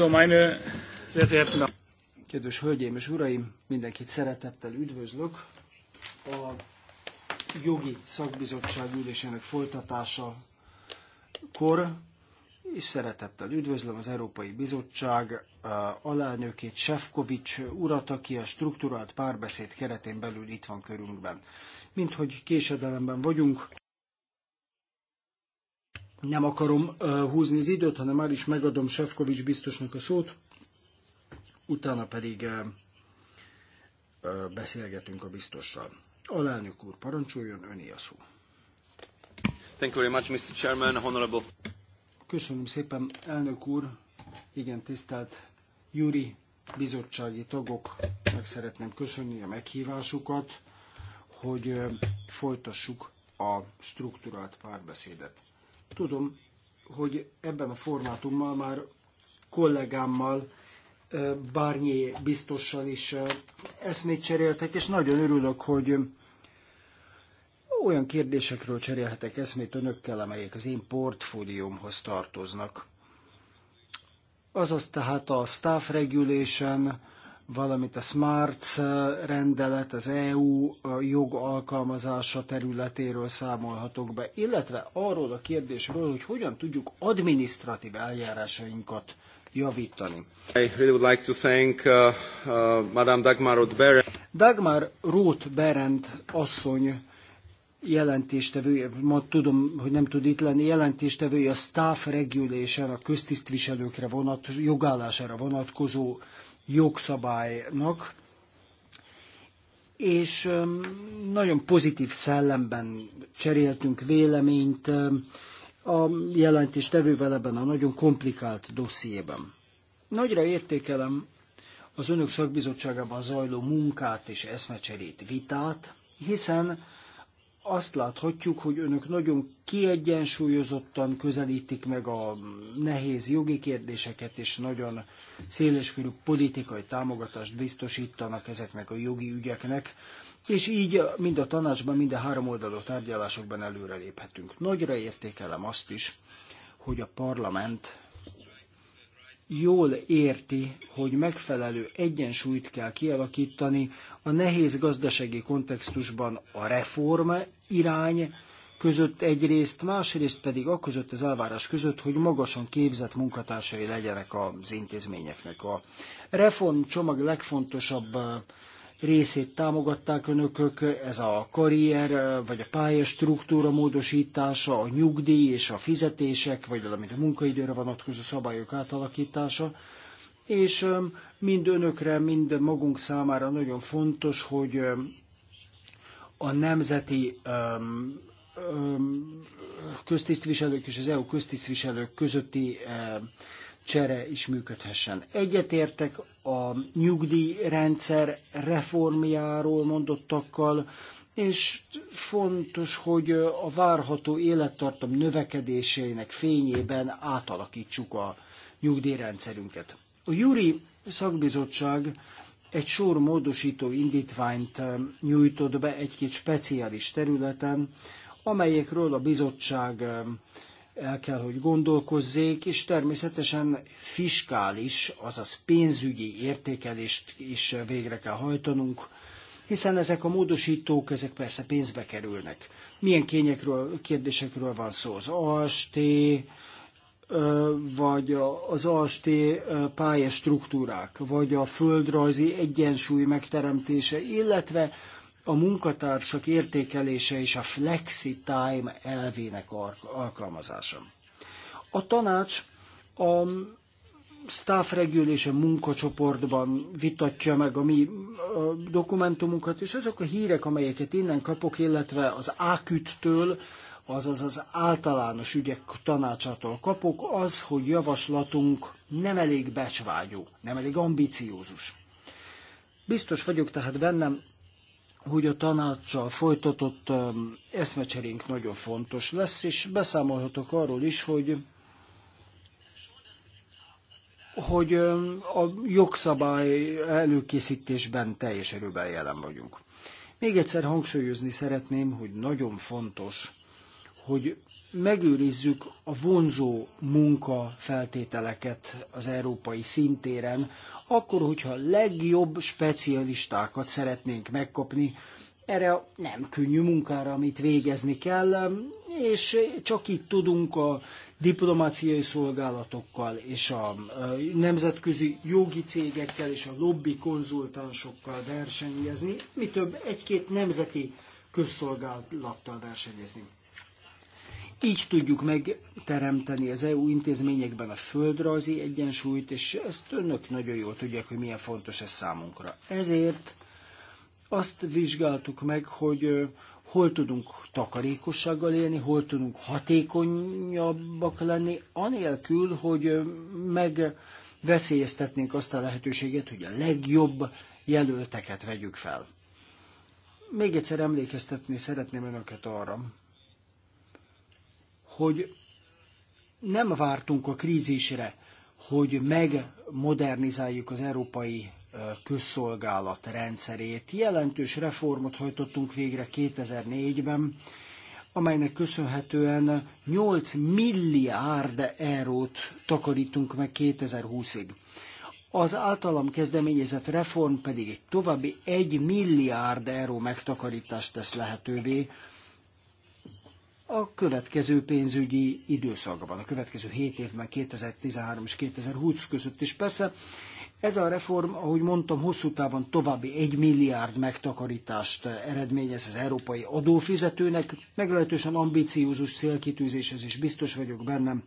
So, meine sehr verehrten Kedves hölgyeim és uraim, mindenkit szeretettel üdvözlök. A jogi szakbizottság ülésének folytatása kor, és szeretettel üdvözlöm az Európai Bizottság alelnökét, Sefkovics urat, aki a strukturált párbeszéd keretén belül itt van körünkben. Mint hogy késedelemben vagyunk, nem akarom húzni az időt, hanem már is megadom Sefkovics biztosnak a szót, utána pedig beszélgetünk a biztossal. Alelnök úr, parancsoljon, öné a szó. Thank you very much, Mr. Chairman, honorable. Köszönöm szépen, elnök úr, igen tisztelt Júri bizottsági tagok, meg szeretném köszönni a meghívásukat, hogy folytassuk a strukturált párbeszédet. Tudom, hogy ebben a formátummal már kollégámmal, Bárnyi biztossal is eszmét cseréltek, és nagyon örülök, hogy olyan kérdésekről cserélhetek eszmét önökkel, amelyek az én portfóliómhoz tartoznak. Azaz tehát a staff regulation, valamint a Smart eh, rendelet, az EU jog alkalmazása területéről számolhatok be, illetve arról a kérdésről, hogy hogyan tudjuk administratív eljárásainkat javítani. I really would like to thank uh, uh, Madame Dagmar Roth-Berend. Dagmar Roth-Berend asszony jelentéstevője, ma tudom, hogy nem tud itt lenni, jelentéstevője a staff regulation, a köztisztviselőkre vonat, jogállására vonatkozó jogszabálynak, és nagyon pozitív szellemben cseréltünk véleményt a jelentéstevővel ebben a nagyon komplikált dossziében. Nagyra értékelem az önök szakbizottságában zajló munkát és eszmecserét, vitát, hiszen azt láthatjuk, hogy önök nagyon kiegyensúlyozottan közelítik meg a nehéz jogi kérdéseket, és nagyon széleskörű politikai támogatást biztosítanak ezeknek a jogi ügyeknek, és így mind a tanácsban, mind a három oldalú tárgyalásokban előreléphetünk. Nagyra értékelem azt is, hogy a parlament jól érti, hogy megfelelő egyensúlyt kell kialakítani a nehéz gazdasági kontextusban a reform irány között egyrészt, másrészt pedig a között az elvárás között, hogy magasan képzett munkatársai legyenek az intézményeknek. A reform, csomag legfontosabb részét támogatták önökök, ez a karrier, vagy a pályastruktúra módosítása, a nyugdíj és a fizetések, vagy valamint a munkaidőre vonatkozó szabályok átalakítása. És mind önökre, mind magunk számára nagyon fontos, hogy a nemzeti köztisztviselők és az EU köztisztviselők közötti eh, csere is működhessen. Egyetértek a nyugdíjrendszer reformjáról mondottakkal, és fontos, hogy a várható élettartam növekedésének fényében átalakítsuk a nyugdíjrendszerünket. A Júri szakbizottság egy sor módosító indítványt eh, nyújtott be egy-két speciális területen, amelyekről a bizottság eh, el kell, hogy gondolkozzék, és természetesen fiskális, azaz pénzügyi értékelést is végre kell hajtanunk, hiszen ezek a módosítók, ezek persze pénzbe kerülnek. Milyen kényekről, kérdésekről van szó? Az AST, vagy az AST pályastruktúrák, vagy a földrajzi egyensúly megteremtése, illetve a munkatársak értékelése és a flexi time elvének alkalmazása. A tanács a staff regulation munkacsoportban vitatja meg a mi dokumentumunkat, és azok a hírek, amelyeket innen kapok, illetve az AQT-től, azaz az általános ügyek tanácsától kapok, az, hogy javaslatunk nem elég becsvágyó, nem elég ambiciózus. Biztos vagyok tehát bennem, hogy a tanácssal folytatott eszmecserénk nagyon fontos lesz, és beszámolhatok arról is, hogy hogy a jogszabály előkészítésben teljes erőben jelen vagyunk. Még egyszer hangsúlyozni szeretném, hogy nagyon fontos, hogy megőrizzük a vonzó munka feltételeket az európai szintéren, akkor, hogyha a legjobb specialistákat szeretnénk megkapni, erre a nem könnyű munkára, amit végezni kell, és csak itt tudunk a diplomáciai szolgálatokkal és a nemzetközi jogi cégekkel és a lobby konzultánsokkal versenyezni, mi több egy-két nemzeti közszolgálattal versenyezni. Így tudjuk megteremteni az EU intézményekben a földrajzi egyensúlyt, és ezt önök nagyon jól tudják, hogy milyen fontos ez számunkra. Ezért azt vizsgáltuk meg, hogy hol tudunk takarékossággal élni, hol tudunk hatékonyabbak lenni, anélkül, hogy megveszélyeztetnénk azt a lehetőséget, hogy a legjobb jelölteket vegyük fel. Még egyszer emlékeztetni szeretném önöket arra, hogy nem vártunk a krízisre, hogy megmodernizáljuk az európai közszolgálat rendszerét. Jelentős reformot hajtottunk végre 2004-ben, amelynek köszönhetően 8 milliárd eurót takarítunk meg 2020-ig. Az általam kezdeményezett reform pedig egy további 1 milliárd euró megtakarítást tesz lehetővé, a következő pénzügyi időszakban, a következő 7 évben, 2013 és 2020 között is. Persze ez a reform, ahogy mondtam, hosszú távon további 1 milliárd megtakarítást eredményez az európai adófizetőnek. Meglehetősen ambiciózus célkitűzéshez is biztos vagyok bennem,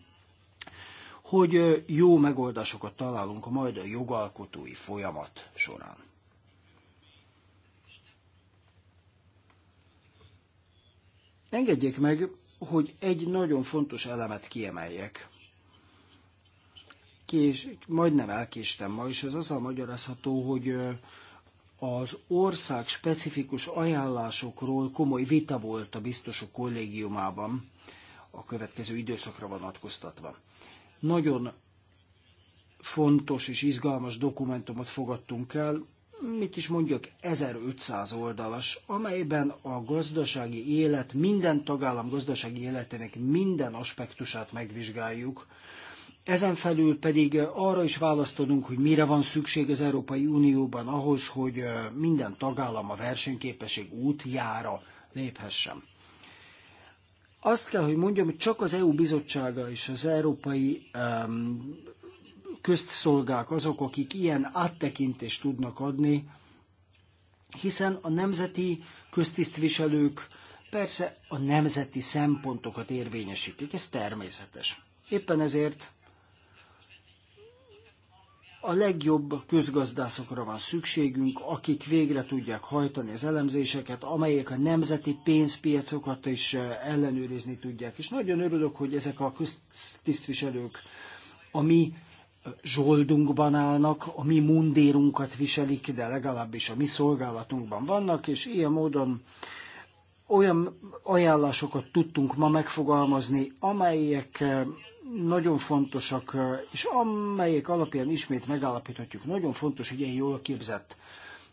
hogy jó megoldásokat találunk majd a jogalkotói folyamat során. Engedjék meg, hogy egy nagyon fontos elemet kiemeljek. Kés, majdnem elkéstem ma, és ez azzal magyarázható, hogy az ország specifikus ajánlásokról komoly vita volt a biztosok kollégiumában a következő időszakra vonatkoztatva. Nagyon fontos és izgalmas dokumentumot fogadtunk el, mit is mondjak, 1500 oldalas, amelyben a gazdasági élet, minden tagállam gazdasági életének minden aspektusát megvizsgáljuk. Ezen felül pedig arra is választodunk, hogy mire van szükség az Európai Unióban ahhoz, hogy minden tagállam a versenyképesség útjára léphessen. Azt kell, hogy mondjam, hogy csak az EU bizottsága és az Európai um, közszolgák azok, akik ilyen áttekintést tudnak adni, hiszen a nemzeti köztisztviselők persze a nemzeti szempontokat érvényesítik, ez természetes. Éppen ezért a legjobb közgazdászokra van szükségünk, akik végre tudják hajtani az elemzéseket, amelyek a nemzeti pénzpiacokat is eh, ellenőrizni tudják. És nagyon örülök, hogy ezek a köztisztviselők a mi zsoldunkban állnak, a mi mundérunkat viselik, de legalábbis a mi szolgálatunkban vannak, és ilyen módon olyan ajánlásokat tudtunk ma megfogalmazni, amelyek eh, nagyon fontosak, eh, és amelyek alapján ismét megállapíthatjuk, nagyon fontos, hogy ilyen jól képzett,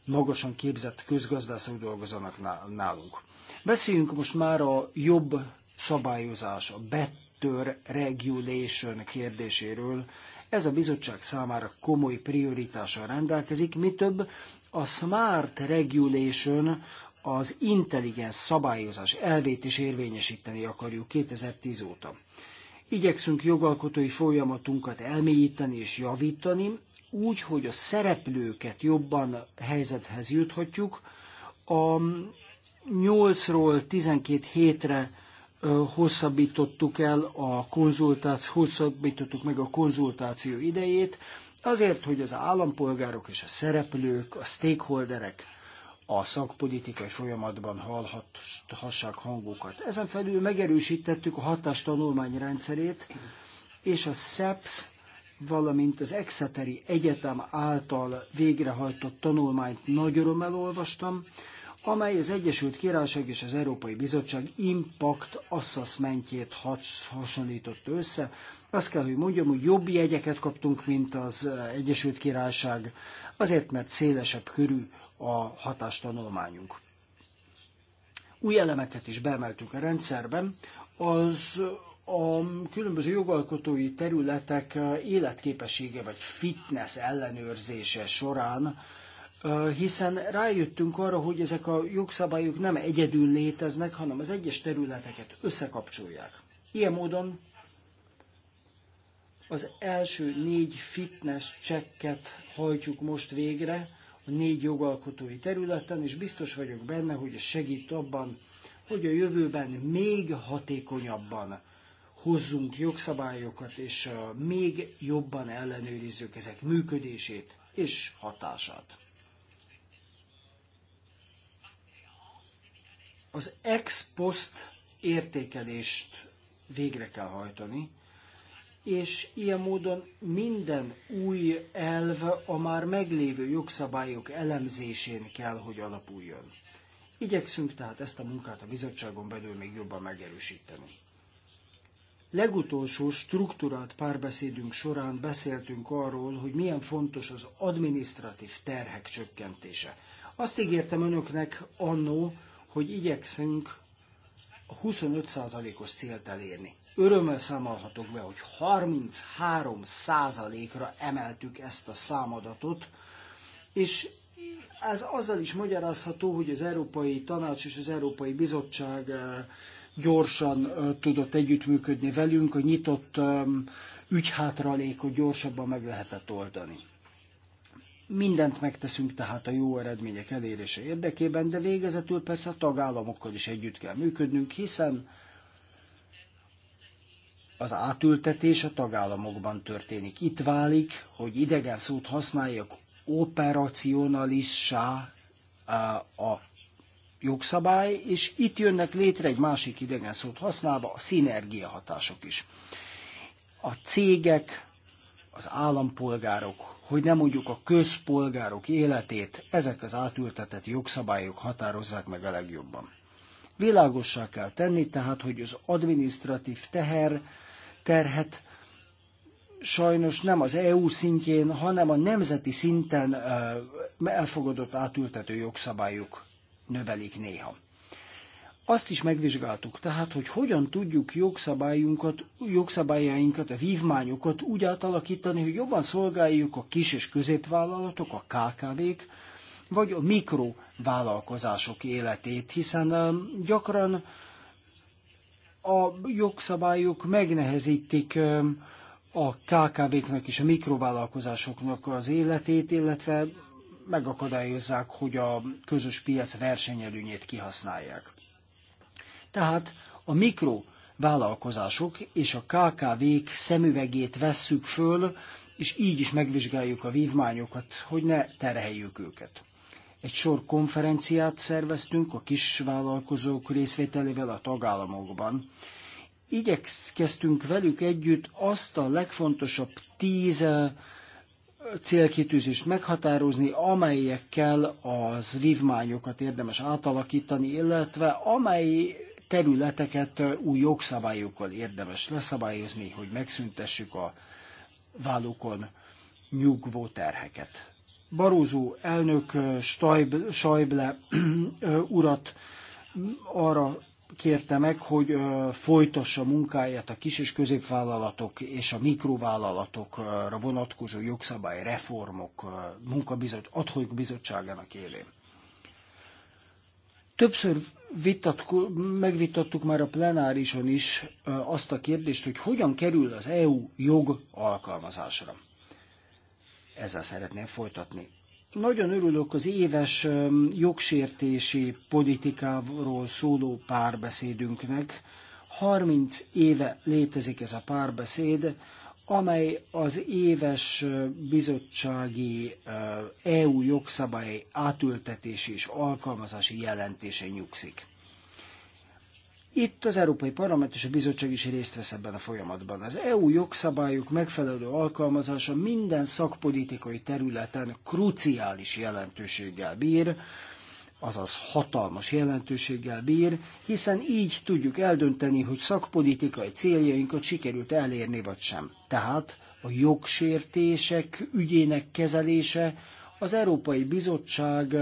magasan képzett közgazdászok dolgozanak nálunk. Beszéljünk most már a jobb szabályozás, a better regulation kérdéséről, ez a bizottság számára komoly prioritással rendelkezik, mi több a Smart Regulation, az intelligens szabályozás elvét is érvényesíteni akarjuk 2010 óta. Igyekszünk jogalkotói folyamatunkat elmélyíteni és javítani, úgy, hogy a szereplőket jobban helyzethez juthatjuk. A 8-ról 12 hétre hosszabbítottuk el a konzultáció, hosszabbítottuk meg a konzultáció idejét, azért, hogy az állampolgárok és a szereplők, a stakeholderek a szakpolitikai folyamatban hallhassák hangukat. Ezen felül megerősítettük a hatástanulmány rendszerét, és a SEPS, valamint az Exeteri Egyetem által végrehajtott tanulmányt nagy örömmel olvastam, amely az Egyesült Királyság és az Európai Bizottság impact assessmentjét hasonlított össze. Azt kell, hogy mondjam, hogy jobb jegyeket kaptunk, mint az Egyesült Királyság, azért, mert szélesebb körű a hatástanulmányunk. Új elemeket is beemeltünk a rendszerben, az a különböző jogalkotói területek életképessége vagy fitness ellenőrzése során hiszen rájöttünk arra, hogy ezek a jogszabályok nem egyedül léteznek, hanem az egyes területeket összekapcsolják. Ilyen módon az első négy fitness csekket hajtjuk most végre a négy jogalkotói területen, és biztos vagyok benne, hogy ez segít abban, hogy a jövőben még hatékonyabban hozzunk jogszabályokat, és még jobban ellenőrizzük ezek működését és hatását. Az ex post értékelést végre kell hajtani, és ilyen módon minden új elv a már meglévő jogszabályok elemzésén kell, hogy alapuljon. Igyekszünk tehát ezt a munkát a bizottságon belül még jobban megerősíteni. Legutolsó struktúrált párbeszédünk során beszéltünk arról, hogy milyen fontos az administratív terhek csökkentése. Azt ígértem önöknek annó, hogy igyekszünk a 25%-os célt elérni. Örömmel számolhatok be, hogy 33%-ra emeltük ezt a számadatot, és ez azzal is magyarázható, hogy az Európai Tanács és az Európai Bizottság eh, gyorsan eh, tudott együttműködni velünk, a nyitott eh, ügyhátralékot gyorsabban meg lehetett oldani. Mindent megteszünk tehát a jó eredmények elérése érdekében, de végezetül persze a tagállamokkal is együtt kell működnünk, hiszen az átültetés a tagállamokban történik. Itt válik, hogy idegen szót használjak, operacionalissá a jogszabály, és itt jönnek létre egy másik idegen szót használva a szinergia hatások is. A cégek, az állampolgárok, hogy nem mondjuk a közpolgárok életét, ezek az átültetett jogszabályok határozzák meg a legjobban. Világossá kell tenni tehát, hogy az administratív teher, terhet sajnos nem az EU szintjén, hanem a nemzeti szinten elfogadott átültető jogszabályok növelik néha. Azt is megvizsgáltuk, tehát, hogy hogyan tudjuk jogszabályunkat, jogszabályainkat, a vívmányokat úgy átalakítani, hogy jobban szolgáljuk a kis és középvállalatok, a KKV-k, vagy a mikrovállalkozások életét, hiszen um, gyakran a jogszabályok megnehezítik um, a KKV-knak és a mikrovállalkozásoknak az életét, illetve megakadályozzák, hogy a közös piac versenyelőnyét kihasználják. Tehát a mikro vállalkozások és a KKV-k szemüvegét vesszük föl, és így is megvizsgáljuk a vívmányokat, hogy ne terheljük őket. Egy sor konferenciát szerveztünk a kisvállalkozók részvételével a tagállamokban. Igyekeztünk velük együtt azt a legfontosabb tíz eh, célkitűzést meghatározni, amelyekkel az vívmányokat érdemes átalakítani, illetve amely területeket új jogszabályokkal érdemes leszabályozni, hogy megszüntessük a vállókon nyugvó terheket. Barózó elnök Stajble, Sajble urat arra kérte meg, hogy folytassa munkáját a kis és középvállalatok és a mikrovállalatokra vonatkozó jogszabály reformok munkabizottság, bizottságának élén. Többször vitatko, megvitattuk már a plenárison is azt a kérdést, hogy hogyan kerül az EU jog alkalmazásra. Ezzel szeretném folytatni. Nagyon örülök az éves jogsértési politikáról szóló párbeszédünknek. 30 éve létezik ez a párbeszéd, amely az éves bizottsági EU jogszabály átültetési és alkalmazási jelentése nyugszik. Itt az Európai Parlament és a Bizottság is részt vesz ebben a folyamatban. Az EU jogszabályok megfelelő alkalmazása minden szakpolitikai területen kruciális jelentőséggel bír, azaz hatalmas jelentőséggel bír, hiszen így tudjuk eldönteni, hogy szakpolitikai céljainkat sikerült elérni vagy sem. Tehát a jogsértések ügyének kezelése az Európai Bizottság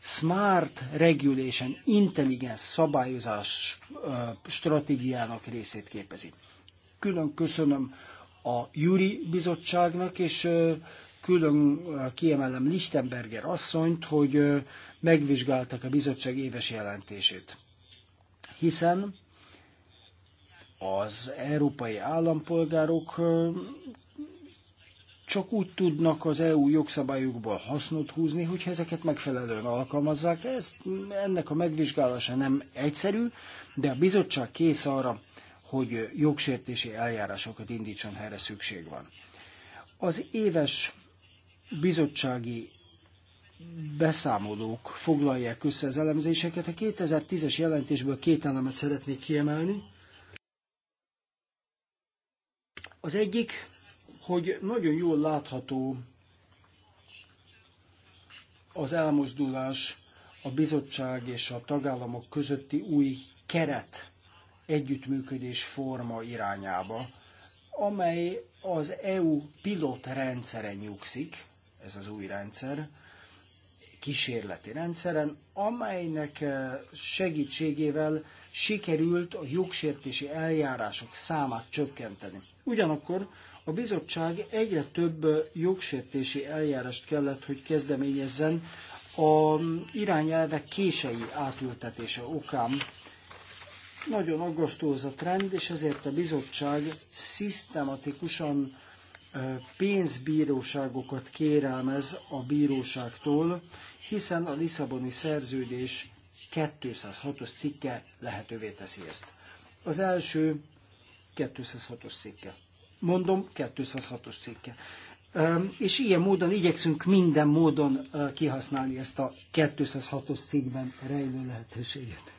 Smart Regulation, intelligens szabályozás stratégiának részét képezi. Külön köszönöm a Juri Bizottságnak, és külön kiemelem Lichtenberger asszonyt, hogy megvizsgálták a bizottság éves jelentését. Hiszen az európai állampolgárok csak úgy tudnak az EU jogszabályokból hasznot húzni, hogy ezeket megfelelően alkalmazzák. Ezt, ennek a megvizsgálása nem egyszerű, de a bizottság kész arra, hogy jogsértési eljárásokat indítson, ha erre szükség van. Az éves bizottsági beszámolók foglalják össze az elemzéseket. A 2010-es jelentésből két elemet szeretnék kiemelni. Az egyik, hogy nagyon jól látható az elmozdulás a bizottság és a tagállamok közötti új keret együttműködés forma irányába, amely az EU pilot rendszere nyugszik, ez az új rendszer, kísérleti rendszeren, amelynek eh, segítségével sikerült a jogsértési eljárások számát csökkenteni. Ugyanakkor a bizottság egyre több eh, jogsértési eljárást kellett, hogy kezdeményezzen a mm, irányelvek kései átültetése okán. Nagyon aggasztó ez a trend, és ezért a bizottság szisztematikusan pénzbíróságokat kérelmez a bíróságtól, hiszen a Lisszaboni szerződés 206-os cikke lehetővé teszi ezt. Az első 206-os cikke. Mondom, 206-os cikke. És ilyen módon igyekszünk minden módon kihasználni ezt a 206-os cikkben rejlő lehetőséget.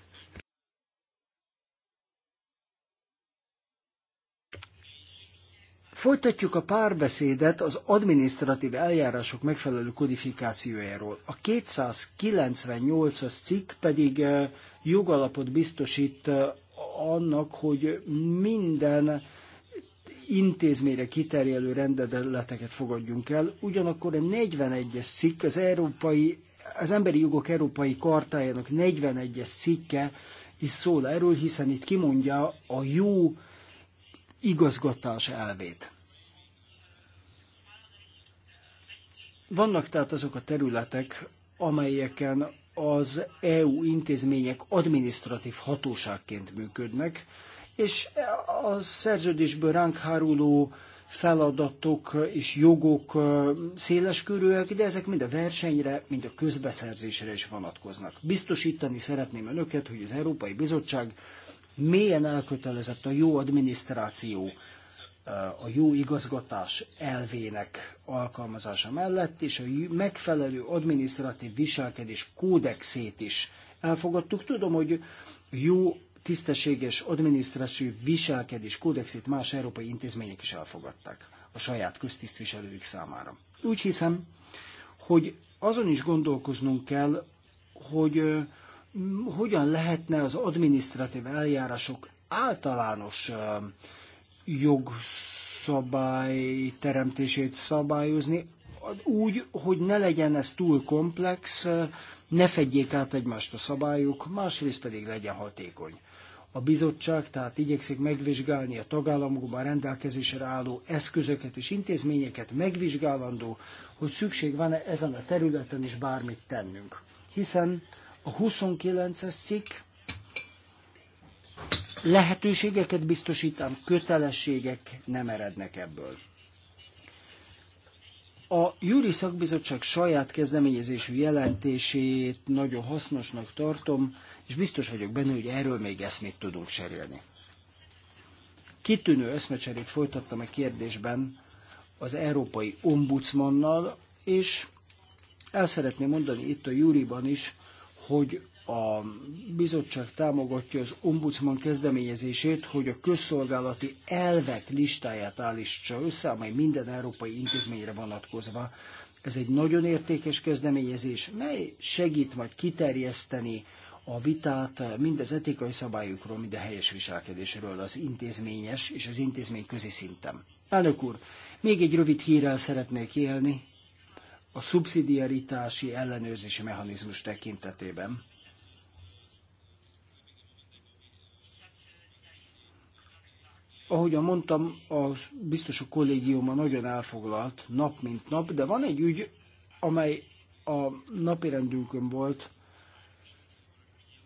Folytatjuk a párbeszédet az adminisztratív eljárások megfelelő kodifikációjáról. A 298-as cikk pedig jogalapot biztosít annak, hogy minden intézményre kiterjedő rendeleteket fogadjunk el. Ugyanakkor a 41-es cikk az európai az emberi jogok európai kartájának 41-es cikke is szól erről, hiszen itt kimondja a jó igazgatás elvét. Vannak tehát azok a területek, amelyeken az EU intézmények adminisztratív hatóságként működnek, és a szerződésből ránk háruló feladatok és jogok széleskörűek, de ezek mind a versenyre, mind a közbeszerzésre is vonatkoznak. Biztosítani szeretném önöket, hogy az Európai Bizottság mélyen elkötelezett a jó adminisztráció, eh, a jó igazgatás elvének alkalmazása mellett, és a megfelelő adminisztratív viselkedés kódexét is elfogadtuk. Tudom, hogy jó tisztességes adminisztratív viselkedés kódexét más európai intézmények is elfogadták a saját köztisztviselőik számára. Úgy hiszem, hogy azon is gondolkoznunk kell, hogy eh, hogyan lehetne az adminisztratív eljárások általános jogszabály teremtését szabályozni, úgy, hogy ne legyen ez túl komplex, ne fedjék át egymást a szabályok, másrészt pedig legyen hatékony. A bizottság tehát igyekszik megvizsgálni a tagállamokban rendelkezésre álló eszközöket és intézményeket, megvizsgálandó, hogy szükség van-e ezen a területen is bármit tennünk. Hiszen a 29-es cikk lehetőségeket biztosítám, kötelességek nem erednek ebből. A Júri Szakbizottság saját kezdeményezésű jelentését nagyon hasznosnak tartom, és biztos vagyok benne, hogy erről még eszmét tudunk cserélni. Kitűnő eszmecserét folytattam a kérdésben az Európai Ombudsmannal, és el szeretném mondani itt a Júriban is, hogy a bizottság támogatja az ombudsman kezdeményezését, hogy a közszolgálati elvek listáját állítsa össze, amely minden európai intézményre vonatkozva. Ez egy nagyon értékes kezdeményezés, mely segít majd kiterjeszteni a vitát mind az etikai szabályokról, mind a helyes viselkedésről az intézményes és az intézmény közi szinten. Elnök úr, még egy rövid hírrel szeretnék élni, a szubszidiaritási ellenőrzési mechanizmus tekintetében. Ahogyan mondtam, a biztos a kollégiuma nagyon elfoglalt nap mint nap, de van egy ügy, amely a napirendünkön volt,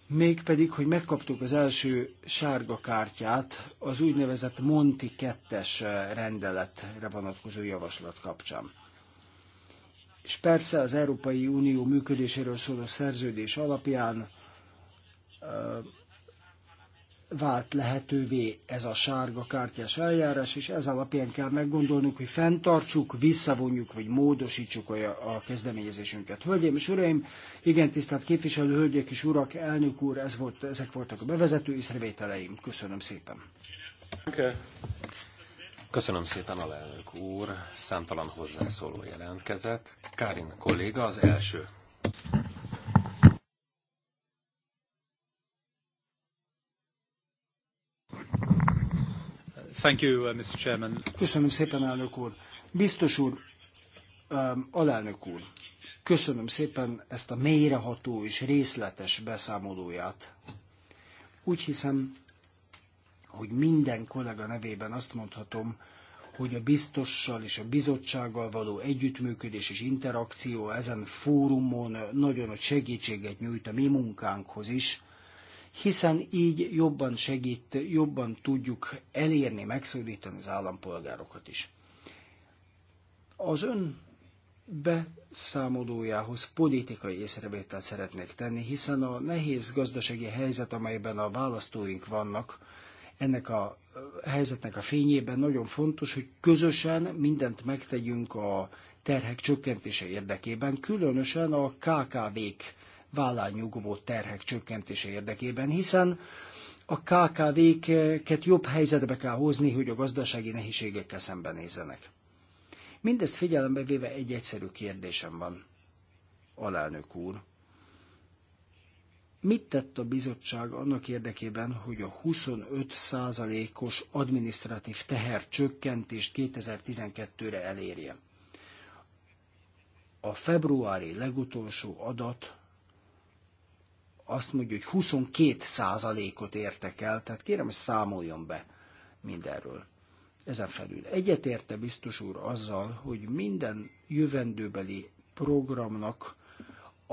mégpedig, hogy megkaptuk az első sárga kártyát az úgynevezett Monti 2-es rendeletre vonatkozó javaslat kapcsán és persze az Európai Unió működéséről szóló szerződés alapján vált lehetővé ez a sárga kártyás eljárás, és ez alapján kell meggondolnunk, hogy fenntartsuk, visszavonjuk, vagy módosítsuk a, a kezdeményezésünket. Hölgyeim és uraim, igen, tisztelt képviselő, hölgyek és urak, elnök úr, ez volt, ezek voltak a bevezető észrevételeim. Köszönöm szépen. Okay. Köszönöm szépen, alelnök úr. Számtalan hozzászóló jelentkezett. Kárin kolléga az első. Thank you, uh, Mr. Chairman. Köszönöm szépen, elnök úr. Biztos úr, um, alelnök úr, köszönöm szépen ezt a mélyreható és részletes beszámolóját. Úgy hiszem, hogy minden kollega nevében azt mondhatom, hogy a biztossal és a bizottsággal való együttműködés és interakció ezen fórumon nagyon nagy segítséget nyújt a mi munkánkhoz is, hiszen így jobban segít, jobban tudjuk elérni, megszólítani az állampolgárokat is. Az ön beszámolójához politikai észrevételt szeretnék tenni, hiszen a nehéz gazdasági helyzet, amelyben a választóink vannak, ennek a eh, helyzetnek a fényében nagyon fontos, hogy közösen mindent megtegyünk a terhek csökkentése érdekében, különösen a KKV-k vállán terhek csökkentése érdekében, hiszen a KKV-ket jobb helyzetbe kell hozni, hogy a gazdasági nehézségekkel szembenézzenek. Mindezt figyelembe véve egy egyszerű kérdésem van, alelnök úr. Mit tett a bizottság annak érdekében, hogy a 25%-os adminisztratív teher csökkentést 2012-re elérje? A februári legutolsó adat azt mondja, hogy 22%-ot értek el, tehát kérem, hogy számoljon be mindenről. Ezen felül egyetérte biztos úr azzal, hogy minden jövendőbeli programnak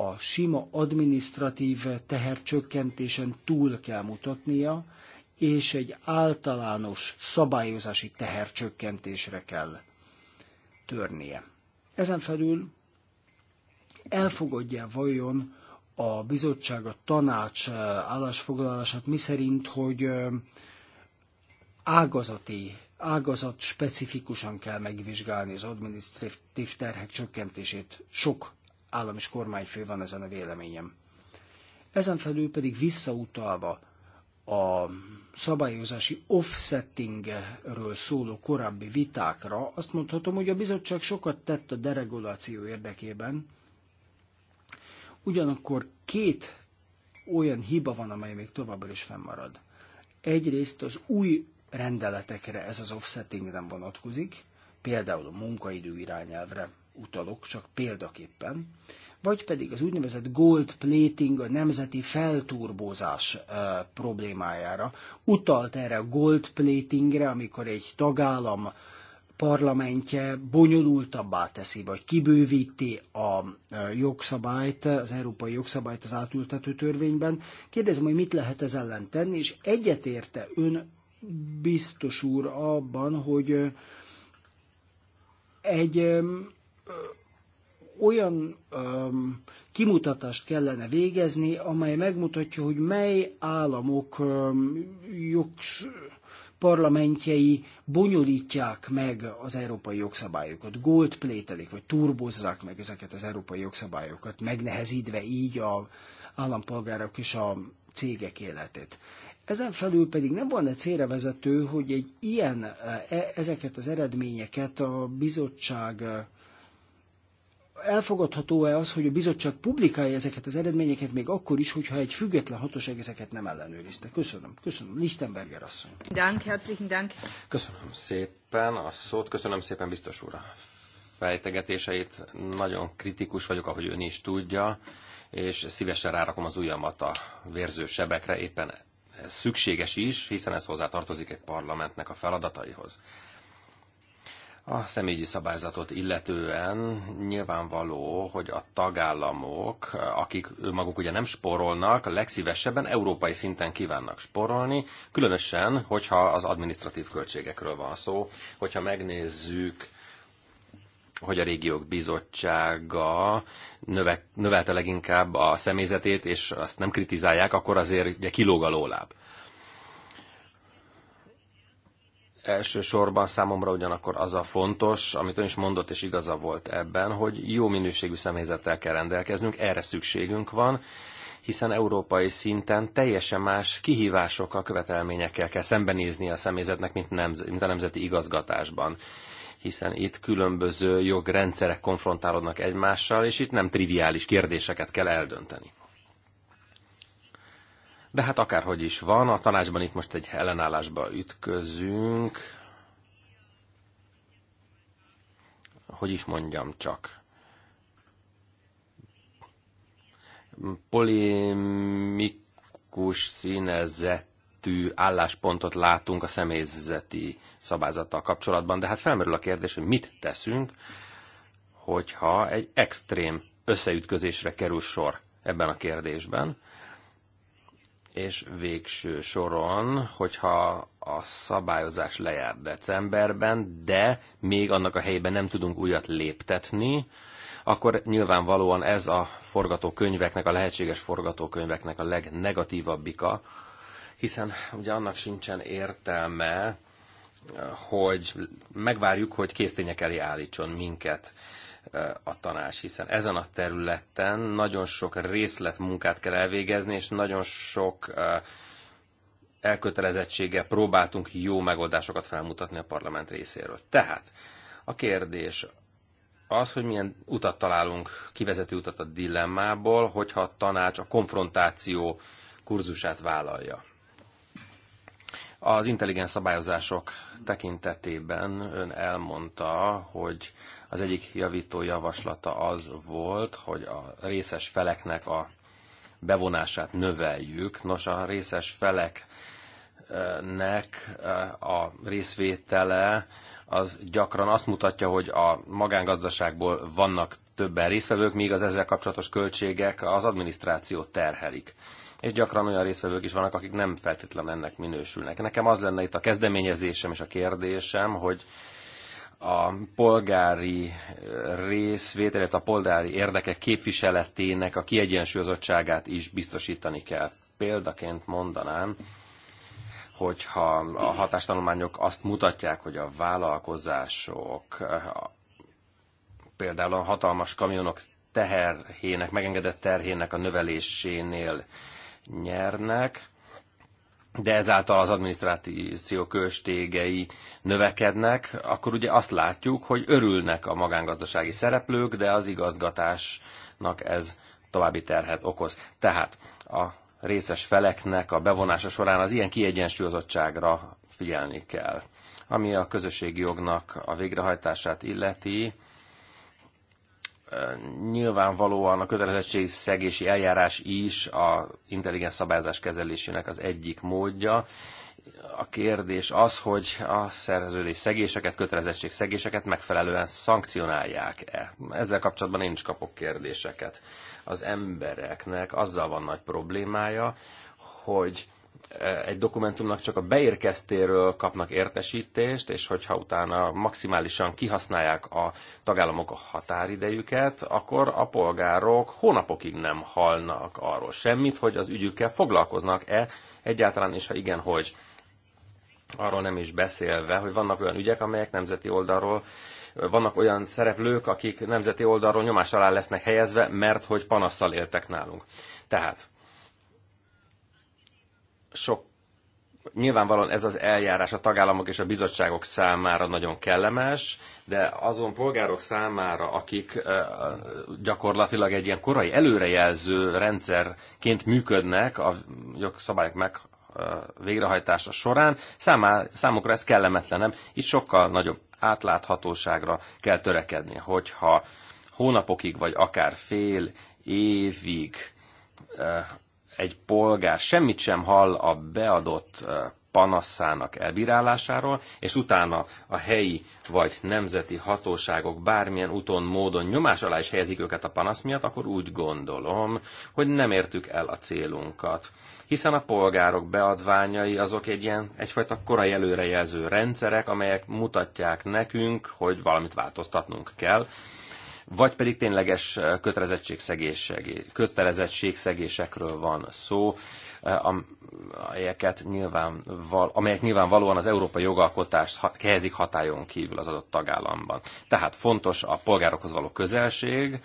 a sima administratív tehercsökkentésen túl kell mutatnia, és egy általános szabályozási tehercsökkentésre kell törnie. Ezen felül elfogadja vajon a bizottság a tanács állásfoglalását, szerint, hogy ágazati, ágazat specifikusan kell megvizsgálni az administratív terhek csökkentését sok állam és kormányfő van ezen a véleményem. Ezen felül pedig visszautalva a szabályozási offsettingről szóló korábbi vitákra, azt mondhatom, hogy a bizottság sokat tett a dereguláció érdekében, ugyanakkor két olyan hiba van, amely még továbbra is fennmarad. Egyrészt az új rendeletekre ez az offsetting nem vonatkozik, például a munkaidő irányelvre utalok, csak példaképpen, vagy pedig az úgynevezett gold plating, a nemzeti felturbozás e, problémájára. Utalt erre a gold platingre, amikor egy tagállam parlamentje bonyolultabbá teszi, vagy kibővíti a jogszabályt, az európai jogszabályt az átültető törvényben. Kérdezem, hogy mit lehet ez ellen tenni, és egyetérte ön biztos úr abban, hogy egy olyan öm, kimutatást kellene végezni, amely megmutatja, hogy mely államok jogsz, parlamentjei bonyolítják meg az európai jogszabályokat, gold plételik, vagy turbozzák meg ezeket az európai jogszabályokat, megnehezítve így a állampolgárok és a cégek életét. Ezen felül pedig nem volna célra vezető, hogy egy ilyen, e, ezeket az eredményeket a bizottság elfogadható-e az, hogy a bizottság publikálja ezeket az eredményeket még akkor is, hogyha egy független hatóság ezeket nem ellenőrizte? Köszönöm. Köszönöm. Lichtenberger asszony. Dank, herzlichen Dank. Köszönöm szépen a szót, köszönöm szépen biztos úr a fejtegetéseit. Nagyon kritikus vagyok, ahogy ön is tudja, és szívesen rárakom az ujjamat a vérző sebekre, éppen ez szükséges is, hiszen ez hozzá tartozik egy parlamentnek a feladataihoz. A személyi szabályzatot illetően nyilvánvaló, hogy a tagállamok, akik ő maguk ugye nem sporolnak, a legszívesebben európai szinten kívánnak sporolni, különösen, hogyha az administratív költségekről van szó, hogyha megnézzük hogy a régiók bizottsága növe, növelte leginkább a személyzetét, és azt nem kritizálják, akkor azért ugye kilóg a lóláb. elsősorban számomra ugyanakkor az a fontos, amit ön is mondott, és igaza volt ebben, hogy jó minőségű személyzettel kell rendelkeznünk, erre szükségünk van, hiszen európai szinten teljesen más kihívásokkal, követelményekkel kell szembenézni a személyzetnek, mint, nemz- mint a nemzeti igazgatásban hiszen itt különböző jogrendszerek konfrontálódnak egymással, és itt nem triviális kérdéseket kell eldönteni. De hát akárhogy is van, a tanácsban itt most egy ellenállásba ütközünk. Hogy is mondjam csak. Polémikus színezet álláspontot látunk a személyzeti szabályzattal kapcsolatban, de hát felmerül a kérdés, hogy mit teszünk, hogyha egy extrém összeütközésre kerül sor ebben a kérdésben és végső soron, hogyha a szabályozás lejár decemberben, de még annak a helyében nem tudunk újat léptetni, akkor nyilvánvalóan ez a forgatókönyveknek, a lehetséges forgatókönyveknek a legnegatívabbika, hiszen ugye annak sincsen értelme, hogy megvárjuk, hogy késztények elé állítson minket a tanács, hiszen ezen a területen nagyon sok részletmunkát kell elvégezni, és nagyon sok elkötelezettséggel próbáltunk jó megoldásokat felmutatni a parlament részéről. Tehát a kérdés az, hogy milyen utat találunk, kivezető utat a dilemmából, hogyha a tanács a konfrontáció kurzusát vállalja. Az intelligens szabályozások tekintetében ön elmondta, hogy az egyik javító javaslata az volt, hogy a részes feleknek a bevonását növeljük. Nos, a részes feleknek eh, a részvétele az gyakran azt mutatja, hogy a magángazdaságból vannak többen részvevők, míg az ezzel kapcsolatos költségek az adminisztrációt terhelik. És gyakran olyan részvevők is vannak, akik nem feltétlenül ennek minősülnek. Nekem az lenne itt a kezdeményezésem és a kérdésem, hogy a polgári eh, részvételet, a polgári érdekek képviseletének a kiegyensúlyozottságát is biztosítani kell. Példaként mondanám, hogyha a hatástanulmányok azt mutatják, hogy a vállalkozások eh, például a hatalmas kamionok teherhének, megengedett terhének a növelésénél nyernek, de ezáltal az adminisztráció költségei növekednek, akkor ugye azt látjuk, hogy örülnek a magángazdasági szereplők, de az igazgatásnak ez további terhet okoz. Tehát a részes feleknek a bevonása során az ilyen kiegyensúlyozottságra figyelni kell. Ami a közösségi jognak a végrehajtását illeti, nyilvánvalóan a szegési eljárás is a intelligens szabályozás kezelésének az egyik módja. A kérdés az, hogy a szerződés szegéseket, kötelezettség szegéseket megfelelően szankcionálják-e. Ezzel kapcsolatban én is kapok kérdéseket. Az embereknek azzal van nagy problémája, hogy egy dokumentumnak csak a beérkeztéről kapnak értesítést, és hogyha utána maximálisan kihasználják a tagállamok a határidejüket, akkor a polgárok hónapokig nem halnak arról semmit, hogy az ügyükkel foglalkoznak-e egyáltalán, és ha igen, hogy arról nem is beszélve, hogy vannak olyan ügyek, amelyek nemzeti oldalról vannak olyan szereplők, akik nemzeti oldalról nyomás alá lesznek helyezve, mert hogy panasszal éltek nálunk. Tehát sok Nyilvánvalóan ez az eljárás a tagállamok és a bizottságok számára nagyon kellemes, de azon polgárok számára, akik gyakorlatilag egy ilyen korai előrejelző rendszerként működnek a jogszabályok meg végrehajtása során, számá, számukra ez kellemetlenem, így sokkal nagyobb átláthatóságra kell törekedni, hogyha hónapokig, vagy akár fél évig egy polgár semmit sem hall a beadott panaszának elbírálásáról, és utána a helyi vagy nemzeti hatóságok bármilyen úton, módon nyomás alá is helyezik őket a panasz miatt, akkor úgy gondolom, hogy nem értük el a célunkat. Hiszen a polgárok beadványai azok egy ilyen, egyfajta korai előrejelző rendszerek, amelyek mutatják nekünk, hogy valamit változtatnunk kell, vagy pedig tényleges kötelezettségszegésekről van szó, amelyeket nyilván, amelyek nyilvánvalóan az európai jogalkotást helyezik hatályon kívül az adott tagállamban. Tehát fontos a polgárokhoz való közelség,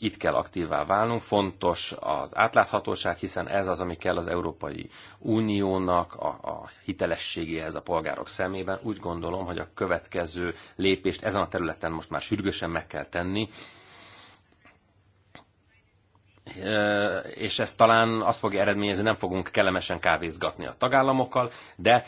itt kell aktívvá válnunk, fontos az átláthatóság, hiszen ez az, ami kell az Európai Uniónak, a, a hitelességéhez a polgárok szemében. Úgy gondolom, hogy a következő lépést ezen a területen most már sürgősen meg kell tenni, és ez talán azt fogja eredményezni, nem fogunk kellemesen kávézgatni a tagállamokkal, de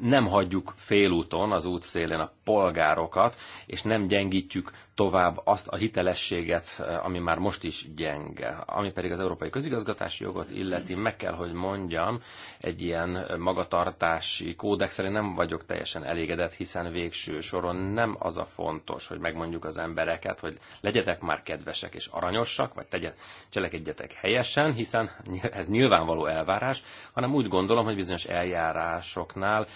nem hagyjuk félúton az út szélén a polgárokat, és nem gyengítjük tovább azt a hitelességet, eh, ami már most is gyenge. Ami pedig az európai közigazgatási jogot illeti, meg kell, hogy mondjam, egy ilyen magatartási szerint nem vagyok teljesen elégedett, hiszen végső soron nem az a fontos, hogy megmondjuk az embereket, hogy legyetek már kedvesek és aranyosak, vagy tegyet, cselekedjetek helyesen, hiszen ez nyilvánvaló elvárás, hanem úgy gondolom, hogy bizonyos eljárásoknál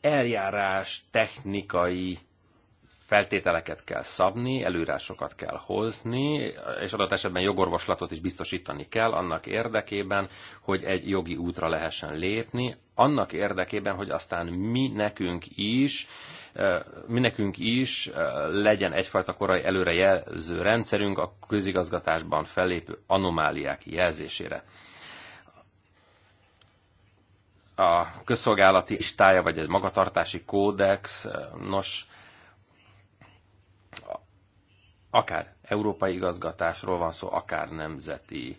eljárás technikai feltételeket kell szabni, előírásokat kell hozni, és adott esetben jogorvoslatot is biztosítani kell annak érdekében, hogy egy jogi útra lehessen lépni, annak érdekében, hogy aztán mi nekünk is, mi nekünk is legyen egyfajta korai előrejelző rendszerünk a közigazgatásban fellépő anomáliák jelzésére a közszolgálati istája, vagy egy magatartási kódex, nos, akár európai igazgatásról van szó, akár nemzeti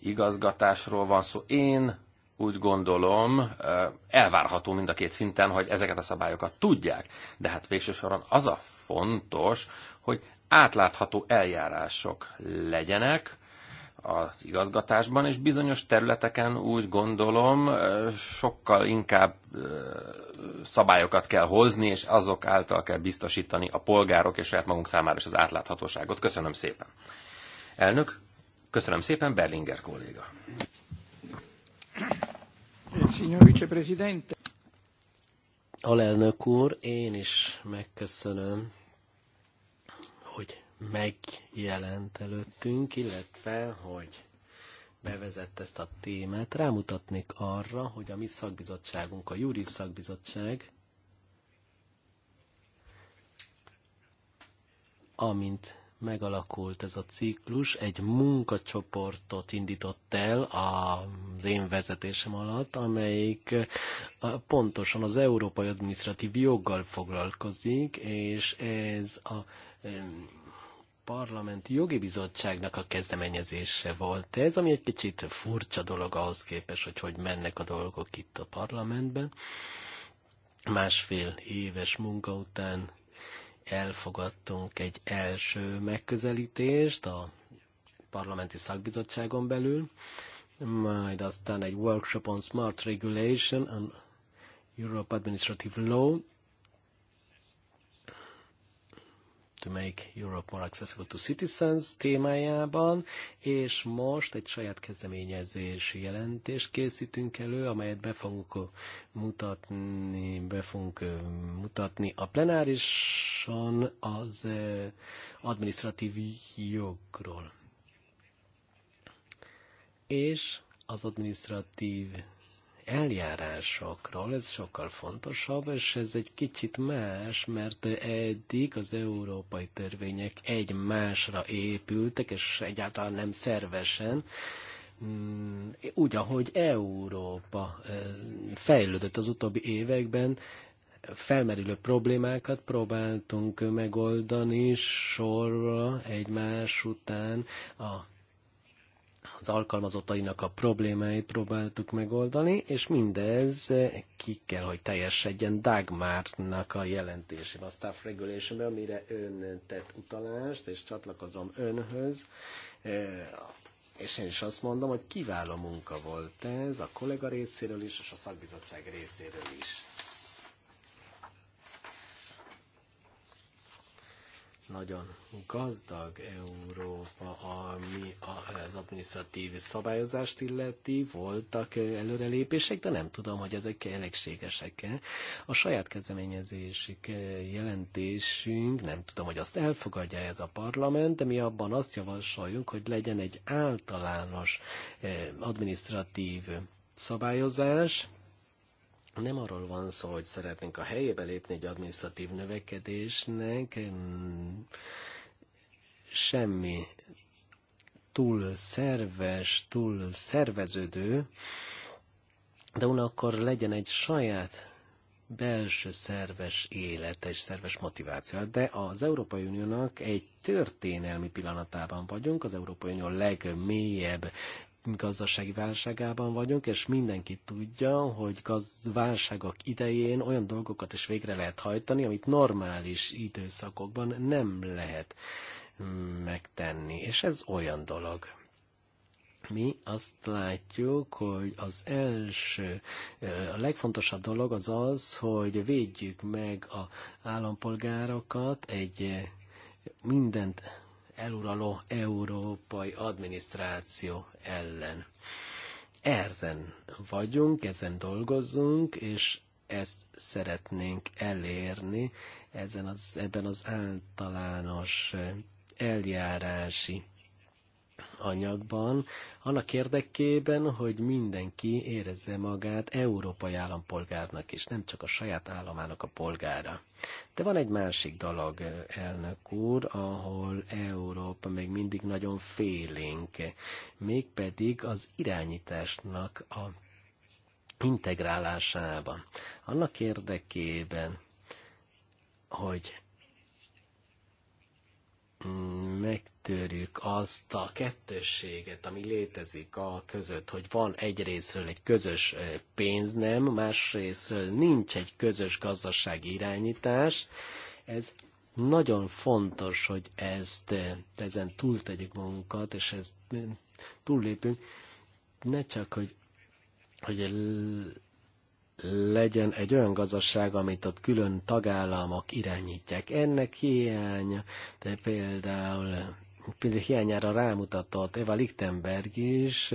igazgatásról van szó. Én úgy gondolom, eh, elvárható mind a két szinten, hogy ezeket a szabályokat tudják. De hát végső soron az a fontos, hogy átlátható eljárások legyenek, az igazgatásban, és bizonyos területeken úgy gondolom sokkal inkább szabályokat kell hozni, és azok által kell biztosítani a polgárok és saját magunk számára is az átláthatóságot. Köszönöm szépen. Elnök, köszönöm szépen, Berlinger kolléga. Signor Vicepresidente. Alelnök úr, én is megköszönöm megjelent előttünk, illetve, hogy bevezett ezt a témát, rámutatnék arra, hogy a mi szakbizottságunk, a Júri szakbizottság, amint megalakult ez a ciklus, egy munkacsoportot indított el az én vezetésem alatt, amelyik pontosan az európai adminisztratív joggal foglalkozik, és ez a Parlamenti Jogi Bizottságnak a kezdeményezése volt ez, ami egy kicsit furcsa dolog ahhoz képest, hogy hogy mennek a dolgok itt a parlamentben. Másfél éves munka után elfogadtunk egy első megközelítést a parlamenti szakbizottságon belül, majd aztán egy workshop on smart regulation on Europe Administrative Law, to make Europe more accessible to citizens témájában, és most egy saját kezdeményezési jelentést készítünk elő, amelyet be fogunk mutatni, be fogunk mutatni a plenárison az administratív jogról. És az administratív eljárásokról, ez sokkal fontosabb, és ez egy kicsit más, mert eddig az európai törvények egymásra épültek, és egyáltalán nem szervesen, mm, úgy, ahogy Európa fejlődött az utóbbi években, felmerülő problémákat próbáltunk megoldani sorra egymás után a az alkalmazottainak a problémáit próbáltuk megoldani, és mindez ki kell, hogy teljesedjen Dagmárnak a jelentésében, a staff regulation amire ön tett utalást, és csatlakozom önhöz. E, és én is azt mondom, hogy kiváló munka volt ez a kollega részéről is, és a szakbizottság részéről is. nagyon gazdag Európa, ami az administratív szabályozást illeti, voltak előrelépések, de nem tudom, hogy ezek elégségesek-e. A saját kezdeményezésük jelentésünk, nem tudom, hogy azt elfogadja ez a parlament, de mi abban azt javasoljunk, hogy legyen egy általános eh, administratív szabályozás, nem arról van szó, hogy szeretnénk a helyébe lépni egy adminisztratív növekedésnek, semmi túl szerves, túl szerveződő, de unakkor legyen egy saját belső szerves élet és szerves motiváció. De az Európai Uniónak egy történelmi pillanatában vagyunk, az Európai Unió legmélyebb gazdasági válságában vagyunk, és mindenki tudja, hogy gaz- válságok idején olyan dolgokat is végre lehet hajtani, amit normális időszakokban nem lehet mm, megtenni. És ez olyan dolog. Mi azt látjuk, hogy az első, a legfontosabb dolog az az, hogy védjük meg a állampolgárokat egy mindent eluraló európai adminisztráció ellen. Erzen vagyunk, ezen dolgozunk, és ezt szeretnénk elérni ezen az, ebben az általános eh, eljárási anyagban, annak érdekében, hogy mindenki érezze magát európai állampolgárnak, is, nem csak a saját államának a polgára. De van egy másik dolog, elnök úr, ahol Európa még mindig nagyon félénk, mégpedig az irányításnak a integrálásában. Annak érdekében, hogy megtörjük azt a kettősséget, ami létezik a között, hogy van egyrésztről egy közös pénz nem, másrésztről nincs egy közös gazdasági irányítás. Ez nagyon fontos, hogy ezt ezen túl tegyük magunkat, és ezt túllépünk. Ne csak, hogy, hogy legyen egy olyan gazdaság, amit ott külön tagállamok irányítják. Ennek hiánya, de például, például hiányára rámutatott Eva Lichtenberg is,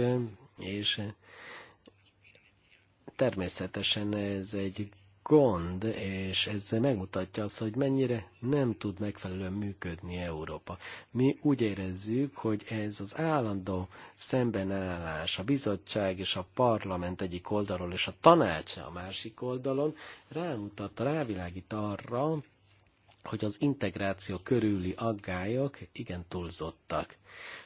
és természetesen ez egy gond, és ez megmutatja azt, hogy mennyire nem tud megfelelően működni Európa. Mi úgy érezzük, hogy ez az állandó szembenállás a bizottság és a parlament egyik oldalról, és a tanács a másik oldalon rámutat, rávilágít arra, hogy az integráció körüli aggályok igen túlzottak.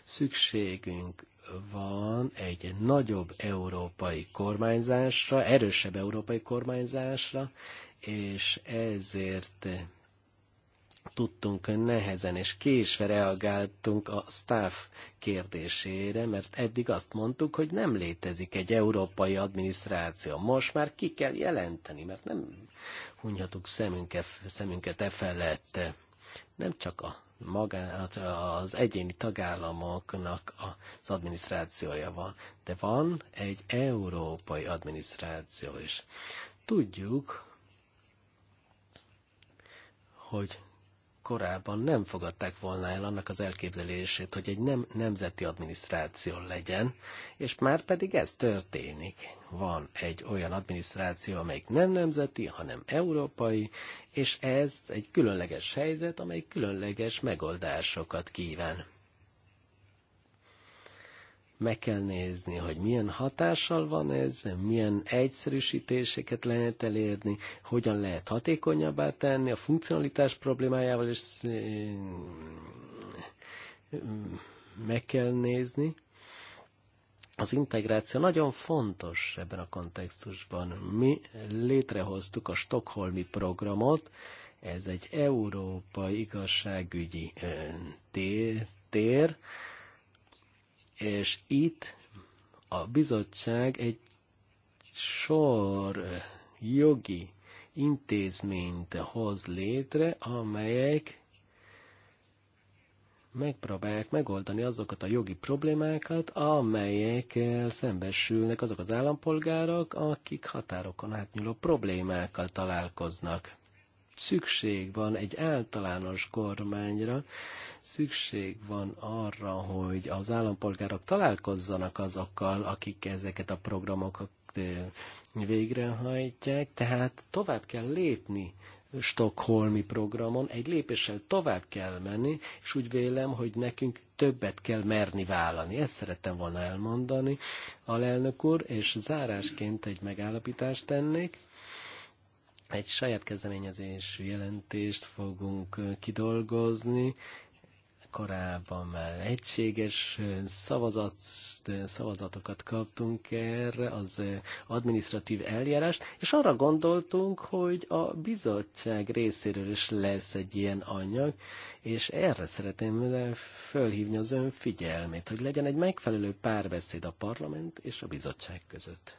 Szükségünk van egy nagyobb európai kormányzásra, erősebb európai kormányzásra, és ezért tudtunk nehezen és késve reagáltunk a staff kérdésére, mert eddig azt mondtuk, hogy nem létezik egy európai adminisztráció. Most már ki kell jelenteni, mert nem hunyhatuk szemünket, szemünket e felett. Nem csak a magát az egyéni tagállamoknak az adminisztrációja van, de van egy európai adminisztráció is. Tudjuk, hogy korábban nem fogadták volna el annak az elképzelését, hogy egy nem nemzeti adminisztráció legyen, és már pedig ez történik. Van egy olyan adminisztráció, amelyik nem nemzeti, hanem európai, és ez egy különleges helyzet, amely különleges megoldásokat kíván. Meg kell nézni, hogy milyen hatással van ez, milyen egyszerűsítéseket lehet elérni, hogyan lehet hatékonyabbá tenni a funkcionalitás problémájával, és eh, meg kell nézni. Az integráció nagyon fontos ebben a kontextusban. Mi létrehoztuk a Stockholmi programot, ez egy európai igazságügyi eh, tér, és itt a bizottság egy sor jogi intézményt hoz létre, amelyek megpróbálják megoldani azokat a jogi problémákat, amelyekkel szembesülnek azok az állampolgárok, akik határokon átnyúló problémákkal találkoznak szükség van egy általános kormányra, szükség van arra, hogy az állampolgárok találkozzanak azokkal, akik ezeket a programokat végrehajtják, tehát tovább kell lépni Stockholmi programon, egy lépéssel tovább kell menni, és úgy vélem, hogy nekünk többet kell merni vállalni. Ezt szerettem volna elmondani, alelnök úr, és zárásként egy megállapítást tennék. Egy saját kezdeményezés jelentést fogunk kidolgozni, korábban már egységes szavazat, szavazatokat kaptunk erre, az administratív eljárás, és arra gondoltunk, hogy a bizottság részéről is lesz egy ilyen anyag, és erre szeretném fölhívni az ön figyelmét, hogy legyen egy megfelelő párbeszéd a parlament és a bizottság között.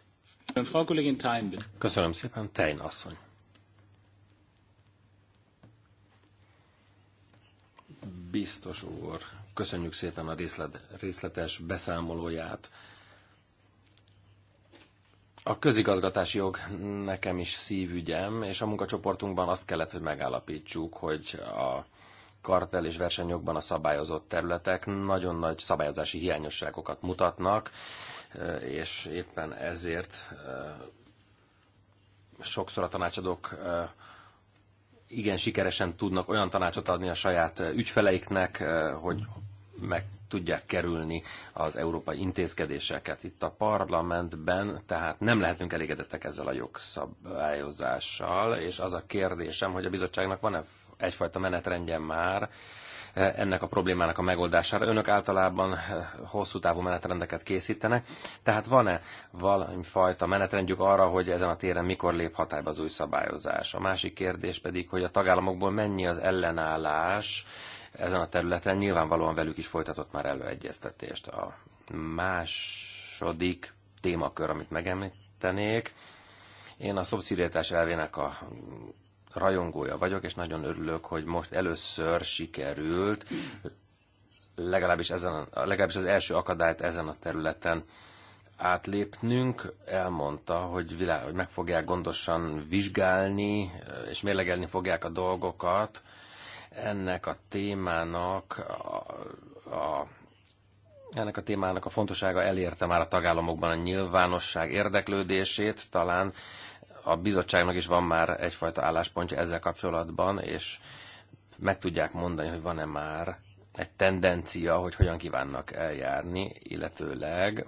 Köszönöm szépen, Tein asszony. Biztos úr, köszönjük szépen a részlet, részletes beszámolóját. A közigazgatási jog nekem is szívügyem, és a munkacsoportunkban azt kellett, hogy megállapítsuk, hogy a kartel és versenyjogban a szabályozott területek nagyon nagy szabályozási hiányosságokat mutatnak, és éppen ezért eh, sokszor a tanácsadók eh, igen sikeresen tudnak olyan tanácsot adni a saját ügyfeleiknek, hogy meg tudják kerülni az európai intézkedéseket. Itt a parlamentben tehát nem lehetünk elégedettek ezzel a jogszabályozással, és az a kérdésem, hogy a bizottságnak van-e egyfajta menetrendje már, ennek a problémának a megoldására. Önök általában eh, hosszú távú menetrendeket készítenek, tehát van-e valami fajta menetrendjük arra, hogy ezen a téren mikor lép hatályba az új szabályozás? A másik kérdés pedig, hogy a tagállamokból mennyi az ellenállás ezen a területen, nyilvánvalóan velük is folytatott már előegyeztetést. A második témakör, amit megemlítenék, én a szubszidiaritás elvének a rajongója vagyok, és nagyon örülök, hogy most először sikerült legalábbis, ezen, legalábbis az első akadályt ezen a területen átlépnünk. Elmondta, hogy, világ, hogy meg fogják gondosan vizsgálni, és mérlegelni fogják a dolgokat. Ennek a témának a, a ennek a témának a fontossága elérte már a tagállamokban a nyilvánosság érdeklődését, talán a bizottságnak is van már egyfajta álláspontja ezzel kapcsolatban, és meg tudják mondani, hogy van-e már egy tendencia, hogy hogyan kívánnak eljárni, illetőleg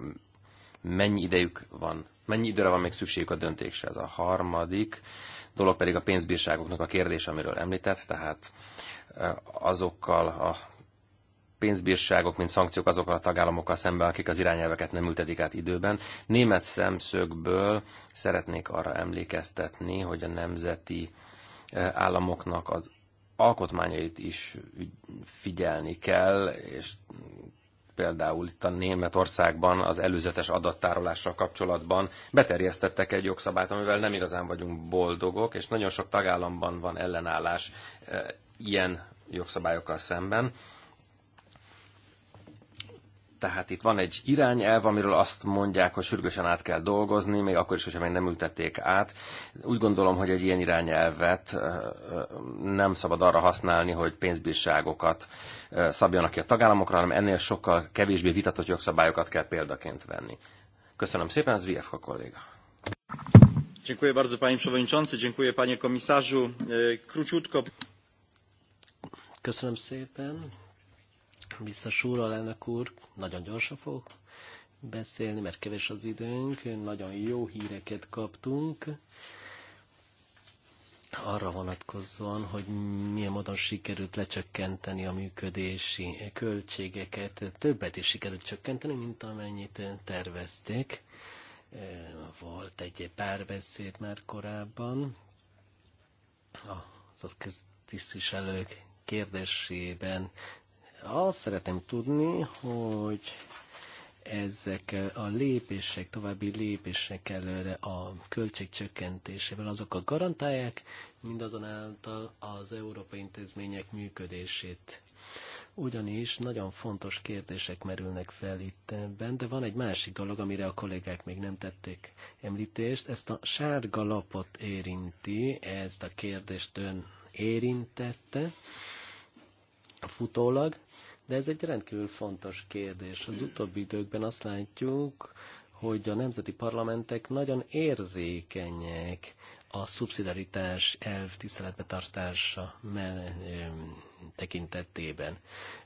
mennyi idejük van, mennyi időre van még szükségük a döntésre. Ez a harmadik dolog pedig a pénzbírságoknak a kérdés, amiről említett, tehát azokkal a pénzbírságok, mint szankciók azokkal a tagállamokkal szemben, akik az irányelveket nem ültetik át időben. Német szemszögből szeretnék arra emlékeztetni, hogy a nemzeti eh, államoknak az alkotmányait is figyelni kell, és például itt a Németországban az előzetes adattárolással kapcsolatban beterjesztettek egy jogszabályt, amivel nem igazán vagyunk boldogok, és nagyon sok tagállamban van ellenállás eh, ilyen jogszabályokkal szemben. Tehát itt van egy irányelv, amiről azt mondják, hogy sürgősen át kell dolgozni, még akkor is, hogyha még nem ültették át. Úgy gondolom, hogy egy ilyen irányelvet nem szabad arra használni, hogy pénzbírságokat szabjanak ki a tagállamokra, hanem ennél sokkal kevésbé vitatott jogszabályokat kell példaként venni. Köszönöm szépen, az VFK kolléga. Dziękuję bardzo panie przewodniczący, dziękuję panie komisarzu. E, króciutko. Köszönöm szépen biztos úr, alelnök úr, nagyon gyorsan fog beszélni, mert kevés az időnk, nagyon jó híreket kaptunk arra vonatkozóan, hogy milyen módon sikerült lecsökkenteni a működési költségeket. Többet is sikerült csökkenteni, mint amennyit tervezték. Volt egy párbeszéd már korábban. Az tisztviselők kérdésében azt szeretem tudni, hogy ezek a lépések, további lépések előre a költségcsökkentésével azokat garantálják, mindazonáltal az európai intézmények működését. Ugyanis nagyon fontos kérdések merülnek fel itt ebben, de van egy másik dolog, amire a kollégák még nem tették említést. Ezt a sárga lapot érinti, ezt a kérdést ön érintette futólag, de ez egy rendkívül fontos kérdés. Az utóbbi időkben azt látjuk, hogy a nemzeti parlamentek nagyon érzékenyek a szubszidaritás elv tiszteletbe tartása tekintetében.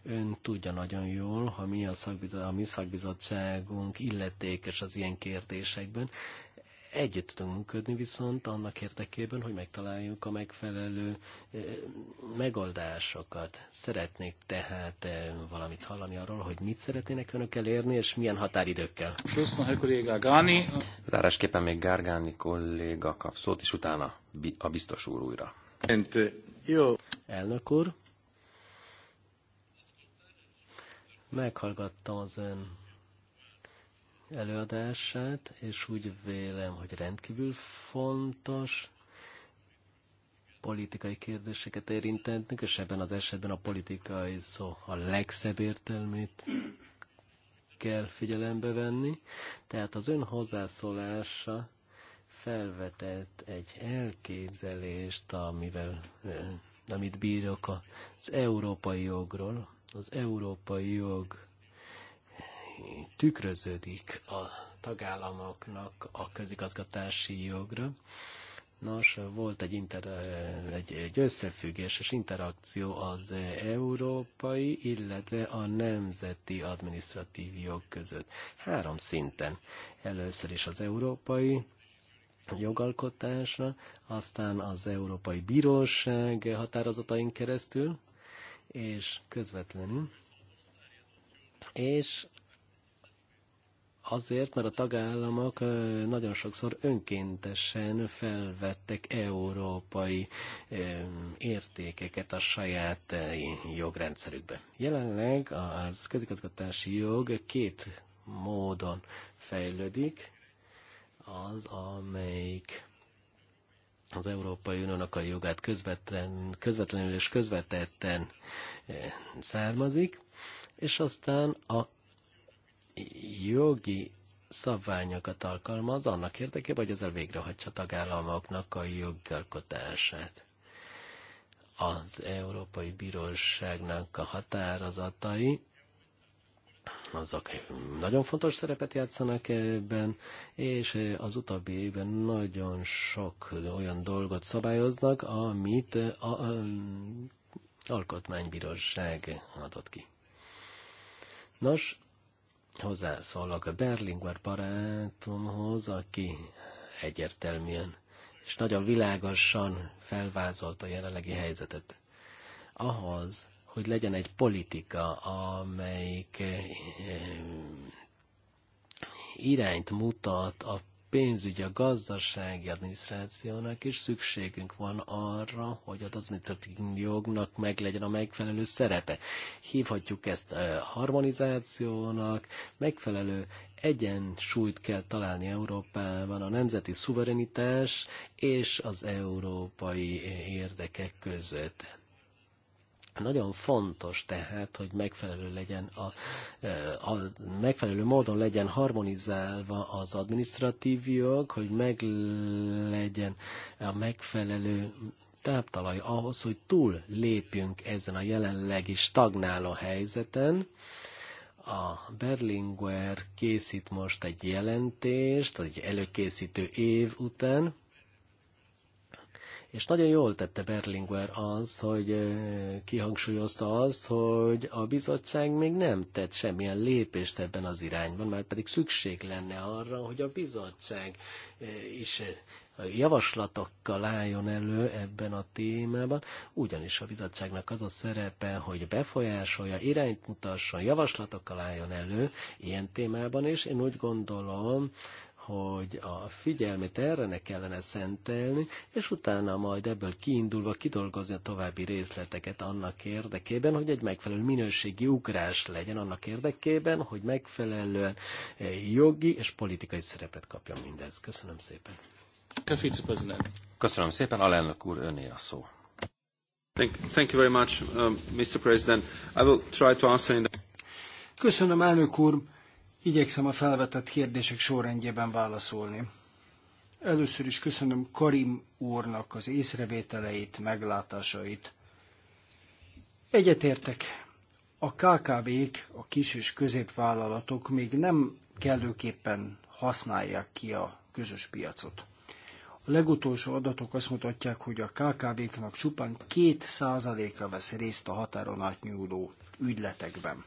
Ön tudja nagyon jól, ha mi a, szakbizo- a mi szakbizottságunk illetékes az ilyen kérdésekben, együtt tudunk működni viszont annak érdekében, hogy megtaláljuk a megfelelő eh, megoldásokat. Szeretnék tehát eh, valamit hallani arról, hogy mit szeretnének önök elérni, és milyen határidőkkel. Köszönöm, kolléga Gáni. Zárásképpen még Gárgáni kolléga kap szót, és utána a biztos úr újra. Jó. Elnök úr, meghallgattam az ön előadását, és úgy vélem, hogy rendkívül fontos politikai kérdéseket érintettünk, és ebben az esetben a politikai szó a legszebb értelmét kell figyelembe venni. Tehát az ön hozzászólása felvetett egy elképzelést, amivel, amit bírok az európai jogról. Az európai jog tükröződik a tagállamoknak a közigazgatási jogra. Nos, volt egy, inter, egy, egy összefüggéses interakció az európai, illetve a nemzeti adminisztratív jog között. Három szinten. Először is az európai jogalkotásra, aztán az Európai Bíróság határozatain keresztül, és közvetlenül, és Azért, mert a tagállamok nagyon sokszor önkéntesen felvettek európai értékeket a saját jogrendszerükbe. Jelenleg az közigazgatási jog két módon fejlődik, az, amelyik az Európai Uniónak a jogát közvetlen, közvetlenül és közvetetten származik, és aztán a jogi szabványokat alkalmaz annak érdekében, hogy ezzel végrehajtsa tagállamoknak a jogalkotását. Az Európai Bíróságnak a határozatai azok nagyon fontos szerepet játszanak ebben, és az utóbbi évben nagyon sok olyan dolgot szabályoznak, amit a, alkotmánybíróság adott ki. Nos, hozzászólok a Berlinguer barátomhoz, aki egyértelműen és nagyon világosan felvázolta a jelenlegi helyzetet. Ahhoz, hogy legyen egy politika, amelyik eh, irányt mutat a pénzügyi, a gazdasági adminisztrációnak is szükségünk van arra, hogy az adminisztratív jognak meglegyen a megfelelő szerepe. Hívhatjuk ezt harmonizációnak, megfelelő egyensúlyt kell találni Európában a nemzeti szuverenitás és az európai érdekek között. Nagyon fontos tehát, hogy megfelelő legyen a, a, e, a megfelelő módon legyen harmonizálva az administratív jog, hogy meg legyen a megfelelő táptalaj ahhoz, hogy túl lépjünk ezen a jelenlegi stagnáló helyzeten. A Berlinguer készít most egy jelentést, egy előkészítő év után, és nagyon jól tette Berlinguer az, hogy kihangsúlyozta azt, hogy a bizottság még nem tett semmilyen lépést ebben az irányban, mert pedig szükség lenne arra, hogy a bizottság is javaslatokkal álljon elő ebben a témában, ugyanis a bizottságnak az a szerepe, hogy befolyásolja, irányt mutasson, javaslatokkal álljon elő ilyen témában, és én úgy gondolom, hogy a figyelmet erre ne kellene szentelni, és utána majd ebből kiindulva kidolgozni a további részleteket annak érdekében, hogy egy megfelelő minőségi ugrás legyen annak érdekében, hogy megfelelően eh, jogi és politikai szerepet kapja mindez. Köszönöm szépen. Köszönöm szépen, alelnök úr, öné a szó. Thank, you very much, Mr. Um, president. I will try to answer in the... Köszönöm, elnök úr. Igyekszem a felvetett kérdések sorrendjében válaszolni. Először is köszönöm Karim úrnak az észrevételeit, meglátásait. Egyetértek, a KKV-k, a kis és középvállalatok még nem kellőképpen használják ki a közös piacot. A legutolsó adatok azt mutatják, hogy a KKV-knak csupán 2%-a vesz részt a határon átnyúló ügyletekben.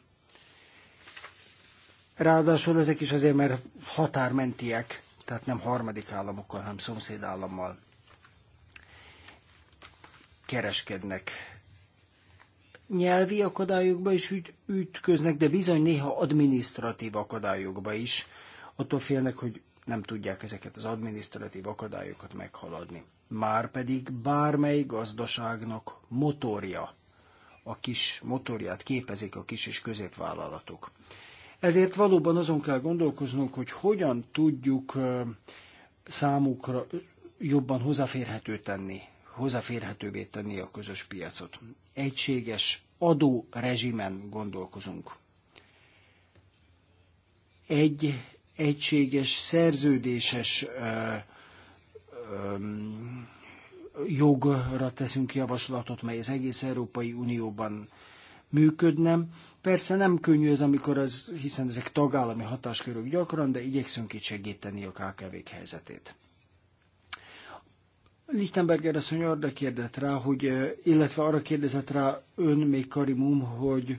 Ráadásul ezek is azért, mert határmentiek, tehát nem harmadik államokkal, hanem szomszéd állammal kereskednek. Nyelvi akadályokba is üt, ütköznek, de bizony néha adminisztratív akadályokba is. Attól félnek, hogy nem tudják ezeket az adminisztratív akadályokat meghaladni. Márpedig bármely gazdaságnak motorja, a kis motorját képezik a kis és középvállalatok. Ezért valóban azon kell gondolkoznunk, hogy hogyan tudjuk számukra jobban hozzáférhető tenni, hozzáférhetővé tenni a közös piacot. Egységes adórezsimen gondolkozunk. Egy egységes szerződéses ö, ö, jogra teszünk javaslatot, mely az egész Európai Unióban működnem. Persze nem könnyű ez, amikor az, hiszen ezek tagállami hatáskörök gyakran, de igyekszünk itt segíteni a kkv helyzetét. Lichtenberger asszony arra kérdett rá, hogy, eh, illetve arra kérdezett rá ön még Karimum, hogy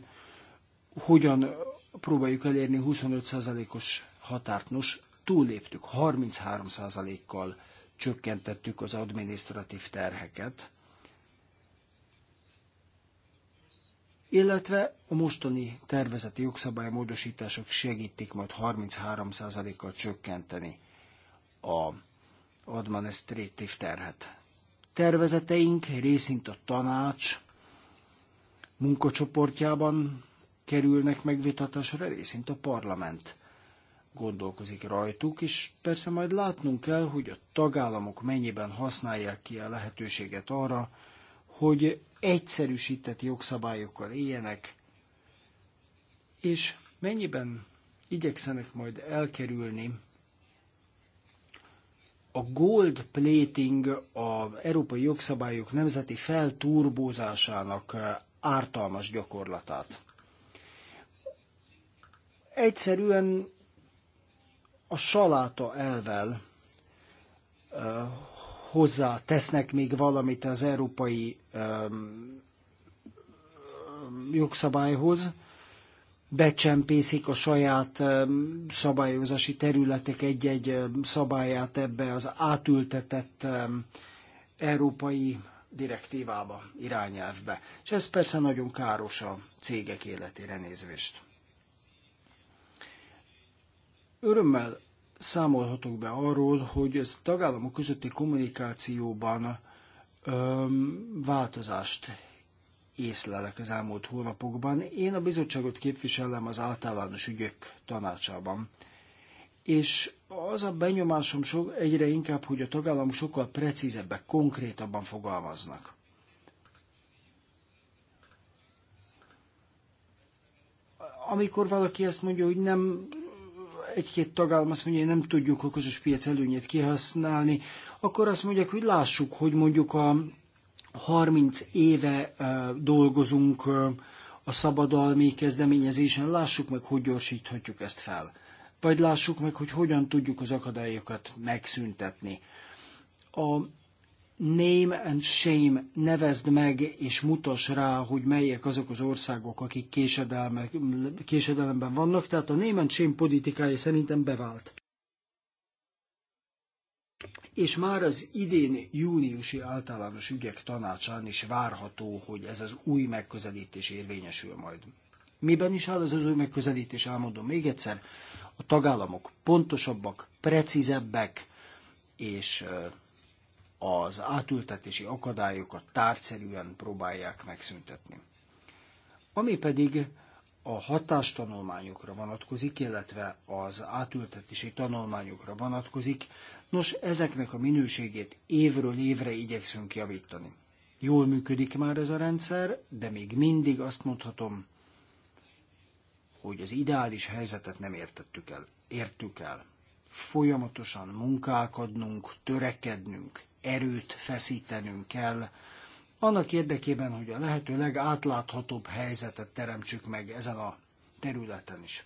hogyan próbáljuk elérni 25%-os határt. Nos, túléptük, 33%-kal csökkentettük az adminisztratív terheket illetve a mostani tervezeti jogszabálymódosítások segítik majd 33%-kal csökkenteni a administratív terhet. Tervezeteink részint a tanács munkacsoportjában kerülnek megvitatásra, részint a parlament gondolkozik rajtuk, és persze majd látnunk kell, hogy a tagállamok mennyiben használják ki a lehetőséget arra, hogy egyszerűsített jogszabályokkal éljenek, és mennyiben igyekszenek majd elkerülni a gold plating a európai jogszabályok nemzeti felturbózásának eh, ártalmas gyakorlatát. Egyszerűen a saláta elvel eh, hozzá tesznek még valamit az európai jogszabályhoz, becsempészik a saját szabályozási területek egy-egy szabályát ebbe az átültetett um, európai direktívába, irányelvbe. És ez persze nagyon káros a cégek életére nézvést. Örömmel számolhatok be arról, hogy ez tagállamok közötti kommunikációban öm, változást észlelek az elmúlt hónapokban. Én a bizottságot képviselem az általános ügyek tanácsában. És az a benyomásom sok, egyre inkább, hogy a tagállamok sokkal precízebbek, konkrétabban fogalmaznak. Amikor valaki ezt mondja, hogy nem egy-két tagállam azt mondja, hogy nem tudjuk a közös piac előnyét kihasználni, akkor azt mondják, hogy lássuk, hogy mondjuk a 30 éve dolgozunk a szabadalmi kezdeményezésen, lássuk meg, hogy gyorsíthatjuk ezt fel. Vagy lássuk meg, hogy hogyan tudjuk az akadályokat megszüntetni. A name and shame, nevezd meg és mutass rá, hogy melyek azok az országok, akik késedelemben vannak. Tehát a name and shame politikája szerintem bevált. És már az idén júniusi általános ügyek tanácsán is várható, hogy ez az új megközelítés érvényesül majd. Miben is áll ez az új megközelítés? Elmondom még egyszer. A tagállamok pontosabbak, precízebbek, és az átültetési akadályokat tárgyszerűen próbálják megszüntetni. Ami pedig a hatástanulmányokra vonatkozik, illetve az átültetési tanulmányokra vonatkozik, nos, ezeknek a minőségét évről évre igyekszünk javítani. Jól működik már ez a rendszer, de még mindig azt mondhatom, hogy az ideális helyzetet nem értettük el, értük el. Folyamatosan munkálkodnunk, törekednünk, erőt feszítenünk kell, annak érdekében, hogy a lehető legátláthatóbb helyzetet teremtsük meg ezen a területen is.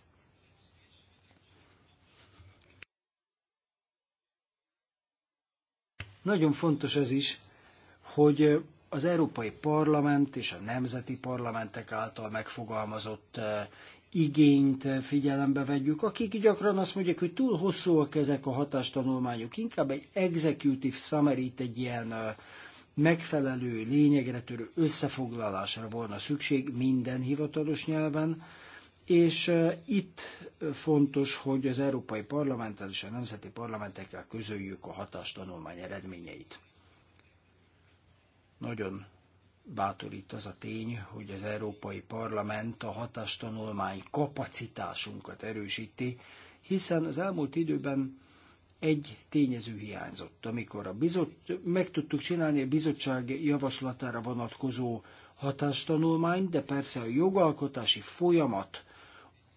Nagyon fontos ez is, hogy az Európai Parlament és a nemzeti parlamentek által megfogalmazott eh, igényt figyelembe vegyük, akik gyakran azt mondják, hogy túl hosszúak ezek a hatástanulmányok, inkább egy executive summary egy ilyen megfelelő, lényegre törő összefoglalásra volna szükség minden hivatalos nyelven, és itt fontos, hogy az Európai Parlamenttel és a nemzeti parlamentekkel közöljük a hatástanulmány eredményeit. Nagyon bátorít az a tény, hogy az Európai Parlament a hatástanulmány kapacitásunkat erősíti, hiszen az elmúlt időben egy tényező hiányzott, amikor a bizot, meg tudtuk csinálni a bizottság javaslatára vonatkozó hatástanulmányt, de persze a jogalkotási folyamat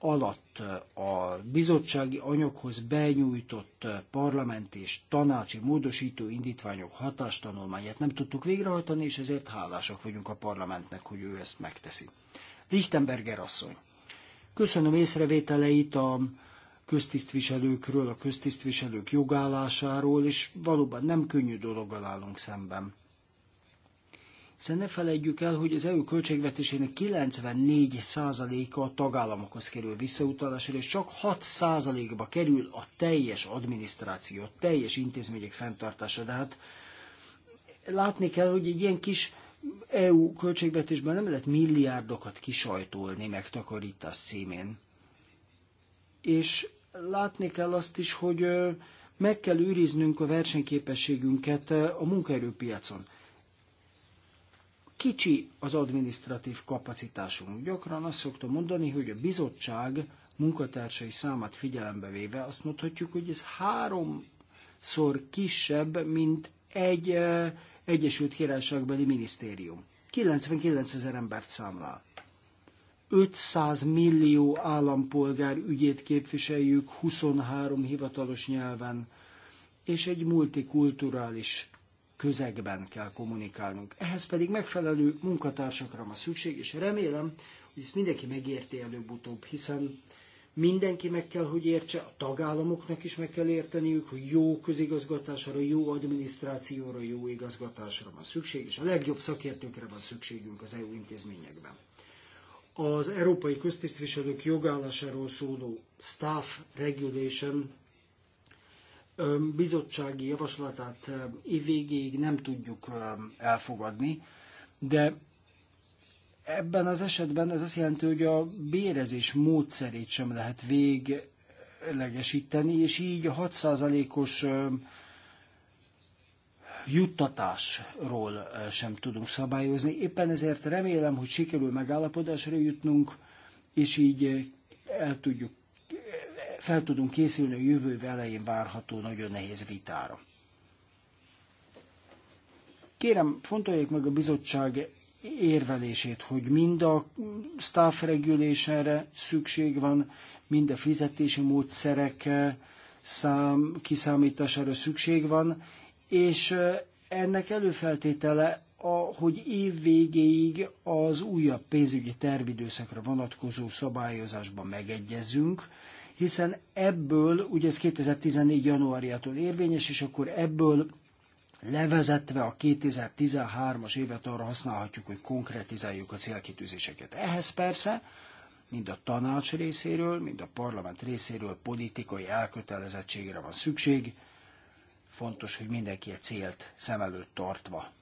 alatt a bizottsági anyaghoz benyújtott parlament és tanácsi módosító indítványok hatástanulmányát nem tudtuk végrehajtani, és ezért hálásak vagyunk a parlamentnek, hogy ő ezt megteszi. Lichtenberger asszony. Köszönöm észrevételeit a köztisztviselőkről, a köztisztviselők jogállásáról, és valóban nem könnyű dologgal állunk szemben. Hiszen szóval ne felejtjük el, hogy az EU költségvetésének 94%-a a tagállamokhoz kerül visszautalásra, és csak 6%-ba kerül a teljes adminisztráció, a teljes intézmények fenntartása. De hát látni kell, hogy egy ilyen kis EU költségvetésben nem lehet milliárdokat kisajtolni takarítás címén. És látni kell azt is, hogy meg kell őriznünk a versenyképességünket a munkaerőpiacon kicsi az adminisztratív kapacitásunk. Gyakran azt szoktam mondani, hogy a bizottság munkatársai számát figyelembe véve azt mondhatjuk, hogy ez háromszor kisebb, mint egy eh, Egyesült Királyságbeli minisztérium. 99 ezer embert számlál. 500 millió állampolgár ügyét képviseljük 23 hivatalos nyelven, és egy multikulturális közegben kell kommunikálnunk. Ehhez pedig megfelelő munkatársakra van szükség, és remélem, hogy ezt mindenki megérti előbb-utóbb, hiszen mindenki meg kell, hogy értse, a tagállamoknak is meg kell érteniük, hogy jó közigazgatásra, jó adminisztrációra, jó igazgatásra van szükség, és a legjobb szakértőkre van szükségünk az EU intézményekben. Az Európai Köztisztviselők jogállásáról szóló Staff Regulation bizottsági javaslatát végéig nem tudjuk elfogadni, de ebben az esetben ez azt jelenti, hogy a bérezés módszerét sem lehet véglegesíteni, és így a 6%-os juttatásról sem tudunk szabályozni. Éppen ezért remélem, hogy sikerül megállapodásra jutnunk, és így el tudjuk fel tudunk készülni a jövő elején várható nagyon nehéz vitára. Kérem, fontolják meg a bizottság érvelését, hogy mind a staff regulationre szükség van, mind a fizetési módszerek eh, szám kiszámítására szükség van, és eh, ennek előfeltétele, a, hogy év végéig az újabb pénzügyi tervidőszakra vonatkozó szabályozásban megegyezünk, hiszen ebből, ugye ez 2014. januárjától érvényes, és akkor ebből levezetve a 2013-as évet arra használhatjuk, hogy konkretizáljuk a célkitűzéseket. Ehhez persze mind a tanács részéről, mind a parlament részéről politikai elkötelezettségre van szükség. Fontos, hogy mindenki a célt szem előtt tartva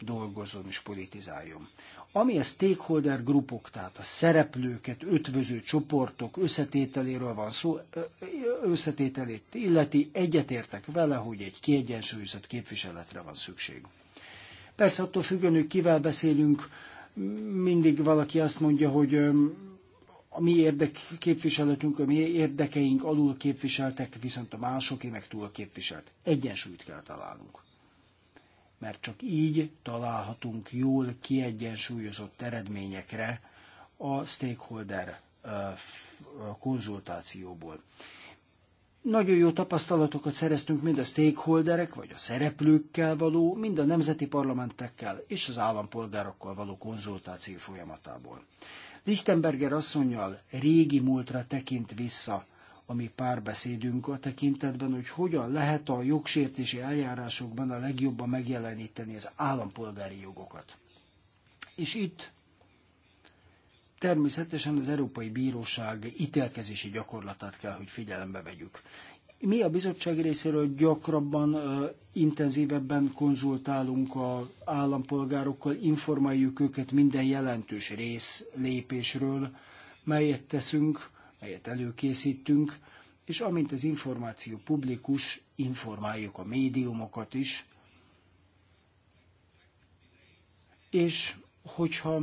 dolgozzon és politizáljon. Ami a stakeholder grupok, tehát a szereplőket ötvöző csoportok összetételéről van szó, összetételét illeti, egyetértek vele, hogy egy kiegyensúlyozott képviseletre van szükség. Persze attól függően, hogy kivel beszélünk, mindig valaki azt mondja, hogy a mi képviseletünk, a mi érdekeink alul képviseltek, viszont a másoké meg túl képviselt. Egyensúlyt kell találnunk mert csak így találhatunk jól kiegyensúlyozott eredményekre a stakeholder konzultációból. Nagyon jó tapasztalatokat szereztünk mind a stakeholderek, vagy a szereplőkkel való, mind a nemzeti parlamentekkel és az állampolgárokkal való konzultáció folyamatából. Lichtenberger asszonynal régi múltra tekint vissza a mi párbeszédünk a tekintetben, hogy hogyan lehet a jogsértési eljárásokban a legjobban megjeleníteni az állampolgári jogokat. És itt természetesen az Európai Bíróság ítélkezési gyakorlatát kell, hogy figyelembe vegyük. Mi a bizottság részéről gyakrabban, intenzívebben konzultálunk az állampolgárokkal, informáljuk őket minden jelentős rész lépésről, melyet teszünk, melyet előkészítünk, és amint az információ publikus, informáljuk a médiumokat is, és hogyha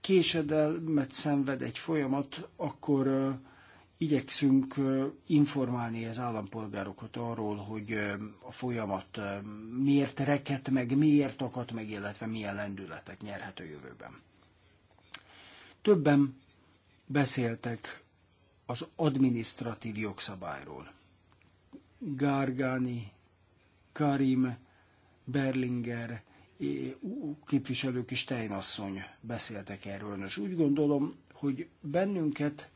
késedelmet szenved egy folyamat, akkor uh, igyekszünk informálni az állampolgárokat arról, hogy a folyamat miért reket meg, miért akadt meg, illetve milyen lendületet nyerhet a jövőben. Többen beszéltek az administratív jogszabályról. Gárgáni, Karim, Berlinger képviselők is Tejnasszony beszéltek erről. Nos, úgy gondolom, hogy bennünket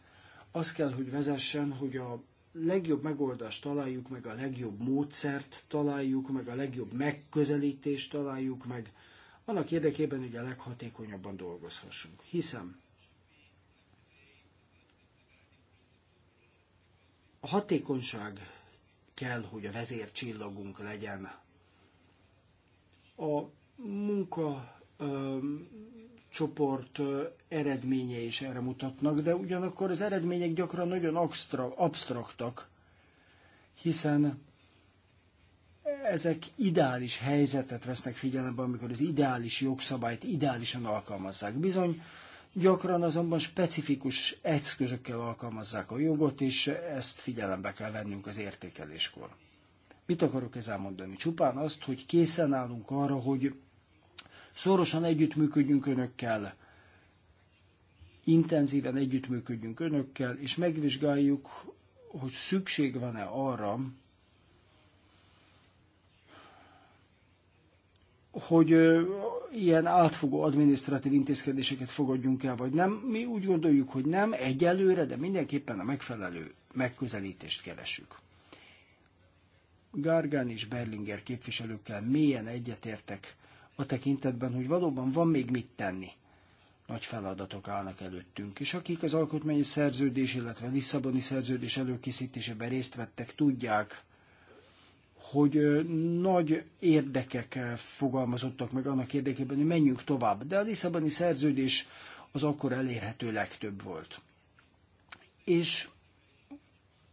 az kell, hogy vezessen, hogy a legjobb megoldást találjuk meg, a legjobb módszert találjuk meg, a legjobb megközelítést találjuk meg, annak érdekében, hogy a leghatékonyabban dolgozhassunk. Hiszem, A hatékonyság kell, hogy a vezércsillagunk legyen. A munka csoport eredménye is erre mutatnak, de ugyanakkor az eredmények gyakran nagyon absztraktak, hiszen ezek ideális helyzetet vesznek figyelembe, amikor az ideális jogszabályt ideálisan alkalmazzák. Bizony, gyakran azonban specifikus eszközökkel alkalmazzák a jogot, és ezt figyelembe kell vennünk az értékeléskor. Mit akarok ezzel mondani? Csupán azt, hogy készen állunk arra, hogy szorosan együttműködjünk önökkel, intenzíven együttműködjünk önökkel, és megvizsgáljuk, hogy szükség van-e arra, hogy ilyen átfogó adminisztratív intézkedéseket fogadjunk el, vagy nem. Mi úgy gondoljuk, hogy nem egyelőre, de mindenképpen a megfelelő megközelítést keresünk. Gargán és Berlinger képviselőkkel mélyen egyetértek a tekintetben, hogy valóban van még mit tenni. Nagy feladatok állnak előttünk, és akik az alkotmányi szerződés, illetve Lisszaboni szerződés előkészítésében részt vettek, tudják, hogy nagy érdekek fogalmazottak meg annak érdekében, hogy menjünk tovább. De a Lisszaboni szerződés az akkor elérhető legtöbb volt. És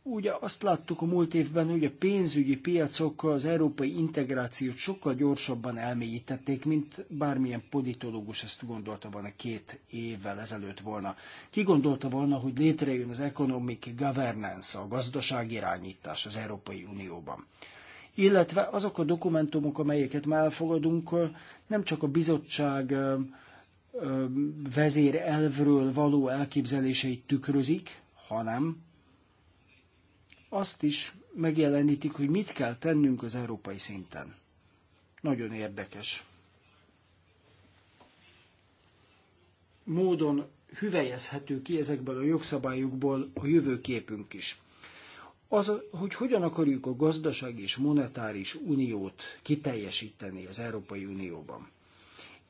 ugye azt láttuk a múlt évben, hogy a pénzügyi piacok az európai integrációt sokkal gyorsabban elmélyítették, mint bármilyen politológus ezt gondolta volna két évvel ezelőtt volna. Ki gondolta volna, hogy létrejön az economic governance, a gazdaságirányítás az Európai Unióban illetve azok a dokumentumok, amelyeket már elfogadunk, nem csak a bizottság vezér elvről való elképzeléseit tükrözik, hanem azt is megjelenítik, hogy mit kell tennünk az európai szinten. Nagyon érdekes. Módon hüvelyezhető ki ezekből a jogszabályokból a jövőképünk is az, hogy hogyan akarjuk a gazdasági és monetáris uniót kiteljesíteni az Európai Unióban.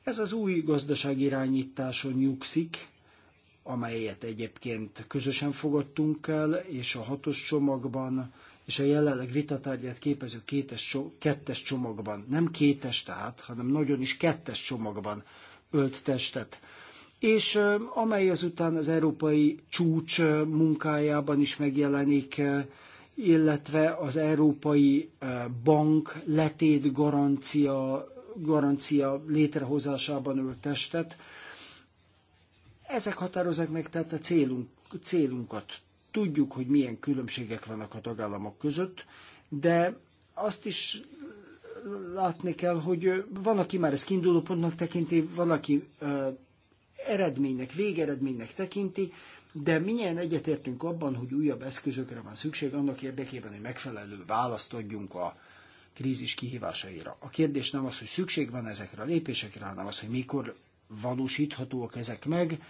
Ez az új gazdasági irányításon nyugszik, amelyet egyébként közösen fogadtunk el, és a hatos csomagban, és a jelenleg vitatárgyát képező kétes, kettes csomagban, nem kétes tehát, hanem nagyon is kettes csomagban ölt testet és amely azután az európai csúcs munkájában is megjelenik, illetve az Európai eh, Bank letét garancia, garancia létrehozásában testet. Ezek határozzák meg tehát a célunk, célunkat. Tudjuk, hogy milyen különbségek vannak a tagállamok között, de azt is látni kell, hogy van, aki már ezt kiinduló pontnak tekinti, van, aki eh, eredménynek, végeredménynek tekinti, de milyen egyetértünk abban, hogy újabb eszközökre van szükség annak érdekében, hogy megfelelő választ adjunk a krízis kihívásaira. A kérdés nem az, hogy szükség van ezekre a lépésekre, hanem az, hogy mikor valósíthatóak ezek meg,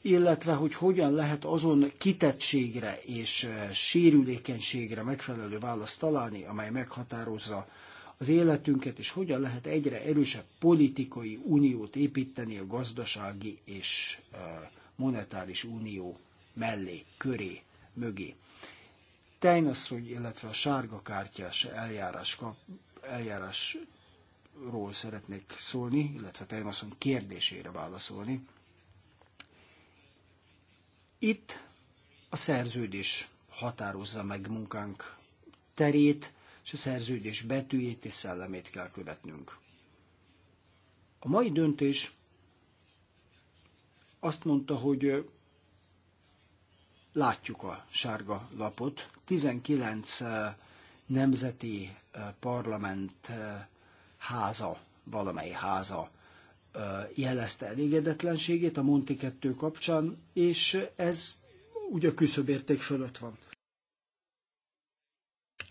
illetve hogy hogyan lehet azon kitettségre és eh, sérülékenységre megfelelő választ találni, amely meghatározza az életünket, és hogyan lehet egyre erősebb politikai uniót építeni a gazdasági és eh, monetáris unió mellé, köré, mögé. Tejnaszrogy, illetve a sárga kártyás eljárás, eljárásról szeretnék szólni, illetve Tejnaszon kérdésére válaszolni. Itt a szerződés határozza meg munkánk terét, és a szerződés betűjét és szellemét kell követnünk. A mai döntés azt mondta, hogy látjuk a sárga lapot. 19 nemzeti parlament háza, valamely háza jelezte elégedetlenségét a Monti 2 kapcsán, és ez ugye a küszöbérték fölött van.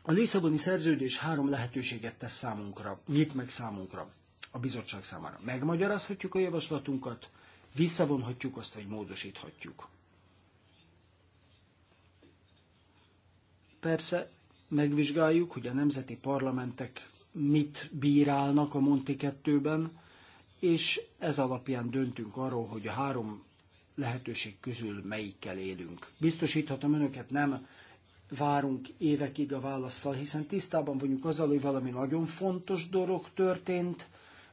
A Lisszaboni szerződés három lehetőséget tesz számunkra, nyit meg számunkra, a bizottság számára. Megmagyarázhatjuk a javaslatunkat, visszavonhatjuk azt, vagy módosíthatjuk. Persze megvizsgáljuk, hogy a nemzeti parlamentek mit bírálnak a Monti 2-ben, és ez alapján döntünk arról, hogy a három lehetőség közül melyikkel élünk. Biztosíthatom önöket, nem várunk évekig a válaszsal, hiszen tisztában vagyunk azzal, hogy valami nagyon fontos dolog történt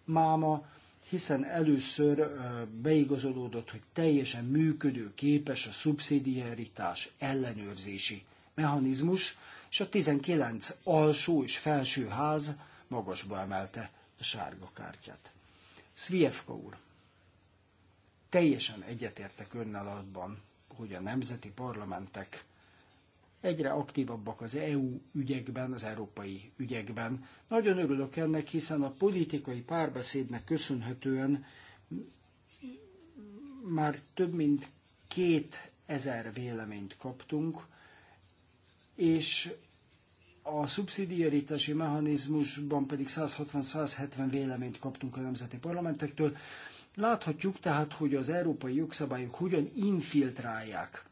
máma, hiszen először beigazolódott, hogy teljesen működő képes a szubszidiaritás ellenőrzési mechanizmus, és a 19 alsó és felső ház magasba emelte a sárga kártyát. Szvievka úr, teljesen egyetértek önnel abban, hogy a nemzeti parlamentek egyre aktívabbak az EU ügyekben, az európai ügyekben. Nagyon örülök ennek, hiszen a politikai párbeszédnek köszönhetően már több mint két ezer véleményt kaptunk, és a szubszidiaritási mechanizmusban pedig 160-170 véleményt kaptunk a nemzeti parlamentektől. Láthatjuk tehát, hogy az európai jogszabályok hogyan infiltrálják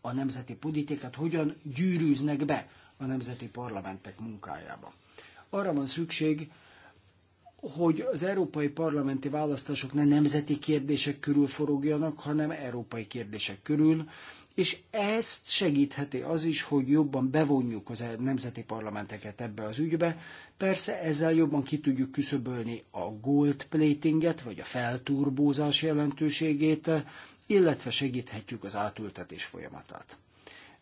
a nemzeti politikát hogyan gyűrűznek be a nemzeti parlamentek munkájába. Arra van szükség, hogy az európai parlamenti választások ne nemzeti kérdések körül forogjanak, hanem európai kérdések körül, és ezt segítheti az is, hogy jobban bevonjuk az e- nemzeti parlamenteket ebbe az ügybe. Persze ezzel jobban ki tudjuk küszöbölni a gold platinget, vagy a felturbózás jelentőségét, illetve segíthetjük az átültetés folyamatát.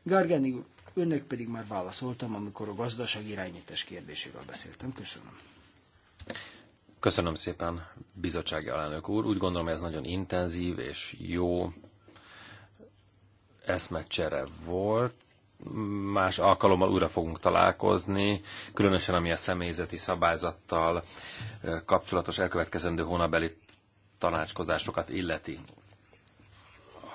Gargani úr, önnek pedig már válaszoltam, amikor a gazdaság irányítás kérdéséről beszéltem. Köszönöm. Köszönöm szépen, bizottsági alelnök úr. Úgy gondolom, ez nagyon intenzív és jó eszmecsere volt. Más alkalommal újra fogunk találkozni, különösen ami a személyzeti szabályzattal kapcsolatos elkövetkezendő hónapbeli tanácskozásokat illeti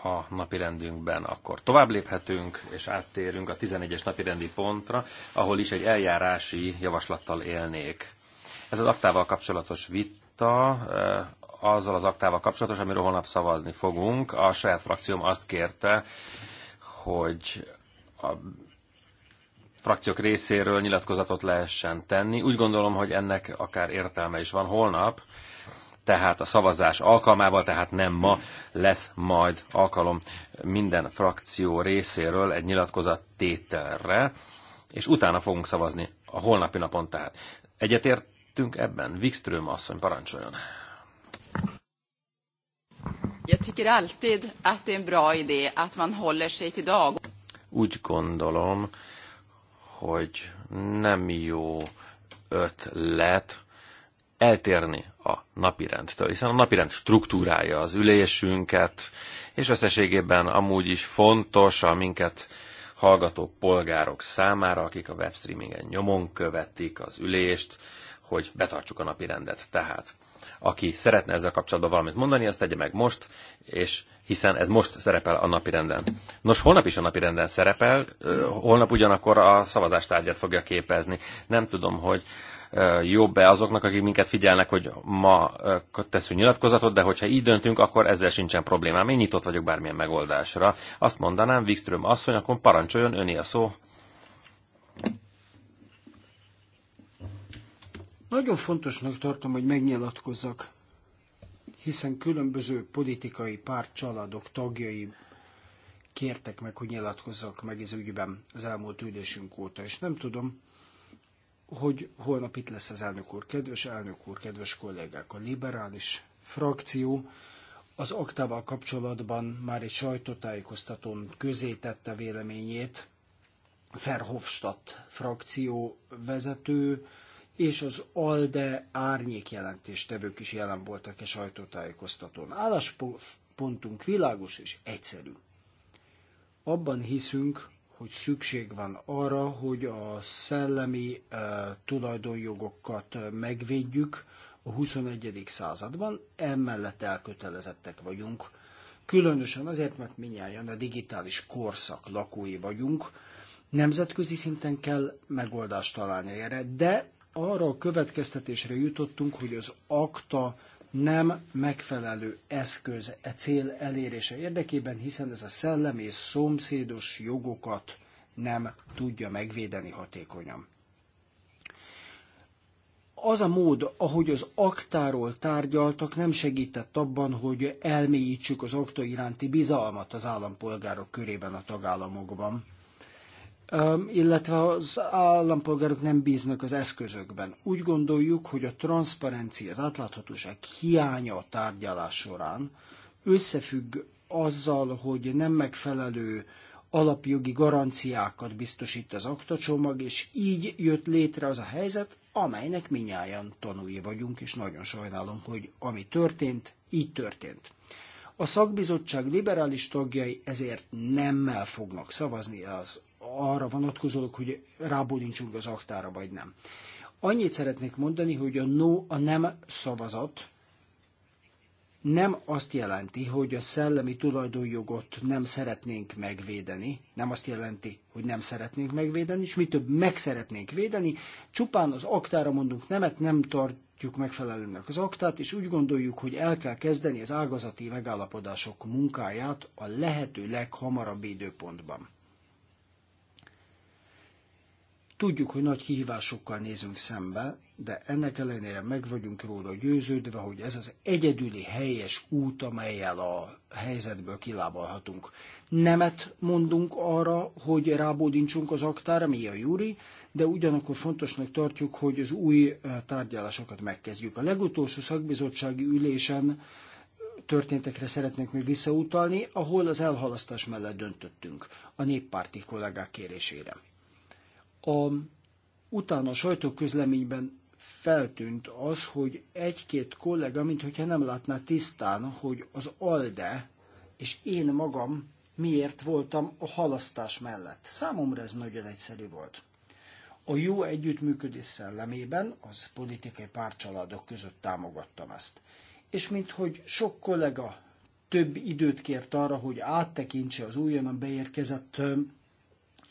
a napirendünkben, akkor tovább léphetünk, és áttérünk a 11-es napirendi pontra, ahol is egy eljárási javaslattal élnék. Ez az aktával kapcsolatos vita, eh, azzal az aktával kapcsolatos, amiről holnap szavazni fogunk. A saját frakcióm azt kérte, hogy a frakciók részéről nyilatkozatot lehessen tenni. Úgy gondolom, hogy ennek akár értelme is van holnap tehát a szavazás alkalmával, tehát nem ma lesz majd alkalom minden frakció részéről egy nyilatkozat tételre, és utána fogunk szavazni a holnapi napon tehát. Egyetértünk ebben? Wikström asszony, parancsoljon! Jag tycker alltid att det är en bra idé att man håller sig till dag. Úgy gondolom, hogy nem jó ötlet, eltérni a napirendtől, hiszen a napirend struktúrája az ülésünket, és összességében amúgy is fontos a minket hallgató polgárok számára, akik a webstreamingen nyomon követik az ülést, hogy betartsuk a napirendet. Tehát aki szeretne ezzel kapcsolatban valamit mondani, azt tegye meg most, és hiszen ez most szerepel a napirenden. Nos, holnap is a napirenden szerepel, holnap ugyanakkor a szavazástárgyat fogja képezni. Nem tudom, hogy jobb-e azoknak, akik minket figyelnek, hogy ma teszünk nyilatkozatot, de hogyha így döntünk, akkor ezzel sincsen problémám. Én nyitott vagyok bármilyen megoldásra. Azt mondanám, Wikström asszony, akkor parancsoljon öné a szó. Nagyon fontosnak tartom, hogy megnyilatkozzak, hiszen különböző politikai pártcsaládok tagjai kértek meg, hogy nyilatkozzak meg ez ügyben az elmúlt ülésünk óta, és nem tudom, hogy holnap itt lesz az elnök úr. Kedves elnök úr, kedves kollégák, a liberális frakció az aktával kapcsolatban már egy sajtótájékoztatón közé tette véleményét Ferhofstadt frakció vezető, és az ALDE árnyék jelentéstevők is jelen voltak a e sajtótájékoztatón. Álláspontunk világos és egyszerű. Abban hiszünk, hogy szükség van arra, hogy a szellemi eh, tulajdonjogokat eh, megvédjük a 21. században, emellett elkötelezettek vagyunk. Különösen azért, mert minnyáján a digitális korszak lakói vagyunk, Nemzetközi szinten kell megoldást találni erre, de arra a következtetésre jutottunk, hogy az akta nem megfelelő eszköz e cél elérése érdekében, hiszen ez a szellem és szomszédos jogokat nem tudja megvédeni hatékonyan. Az a mód, ahogy az aktáról tárgyaltak, nem segített abban, hogy elmélyítsük az akta iránti bizalmat az állampolgárok körében a tagállamokban illetve az állampolgárok nem bíznak az eszközökben. Úgy gondoljuk, hogy a transzparencia, az átláthatóság hiánya a tárgyalás során összefügg azzal, hogy nem megfelelő alapjogi garanciákat biztosít az aktacsomag, és így jött létre az a helyzet, amelynek minnyáján tanúi vagyunk, és nagyon sajnálom, hogy ami történt, így történt. A szakbizottság liberális tagjai ezért nemmel fognak szavazni az arra vonatkozólag, hogy rábólincsunk az aktára, vagy nem. Annyit szeretnék mondani, hogy a no, a nem szavazat nem azt jelenti, hogy a szellemi tulajdonjogot nem szeretnénk megvédeni, nem azt jelenti, hogy nem szeretnénk megvédeni, és mi több meg szeretnénk védeni, csupán az aktára mondunk nemet, nem tartjuk megfelelőnek az aktát, és úgy gondoljuk, hogy el kell kezdeni az ágazati megállapodások munkáját a lehető leghamarabb időpontban. Tudjuk, hogy nagy kihívásokkal nézünk szembe, de ennek ellenére meg vagyunk róla győződve, hogy ez az egyedüli helyes út, amelyel a helyzetből kilábalhatunk. Nemet mondunk arra, hogy rábódintsunk az aktára, mi a júri, de ugyanakkor fontosnak tartjuk, hogy az új tárgyalásokat megkezdjük. A legutolsó szakbizottsági ülésen történtekre szeretnék még visszautalni, ahol az elhalasztás mellett döntöttünk a néppárti kollégák kérésére. A, utána a sajtóközleményben feltűnt az, hogy egy-két kollega, mintha nem látná tisztán, hogy az ALDE és én magam miért voltam a halasztás mellett. Számomra ez nagyon egyszerű volt. A jó együttműködés szellemében az politikai párcsaládok között támogattam ezt. És minthogy sok kollega több időt kért arra, hogy áttekintse az újonnan beérkezett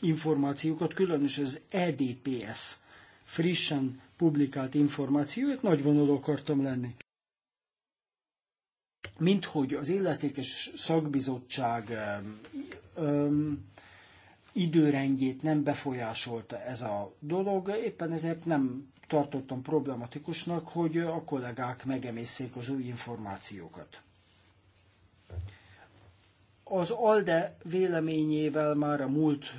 információkat, különösen az EDPS frissen publikált információt, nagy vonalú akartam lenni. Mint hogy az illetékes szakbizottság um, időrendjét nem befolyásolta ez a dolog, éppen ezért nem tartottam problematikusnak, hogy a kollégák megemészszék az új információkat. Az ALDE véleményével már a múlt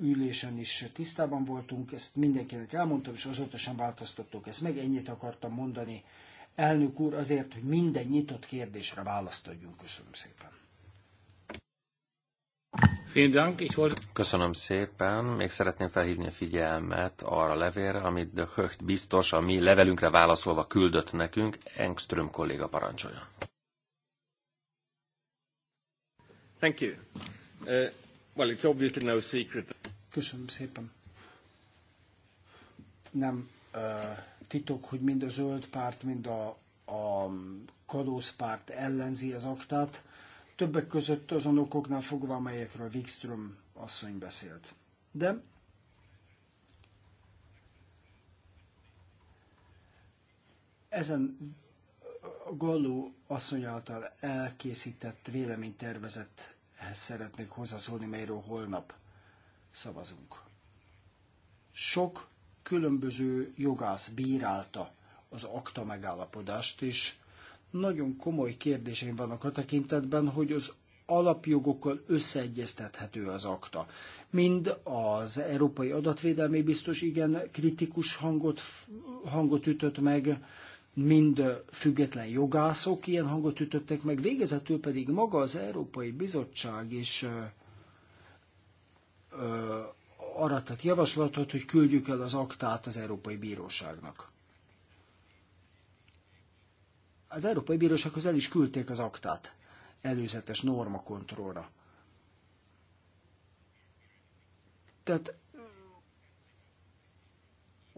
ülésen is tisztában voltunk, ezt mindenkinek elmondtam, és azóta sem változtattuk ezt meg, ennyit akartam mondani. Elnök úr, azért, hogy minden nyitott kérdésre választ adjunk. Köszönöm szépen. Köszönöm szépen. Még szeretném felhívni a figyelmet arra a levélre, amit de Höcht biztos a mi levelünkre válaszolva küldött nekünk. Engström kolléga parancsolja. Thank you. Uh, well, it's obviously no secret. Köszönöm szépen. Nem uh, titok, hogy mind a zöld párt, mind a, a kadószpárt ellenzi az aktát, többek között azon okoknál fogva, amelyekről Wikström asszony beszélt. De ezen a Galló asszony által elkészített véleménytervezethez szeretnék hozzászólni, melyről holnap szavazunk. Sok különböző jogász bírálta az akta megállapodást, és nagyon komoly kérdéseim vannak a tekintetben, hogy az alapjogokkal összeegyeztethető az akta. Mind az Európai Adatvédelmi Biztos igen kritikus hangot, hangot ütött meg, mind független jogászok ilyen hangot ütöttek meg, végezetül pedig maga az Európai Bizottság is ö, ö, arra tett javaslatot, hogy küldjük el az aktát az Európai Bíróságnak. Az Európai Bírósághoz el is küldték az aktát előzetes normakontrollra. Tehát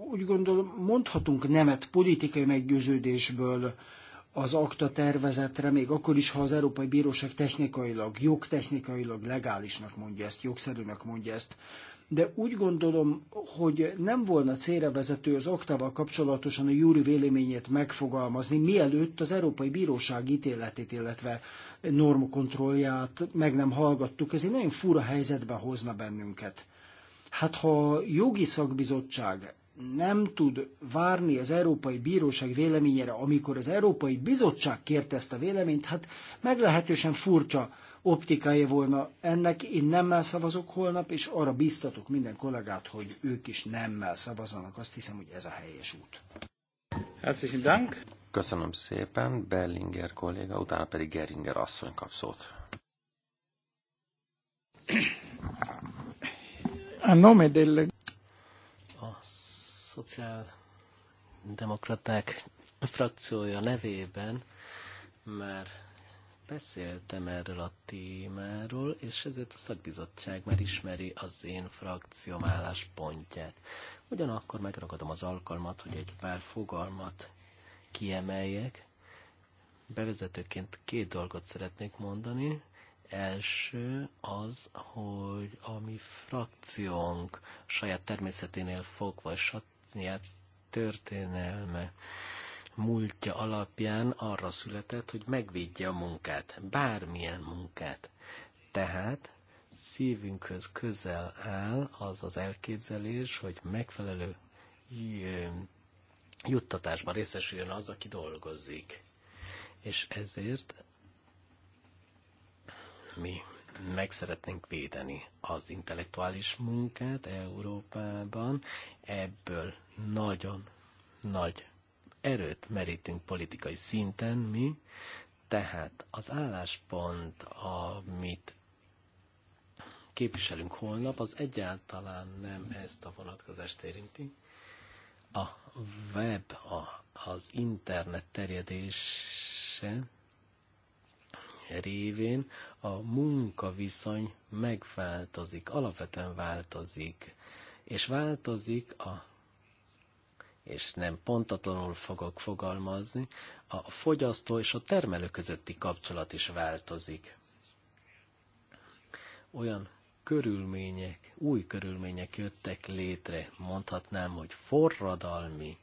úgy gondolom, mondhatunk nemet politikai meggyőződésből az akta tervezetre, még akkor is, ha az Európai Bíróság technikailag, jogtechnikailag legálisnak mondja ezt, jogszerűnek mondja ezt. De úgy gondolom, hogy nem volna célra vezető az aktával kapcsolatosan a júri véleményét megfogalmazni, mielőtt az Európai Bíróság ítéletét, illetve normokontrollját meg nem hallgattuk. Ez egy nagyon fura helyzetbe hozna bennünket. Hát ha a jogi szakbizottság nem tud várni az Európai Bíróság véleményére, amikor az Európai Bizottság kérte ezt a véleményt, hát meglehetősen furcsa optikája volna ennek. Én nemmel szavazok holnap, és arra biztatok minden kollégát, hogy ők is nemmel szavazanak. Azt hiszem, hogy ez a helyes út. Herzlichen Dank. Köszönöm szépen, Berlinger kolléga, utána pedig Geringer asszony kap szót. A nome del szociáldemokraták frakciója nevében már beszéltem erről a témáról, és ezért a szakbizottság már ismeri az én frakcióm álláspontját. Ugyanakkor megragadom az alkalmat, hogy egy pár fogalmat kiemeljek. Bevezetőként két dolgot szeretnék mondani. Első az, hogy a mi frakciónk saját természeténél fogva és saját történelme múltja alapján arra született, hogy megvédje a munkát, bármilyen munkát. Tehát szívünkhöz közel áll az az elképzelés, hogy megfelelő juttatásban részesüljön az, aki dolgozik. És ezért mi meg szeretnénk védeni az intellektuális munkát Európában, ebből nagyon nagy erőt merítünk politikai szinten mi, tehát az álláspont, amit képviselünk holnap, az egyáltalán nem ezt a vonatkozást érinti. A web, a, az internet terjedése révén a munkaviszony megváltozik, alapvetően változik, és változik a és nem pontatlanul fogok fogalmazni, a fogyasztó és a termelő közötti kapcsolat is változik. Olyan körülmények, új körülmények jöttek létre, mondhatnám, hogy forradalmi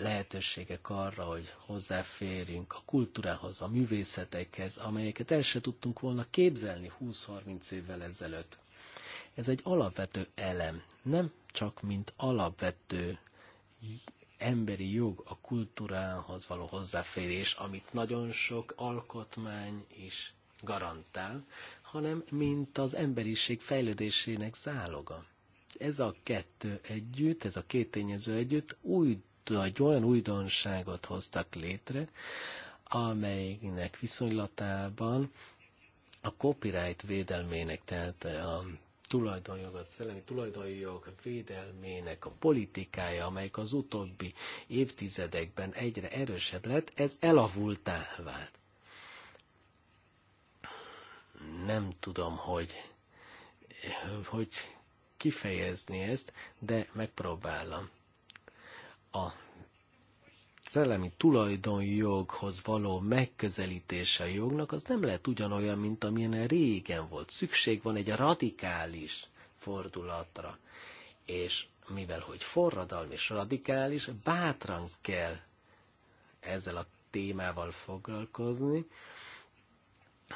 lehetőségek arra, hogy hozzáférjünk a kultúrához, a művészetekhez, amelyeket el se tudtunk volna képzelni 20-30 évvel ezelőtt. Ez egy alapvető elem, nem csak mint alapvető emberi jog a kultúrához való hozzáférés, amit nagyon sok alkotmány is garantál, hanem mint az emberiség fejlődésének záloga. Ez a kettő együtt, ez a két tényező együtt új egy olyan újdonságot hoztak létre, amelynek viszonylatában a copyright védelmének, tehát a tulajdonjogat szellemi tulajdonjog védelmének a politikája, amelyik az utóbbi évtizedekben egyre erősebb lett, ez elavultá vált. Nem tudom, hogy, hogy kifejezni ezt, de megpróbálom a szellemi tulajdonjoghoz való megközelítése a jognak, az nem lehet ugyanolyan, mint amilyen régen volt. Szükség van egy radikális fordulatra. És mivel hogy forradalmi és radikális, bátran kell ezzel a témával foglalkozni,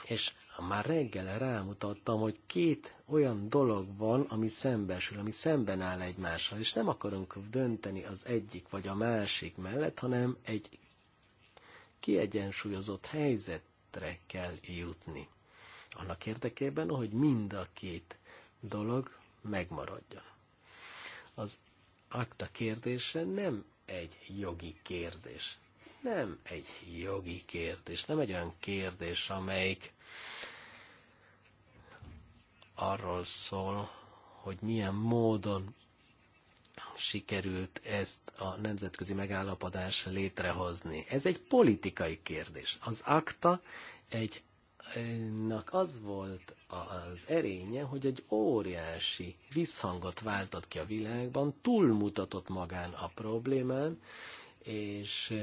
és már reggel rámutattam, hogy két olyan dolog van, ami szembesül, ami szemben áll egymással, és nem akarunk dönteni az egyik vagy a másik mellett, hanem egy kiegyensúlyozott helyzetre kell jutni. Annak érdekében, hogy mind a két dolog megmaradjon. Az akta kérdése nem egy jogi kérdés. Nem egy jogi kérdés, nem egy olyan kérdés, amelyik arról szól, hogy milyen módon sikerült ezt a nemzetközi megállapodás létrehozni. Ez egy politikai kérdés. Az akta egy ennek az volt az erénye, hogy egy óriási visszhangot váltott ki a világban, túlmutatott magán a problémán, és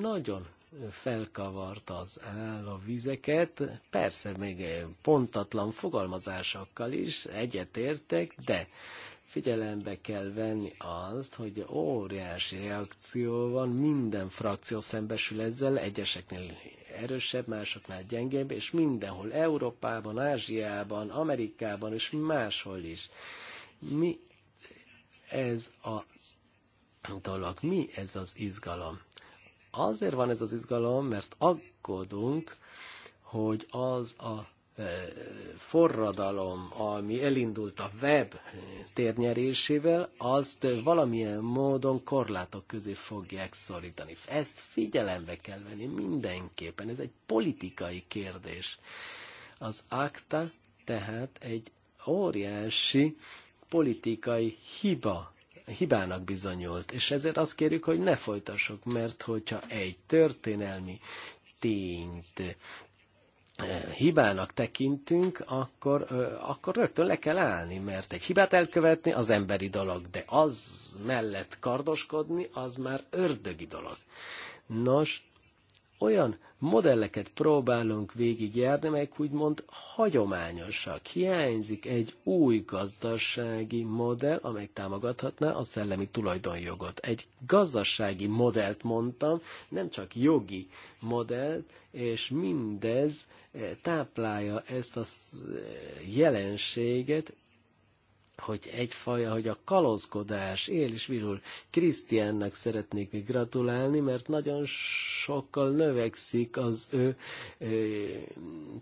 nagyon felkavarta az áll a vizeket, persze még pontatlan fogalmazásokkal is egyetértek, de figyelembe kell venni azt, hogy óriási reakció van, minden frakció szembesül ezzel, egyeseknél erősebb, másoknál gyengébb, és mindenhol, Európában, Ázsiában, Amerikában és máshol is. Mi ez a dolog, mi ez az izgalom? Azért van ez az izgalom, mert aggódunk, hogy az a e, forradalom, ami elindult a web térnyerésével, azt valamilyen módon korlátok közé fogják szorítani. Ezt figyelembe kell venni mindenképpen, ez egy politikai kérdés. Az akta tehát egy óriási politikai hiba hibának bizonyult, és ezért azt kérjük, hogy ne folytassuk, mert hogyha egy történelmi tényt eh, hibának tekintünk, akkor, eh, akkor rögtön le kell állni, mert egy hibát elkövetni az emberi dolog, de az mellett kardoskodni, az már ördögi dolog. Nos, olyan modelleket próbálunk végigjárni, melyek úgymond hagyományosak. Hiányzik egy új gazdasági modell, amely támogathatná a szellemi tulajdonjogot. Egy gazdasági modellt mondtam, nem csak jogi modellt, és mindez eh, táplálja ezt a eh, jelenséget, hogy egyfajta, hogy a kalózkodás él és virul. Krisztiánnak szeretnék gratulálni, mert nagyon sokkal növekszik az ő ö,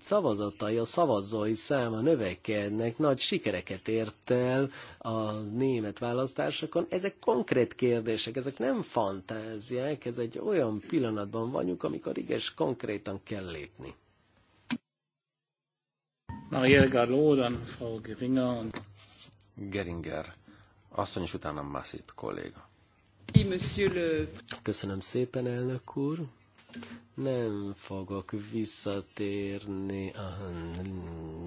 szavazatai, a szavazói száma növekednek, nagy sikereket ért el a német választásokon. Ezek konkrét kérdések, ezek nem fantáziák, ez egy olyan pillanatban vagyunk, amikor iges konkrétan kell lépni. Na, Gallot, dann Frau Geringer Geringer asszony, és utána Massip kolléga. Köszönöm szépen, elnök úr. Nem fogok visszatérni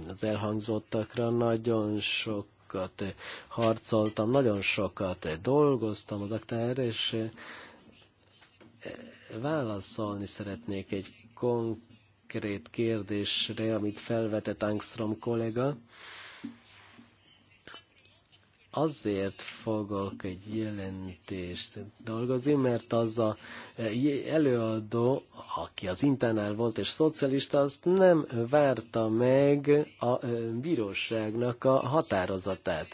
az elhangzottakra. Nagyon sokat harcoltam, nagyon sokat dolgoztam az aktára, és eh, válaszolni szeretnék egy konkrét kérdésre, amit felvetett Angstrom kollega azért fogok egy jelentést dolgozni, mert az a e, előadó, aki az internál volt és szocialista, azt nem várta meg a e, bíróságnak a határozatát.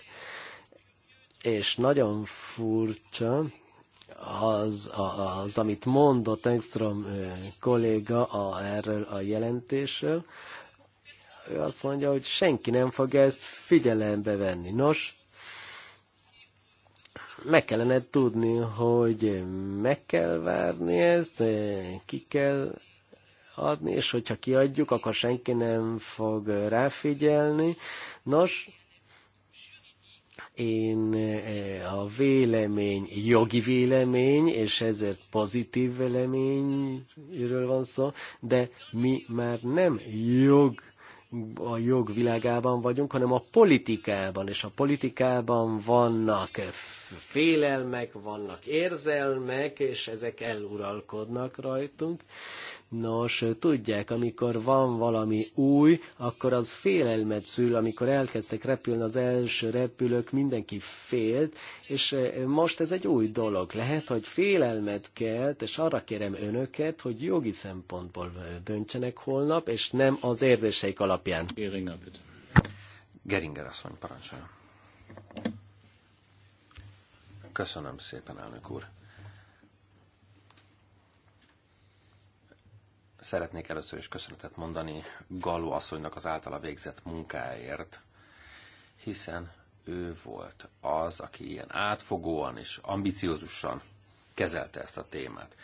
És nagyon furcsa, az, az amit mondott Engström e, kolléga a, erről a jelentésről, ő azt mondja, hogy senki nem fog ezt figyelembe venni. Nos, meg kellene tudni, hogy meg kell várni ezt, eh, ki kell adni, és hogyha kiadjuk, akkor senki nem fog ráfigyelni. Nos, én eh, a vélemény jogi vélemény, és ezért pozitív véleményről van szó, de mi már nem jog a jogvilágában vagyunk, hanem a politikában, és a politikában vannak félelmek, vannak érzelmek, és ezek eluralkodnak rajtunk. Nos, tudják, amikor van valami új, akkor az félelmet szül, amikor elkezdtek repülni az első repülők, mindenki félt, és eh, most ez egy új dolog. Lehet, hogy félelmet kelt, és arra kérem önöket, hogy jogi szempontból eh, döntsenek holnap, és nem az érzéseik alapján. Geringer, asszony, parancsolja. Köszönöm szépen, elnök úr. Szeretnék először is köszönetet mondani Galu asszonynak az általa végzett munkáért, hiszen ő volt az, aki ilyen átfogóan és ambiciózusan kezelte ezt a témát.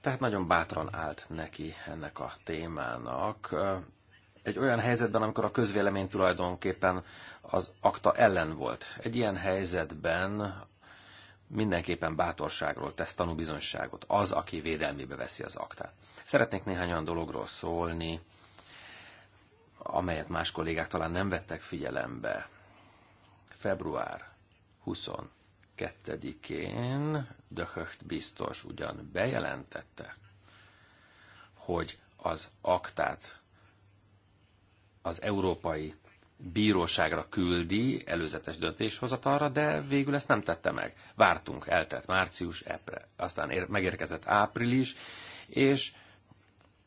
Tehát nagyon bátran állt neki ennek a témának. Egy olyan helyzetben, amikor a közvélemény tulajdonképpen az akta ellen volt. Egy ilyen helyzetben mindenképpen bátorságról tesz tanúbizonyságot az, aki védelmébe veszi az aktát. Szeretnék néhány olyan dologról szólni, amelyet más kollégák talán nem vettek figyelembe. Február 22-én Döhögt biztos ugyan bejelentette, hogy az aktát az európai bíróságra küldi előzetes döntéshozatalra, de végül ezt nem tette meg. Vártunk, eltelt március, epre. aztán ér, megérkezett április, és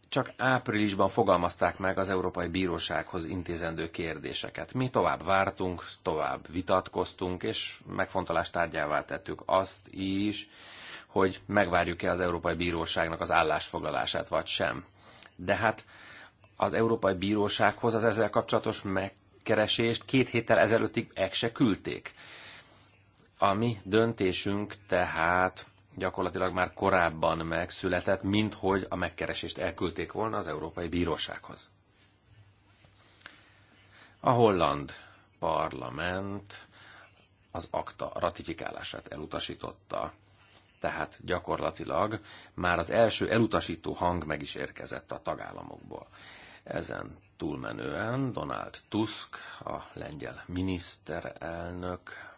csak áprilisban fogalmazták meg az Európai Bírósághoz intézendő kérdéseket. Mi tovább vártunk, tovább vitatkoztunk, és megfontolás tárgyává tettük azt is, hogy megvárjuk-e az Európai Bíróságnak az állásfoglalását, vagy sem. De hát az Európai Bírósághoz az ezzel kapcsolatos meg keresést két héttel ezelőttig meg se küldték. A mi döntésünk tehát gyakorlatilag már korábban megszületett, mint hogy a megkeresést elküldték volna az Európai Bírósághoz. A holland parlament az akta ratifikálását elutasította. Tehát gyakorlatilag már az első elutasító hang meg is érkezett a tagállamokból. Ezen túlmenően Donald Tusk, a lengyel miniszterelnök,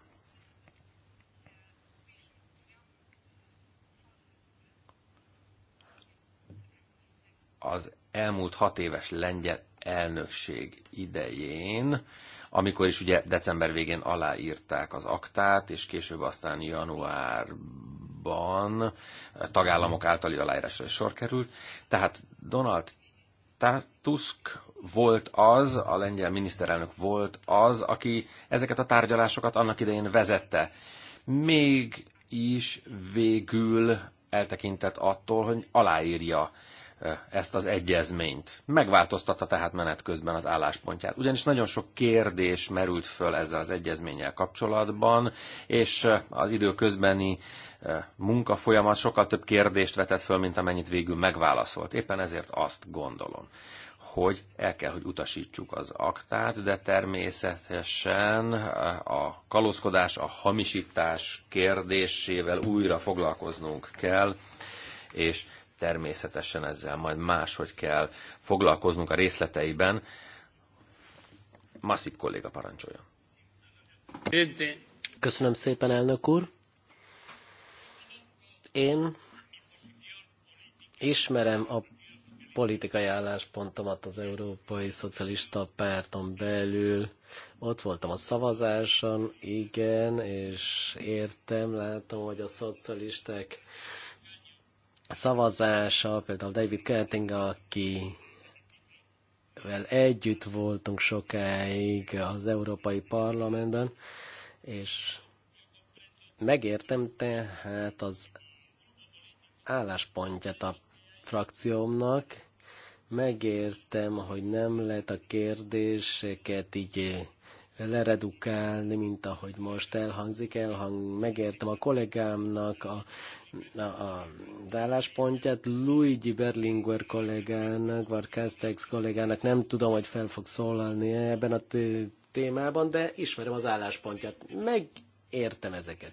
az elmúlt hat éves lengyel elnökség idején, amikor is ugye december végén aláírták az aktát, és később aztán januárban tagállamok általi aláírásra sor került. Tehát Donald Tusk volt az, a lengyel miniszterelnök volt az, aki ezeket a tárgyalásokat annak idején vezette. Még is végül eltekintett attól, hogy aláírja ezt az egyezményt. Megváltoztatta tehát menet közben az álláspontját. Ugyanis nagyon sok kérdés merült föl ezzel az egyezménnyel kapcsolatban, és az időközbeni E, munkafolyamat sokkal több kérdést vetett föl, mint amennyit végül megválaszolt. Éppen ezért azt gondolom, hogy el kell, hogy utasítsuk az aktát, de természetesen e, a kalózkodás, a hamisítás kérdésével újra foglalkoznunk kell, és természetesen ezzel majd máshogy kell foglalkoznunk a részleteiben. Masszik kolléga parancsolja. Köszönöm szépen, elnök úr. Én ismerem a politikai álláspontomat az Európai Szocialista Párton belül. Ott voltam a szavazáson, igen, és értem, látom, hogy a szocialisták szavazása, például David Kerting, aki vel együtt voltunk sokáig az Európai Parlamentben, és megértem tehát az álláspontját a frakciómnak. Megértem, hogy nem lehet a kérdéseket így eh, leredukálni, mint ahogy most elhangzik, elhang, megértem a kollégámnak a, a, a álláspontját, Luigi Berlinguer kollégának, vagy Castex kollégának, nem tudom, hogy fel fog szólalni ebben a témában, de ismerem az álláspontját, megértem ezeket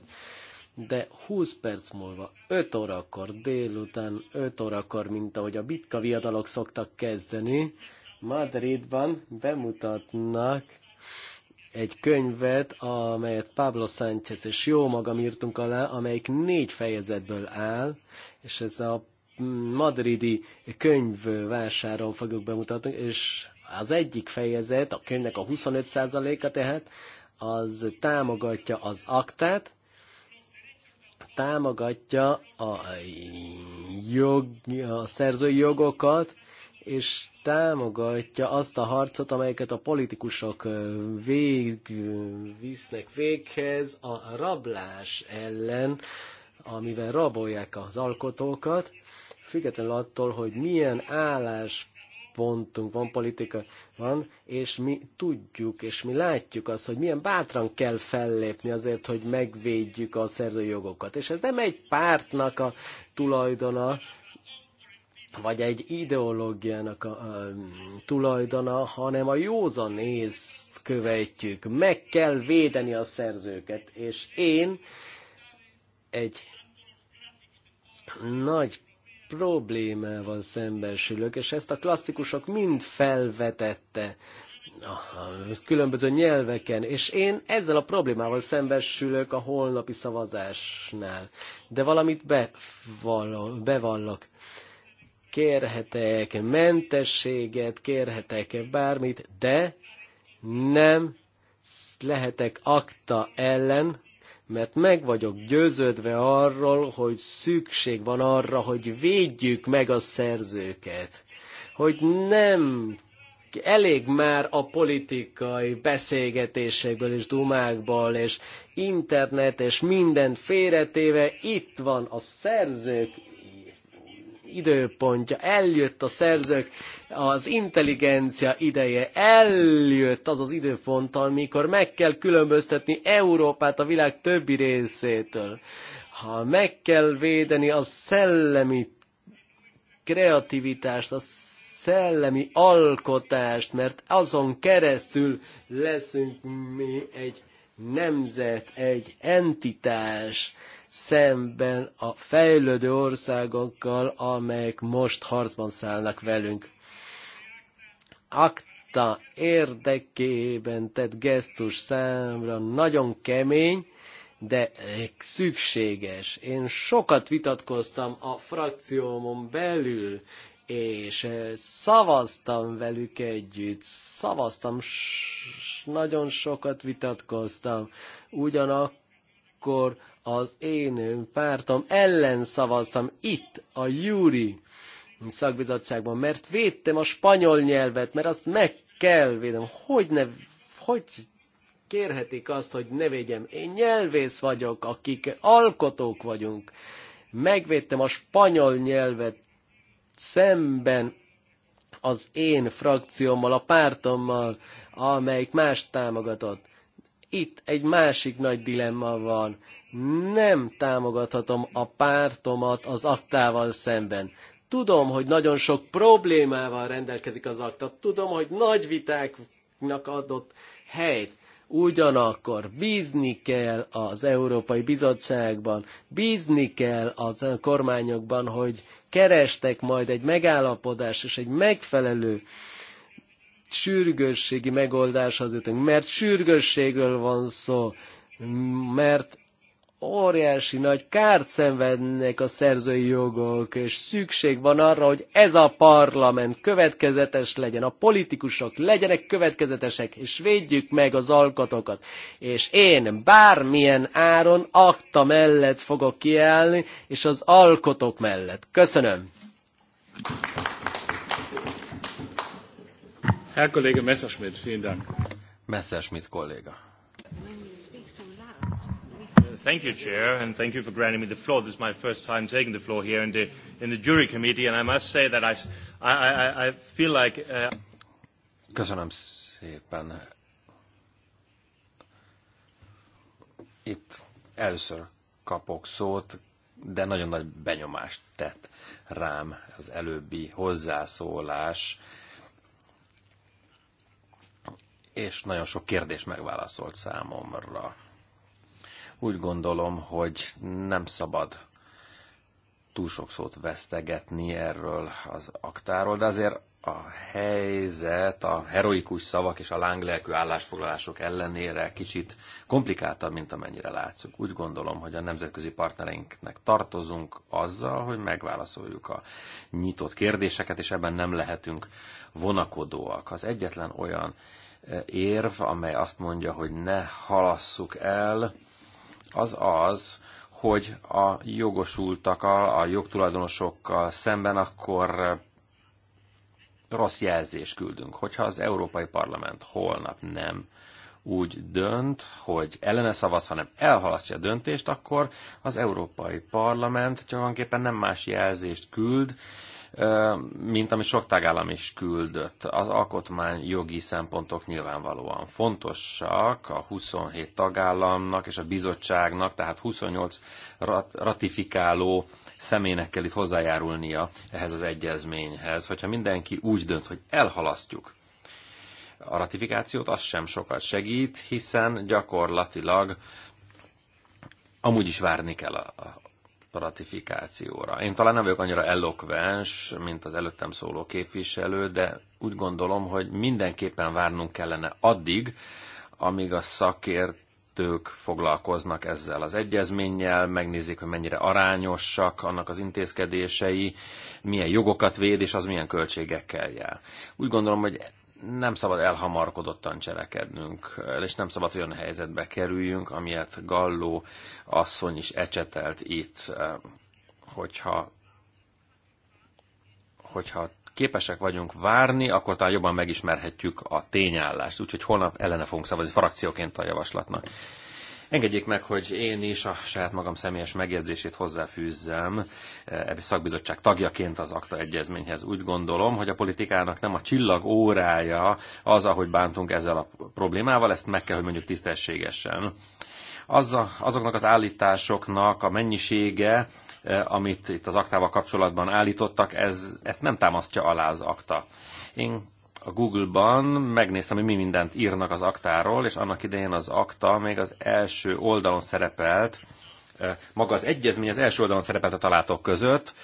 de 20 perc múlva, 5 órakor, délután 5 órakor, mint ahogy a bitka viadalok szoktak kezdeni, Madridban bemutatnak egy könyvet, amelyet Pablo Sánchez és jó magam írtunk alá, amelyik négy fejezetből áll, és ez a madridi könyvvásáron fogjuk bemutatni, és az egyik fejezet, a könyvnek a 25%-a tehát, az támogatja az aktát, támogatja a, jog, a szerzői jogokat, és támogatja azt a harcot, amelyeket a politikusok vég, visznek véghez a rablás ellen, amivel rabolják az alkotókat, függetlenül attól, hogy milyen állás pontunk van, politika van, és mi tudjuk, és mi látjuk azt, hogy milyen bátran kell fellépni azért, hogy megvédjük a szerzőjogokat. És ez nem egy pártnak a tulajdona, vagy egy ideológiának a, a tulajdona, hanem a józan ész követjük. Meg kell védeni a szerzőket, és én egy nagy problémával szembesülök, és ezt a klasszikusok mind felvetette a különböző nyelveken, és én ezzel a problémával szembesülök a holnapi szavazásnál. De valamit bevallok. bevallok kérhetek mentességet, kérhetek bármit, de nem lehetek akta ellen, mert meg vagyok győződve arról, hogy szükség van arra, hogy védjük meg a szerzőket, hogy nem elég már a politikai beszélgetésekből és dumákból és internet és mindent félretéve itt van a szerzők időpontja, eljött a szerzők, az intelligencia ideje, eljött az az időpont, amikor meg kell különböztetni Európát a világ többi részétől. Ha meg kell védeni a szellemi kreativitást, a szellemi alkotást, mert azon keresztül leszünk mi egy nemzet, egy entitás, szemben a fejlődő országokkal, amelyek most harcban szállnak velünk. Akta érdekében tett gesztus számra nagyon kemény, de szükséges. Én sokat vitatkoztam a frakciómon belül, és eh, szavaztam velük együtt, szavaztam, nagyon sokat vitatkoztam. Ugyanakkor az én pártom ellen szavaztam itt, a Júri szakbizottságban, mert védtem a spanyol nyelvet, mert azt meg kell védem. Hogy ne, hogy kérhetik azt, hogy ne védjem? Én nyelvész vagyok, akik alkotók vagyunk. Megvédtem a spanyol nyelvet szemben az én frakciómmal, a pártommal, amelyik más támogatott. Itt egy másik nagy dilemma van nem támogathatom a pártomat az aktával szemben. Tudom, hogy nagyon sok problémával rendelkezik az akta, tudom, hogy nagy vitáknak adott helyt, Ugyanakkor bízni kell az Európai Bizottságban, bízni kell a kormányokban, hogy kerestek majd egy megállapodás és egy megfelelő sürgősségi az jutunk, mert sürgősségről van szó, mert óriási nagy kárt szenvednek a szerzői jogok, és szükség van arra, hogy ez a parlament következetes legyen, a politikusok legyenek következetesek, és védjük meg az alkatokat. És én bármilyen áron akta mellett fogok kiállni, és az alkotók mellett. Köszönöm! Herr Kollege Messerschmidt, vielen Dank. Messerschmidt kolléga. Thank you, Chair, and thank you for granting me the floor. This is my first time taking the floor here in the, in the jury committee, and I must say that I, I, I feel like... Uh... Köszönöm szépen. Itt először kapok szót, de nagyon nagy benyomást tett rám az előbbi hozzászólás, és nagyon sok kérdés megválaszolt számomra. Úgy gondolom, hogy nem szabad túl sok szót vesztegetni erről az aktáról, de azért a helyzet, a heroikus szavak és a lánglelkű állásfoglalások ellenére kicsit komplikáltabb, mint amennyire látszik. Úgy gondolom, hogy a nemzetközi partnereinknek tartozunk azzal, hogy megválaszoljuk a nyitott kérdéseket, és ebben nem lehetünk vonakodóak. Az egyetlen olyan eh, érv, amely azt mondja, hogy ne halasszuk el, az az, hogy a jogosultakkal, a jogtulajdonosokkal szemben akkor eh, rossz jelzést küldünk. Hogyha az Európai Parlament holnap nem úgy dönt, hogy ellene szavaz, hanem elhalasztja a döntést, akkor az Európai Parlament tulajdonképpen nem más jelzést küld, mint amit sok tagállam is küldött. Az alkotmány jogi szempontok nyilvánvalóan fontosak a 27 tagállamnak és a bizottságnak, tehát 28 ratifikáló személynek kell itt hozzájárulnia ehhez az egyezményhez. Hogyha mindenki úgy dönt, hogy elhalasztjuk a ratifikációt, az sem sokat segít, hiszen gyakorlatilag amúgy is várni kell a, ratifikációra. Én talán nem vagyok annyira elokvens, mint az előttem szóló képviselő, de úgy gondolom, hogy mindenképpen várnunk kellene addig, amíg a szakért foglalkoznak ezzel az egyezménnyel, megnézik, hogy mennyire arányosak annak az intézkedései, milyen jogokat véd, és az milyen költségekkel jár. Úgy gondolom, hogy nem szabad elhamarkodottan cselekednünk, és nem szabad olyan helyzetbe kerüljünk, amilyet Galló asszony is ecsetelt itt, eh, hogyha, hogyha képesek vagyunk várni, akkor talán jobban megismerhetjük a tényállást. Úgyhogy holnap ellene fogunk szavazni frakcióként a javaslatnak. Engedjék meg, hogy én is a saját magam személyes megjegyzését hozzáfűzzem ebbi szakbizottság tagjaként az akta egyezményhez. Úgy gondolom, hogy a politikának nem a csillag órája az, ahogy bántunk ezzel a problémával, ezt meg kell, hogy mondjuk tisztességesen. Az a, azoknak az állításoknak a mennyisége, eh, amit itt az aktával kapcsolatban állítottak, ez, ezt nem támasztja alá az akta. Én a Google-ban megnéztem, hogy mi mindent írnak az aktáról, és annak idején az akta még az első oldalon szerepelt, maga az egyezmény az első oldalon szerepelt a találatok között,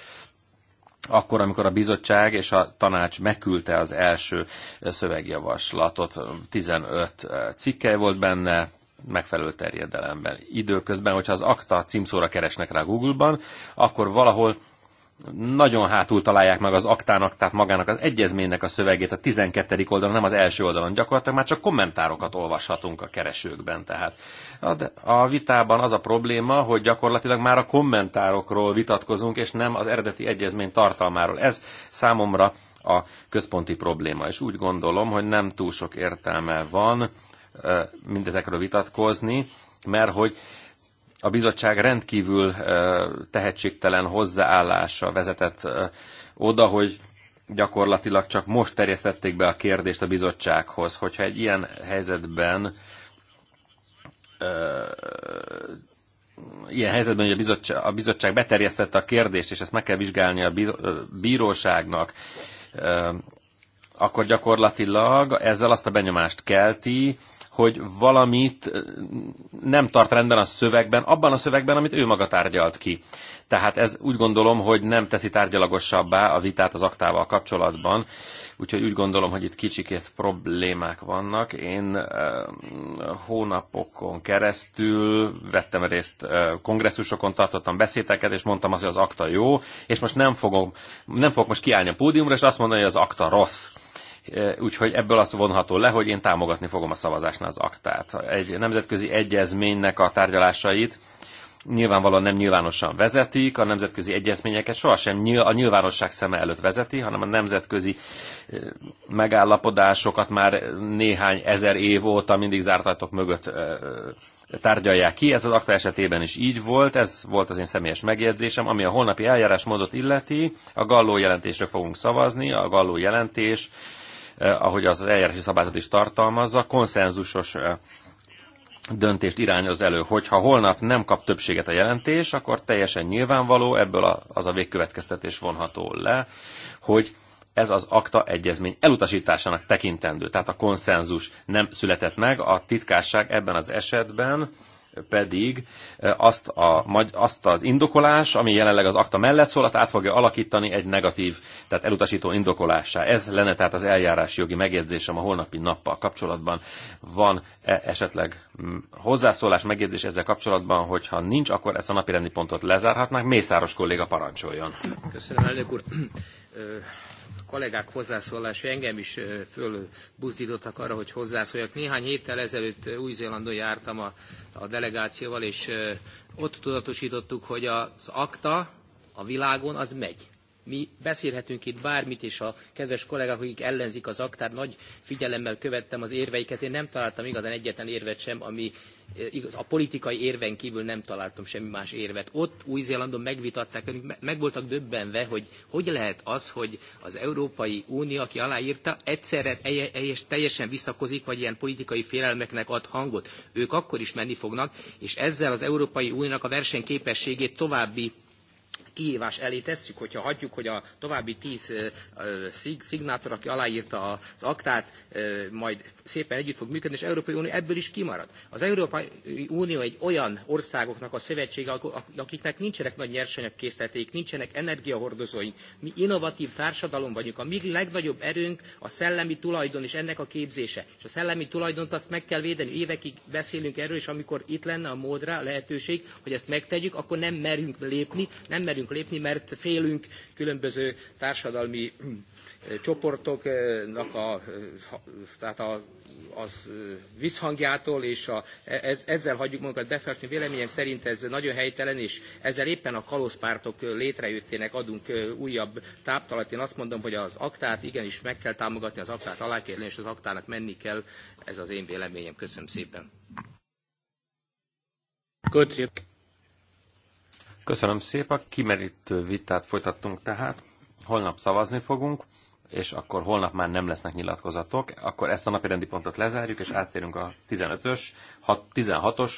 akkor, amikor a bizottság és a tanács megküldte az első szövegjavaslatot, 15 cikkely volt benne, megfelelő terjedelemben. Időközben, hogyha az akta címszóra keresnek rá Google-ban, akkor valahol nagyon hátul találják meg az aktának, tehát magának az egyezménynek a szövegét a 12. oldalon, nem az első oldalon. Gyakorlatilag már csak kommentárokat olvashatunk a keresőkben. Tehát a vitában az a probléma, hogy gyakorlatilag már a kommentárokról vitatkozunk, és nem az eredeti egyezmény tartalmáról. Ez számomra a központi probléma, és úgy gondolom, hogy nem túl sok értelme van mindezekről vitatkozni, mert hogy a bizottság rendkívül tehetségtelen hozzáállása vezetett oda, hogy gyakorlatilag csak most terjesztették be a kérdést a bizottsághoz, hogyha egy ilyen helyzetben ilyen helyzetben, hogy a bizottság, a bizottság beterjesztette a kérdést, és ezt meg kell vizsgálni a bíróságnak, akkor gyakorlatilag ezzel azt a benyomást kelti, hogy valamit nem tart rendben a szövegben, abban a szövegben, amit ő maga tárgyalt ki. Tehát ez úgy gondolom, hogy nem teszi tárgyalagosabbá a vitát az aktával kapcsolatban, úgyhogy úgy gondolom, hogy itt kicsikét problémák vannak. Én hónapokon keresztül vettem részt kongresszusokon, tartottam beszédeket, és mondtam azt, hogy az akta jó, és most nem, fogom, nem fogok most kiállni a pódiumra, és azt mondani, hogy az akta rossz Eh, úgyhogy ebből az vonható le, hogy én támogatni fogom a szavazásnál az aktát. Egy nemzetközi egyezménynek a tárgyalásait nyilvánvalóan nem nyilvánosan vezetik, a nemzetközi egyezményeket sohasem a nyilvánosság szeme előtt vezeti, hanem a nemzetközi eh, megállapodásokat már néhány ezer év óta mindig zárt ajtók mögött eh, tárgyalják ki. Ez az akta esetében is így volt, ez volt az én személyes megjegyzésem. Ami a holnapi eljárásmódot illeti, a Galló jelentésre fogunk szavazni, a Galló jelentés Eh, ahogy az eljárási szabályzat is tartalmazza, konszenzusos eh, döntést irányoz elő, hogyha holnap nem kap többséget a jelentés, akkor teljesen nyilvánvaló, ebből az a végkövetkeztetés vonható le, hogy ez az akta egyezmény elutasításának tekintendő. Tehát a konszenzus nem született meg, a titkárság ebben az esetben pedig eh, azt, a, azt az indokolás, ami jelenleg az akta mellett szól, azt át fogja alakítani egy negatív, tehát elutasító indokolásá. Ez lenne tehát az eljárás jogi megjegyzésem a holnapi nappal kapcsolatban. Van -e esetleg mm, hozzászólás, megjegyzés ezzel kapcsolatban, hogyha nincs, akkor ezt a rendi pontot lezárhatnánk. Mészáros kolléga parancsoljon. Köszönöm, elnök úr kollégák hozzászólása engem is fölbuzdítottak arra, hogy hozzászóljak. Néhány héttel ezelőtt Új-Zélandon jártam a, a delegációval, és ott tudatosítottuk, hogy az akta a világon az megy. Mi beszélhetünk itt bármit, és a kedves kollégák, akik ellenzik az aktát, nagy figyelemmel követtem az érveiket. Én nem találtam igazán egyetlen érvet sem, ami a politikai érven kívül nem találtam semmi más érvet. Ott Új-Zélandon megvitatták, meg voltak döbbenve, hogy hogy lehet az, hogy az Európai Unió, aki aláírta, egyszerre teljesen visszakozik, vagy ilyen politikai félelmeknek ad hangot. Ők akkor is menni fognak, és ezzel az Európai Uniónak a versenyképességét további kihívás elé tesszük, hogyha hagyjuk, hogy a további tíz szignátor, aki aláírta az aktát, majd szépen együtt fog működni, és Európai Unió ebből is kimarad. Az Európai Unió egy olyan országoknak a szövetsége, akiknek nincsenek nagy nyersanyagkészleteik, nincsenek energiahordozóink. Mi innovatív társadalom vagyunk. A mi legnagyobb erőnk a szellemi tulajdon és ennek a képzése. És a szellemi tulajdont azt meg kell védeni. Évekig beszélünk erről, és amikor itt lenne a módra a lehetőség, hogy ezt megtegyük, akkor nem merünk lépni, nem merünk akarunk lépni, mert félünk különböző társadalmi csoportoknak a, tehát a, az visszhangjától, és a, e, ez, ezzel hagyjuk magunkat befeltni. Véleményem szerint ez nagyon helytelen, és ezzel éppen a kalózpártok létrejöttének adunk újabb táptalat. Én azt mondom, hogy az aktát igenis meg kell támogatni, az aktát alá kell és az aktának menni kell. Ez az én véleményem. Köszönöm szépen. Köszönöm. Köszönöm szépen, kimerítő vitát folytattunk tehát. Holnap szavazni fogunk, és akkor holnap már nem lesznek nyilatkozatok. Akkor ezt a napirendi pontot lezárjuk, és áttérünk a 15-ös, 16-os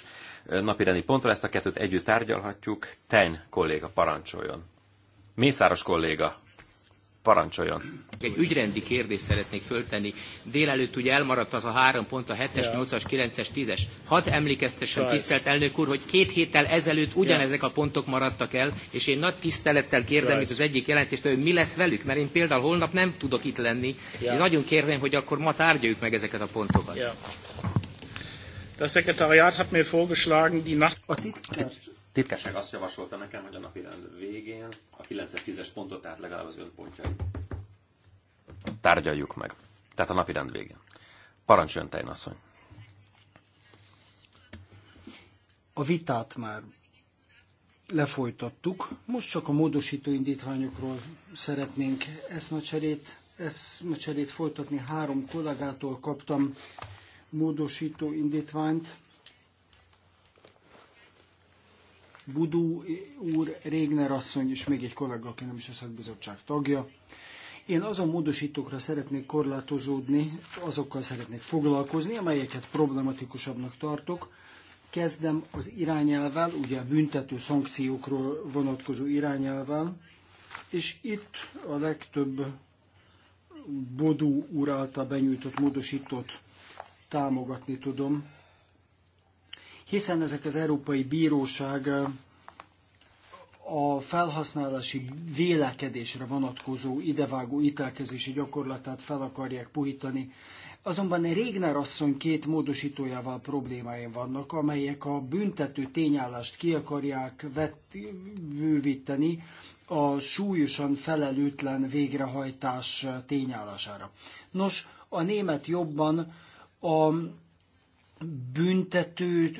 napirendi pontra. Ezt a kettőt együtt tárgyalhatjuk. Ten kolléga parancsoljon. Mészáros kolléga, Parancsoljon. Egy ügyrendi kérdést szeretnék föltenni. Délelőtt ugye elmaradt az a három pont, a 7-es, yeah. 8-as, 9-es, 10-es. Hadd emlékeztessem, right. tisztelt elnök úr, hogy két héttel ezelőtt ugyanezek yeah. a pontok maradtak el, és én nagy tisztelettel kérdem right. itt az egyik jelentést, hogy mi lesz velük, mert én például holnap nem tudok itt lenni. Yeah. Én nagyon kérném, hogy akkor ma tárgyaljuk meg ezeket a pontokat. Yeah. Das Sekretariat hat mir vorgeschlagen, die Nacht... A Titkesség azt javasolta nekem, hogy a napi rend végén a 9-10-es pontot, tehát legalább az ön tárgyaljuk meg. Tehát a napi rend végén. Parancsoljon, Tejnasszony! A vitát már lefolytattuk. Most csak a módosító indítványokról szeretnénk eszmecserét, eszmecserét folytatni. Három kollégától kaptam módosító indítványt. Budú úr, Régner asszony és még egy kollega, aki nem is a szakbizottság tagja. Én azon módosítókra szeretnék korlátozódni, azokkal szeretnék foglalkozni, amelyeket problematikusabbnak tartok. Kezdem az irányelvel, ugye a büntető szankciókról vonatkozó irányelvel, és itt a legtöbb Bodú úr által benyújtott módosítót támogatni tudom hiszen ezek az Európai Bíróság a felhasználási vélekedésre vonatkozó idevágó ítelkezési gyakorlatát fel akarják puhítani. Azonban Régner asszony két módosítójával problémáim vannak, amelyek a büntető tényállást ki akarják bővíteni a súlyosan felelőtlen végrehajtás tényállására. Nos, a német jobban a büntető,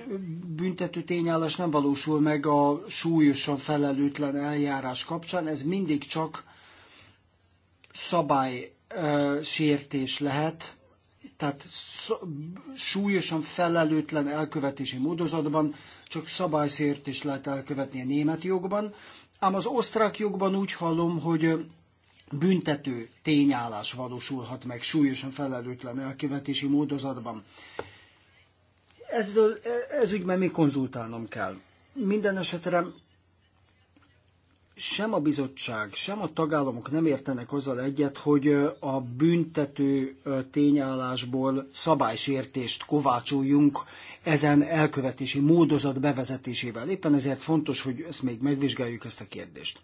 büntető tényállás nem valósul meg a súlyosan felelőtlen eljárás kapcsán, ez mindig csak szabálysértés lehet, tehát súlyosan felelőtlen elkövetési módozatban csak szabálysértés lehet elkövetni a német jogban, ám az osztrák jogban úgy hallom, hogy büntető tényállás valósulhat meg súlyosan felelőtlen elkövetési módozatban. Ezről, e, ez ügyben még konzultálnom kell. Minden esetre sem a bizottság, sem a tagállamok nem értenek azzal egyet, hogy e, a büntető e, tényállásból szabálysértést kovácsoljunk ezen elkövetési módozat bevezetésével. Éppen ezért fontos, hogy ezt még megvizsgáljuk ezt a kérdést.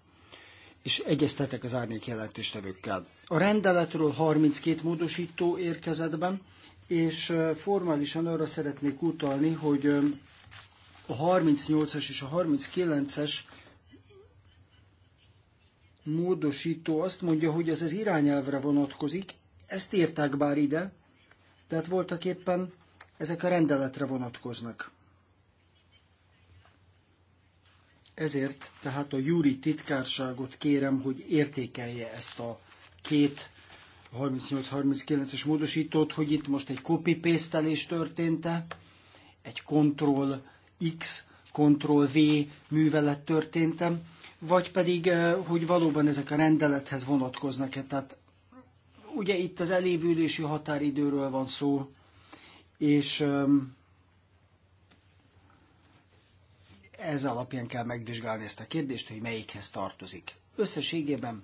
És egyeztetek az árnyék jelentéstevőkkel. A rendeletről 32 módosító érkezetben, és formálisan arra szeretnék utalni, hogy a 38-as és a 39-es módosító azt mondja, hogy ez az irányelvre vonatkozik, ezt írták bár ide, tehát voltak éppen ezek a rendeletre vonatkoznak. Ezért tehát a júri titkárságot kérem, hogy értékelje ezt a két a 38-39-es módosítót, hogy itt most egy copy paste történt egy Ctrl-X, Ctrl-V művelet történtem, vagy pedig, eh, hogy valóban ezek a rendelethez vonatkoznak-e. Tehát ugye itt az elévülési határidőről van szó, és ehm, ez alapján kell megvizsgálni ezt a kérdést, hogy melyikhez tartozik. Összességében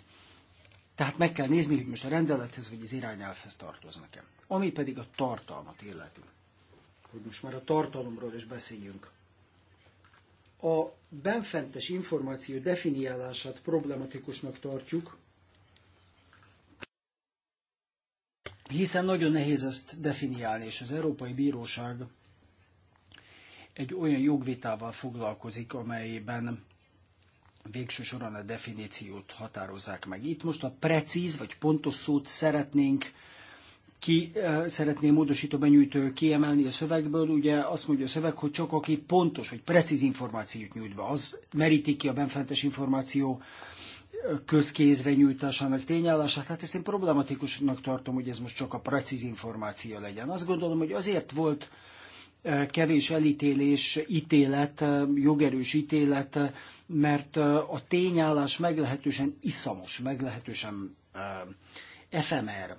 tehát meg kell nézni, hogy most a rendelethez vagy az irányelvhez tartoznak-e. Ami pedig a tartalmat illeti. Hogy most már a tartalomról is beszéljünk. A benfentes információ definiálását problematikusnak tartjuk, hiszen nagyon nehéz ezt definiálni, és az Európai Bíróság egy olyan jogvitával foglalkozik, amelyben végső soron a definíciót határozzák meg. Itt most a precíz vagy pontos szót szeretnénk ki eh, szeretné módosító benyújtő kiemelni a szövegből, ugye azt mondja a szöveg, hogy csak aki pontos vagy precíz információt nyújt be, az meríti ki a benfentes információ eh, közkézre nyújtásának tényállását. Hát ezt én problematikusnak tartom, hogy ez most csak a precíz információ legyen. Azt gondolom, hogy azért volt kevés elítélés, ítélet, jogerős ítélet, mert eh, a tényállás meglehetősen iszamos, meglehetősen efemer. Eh,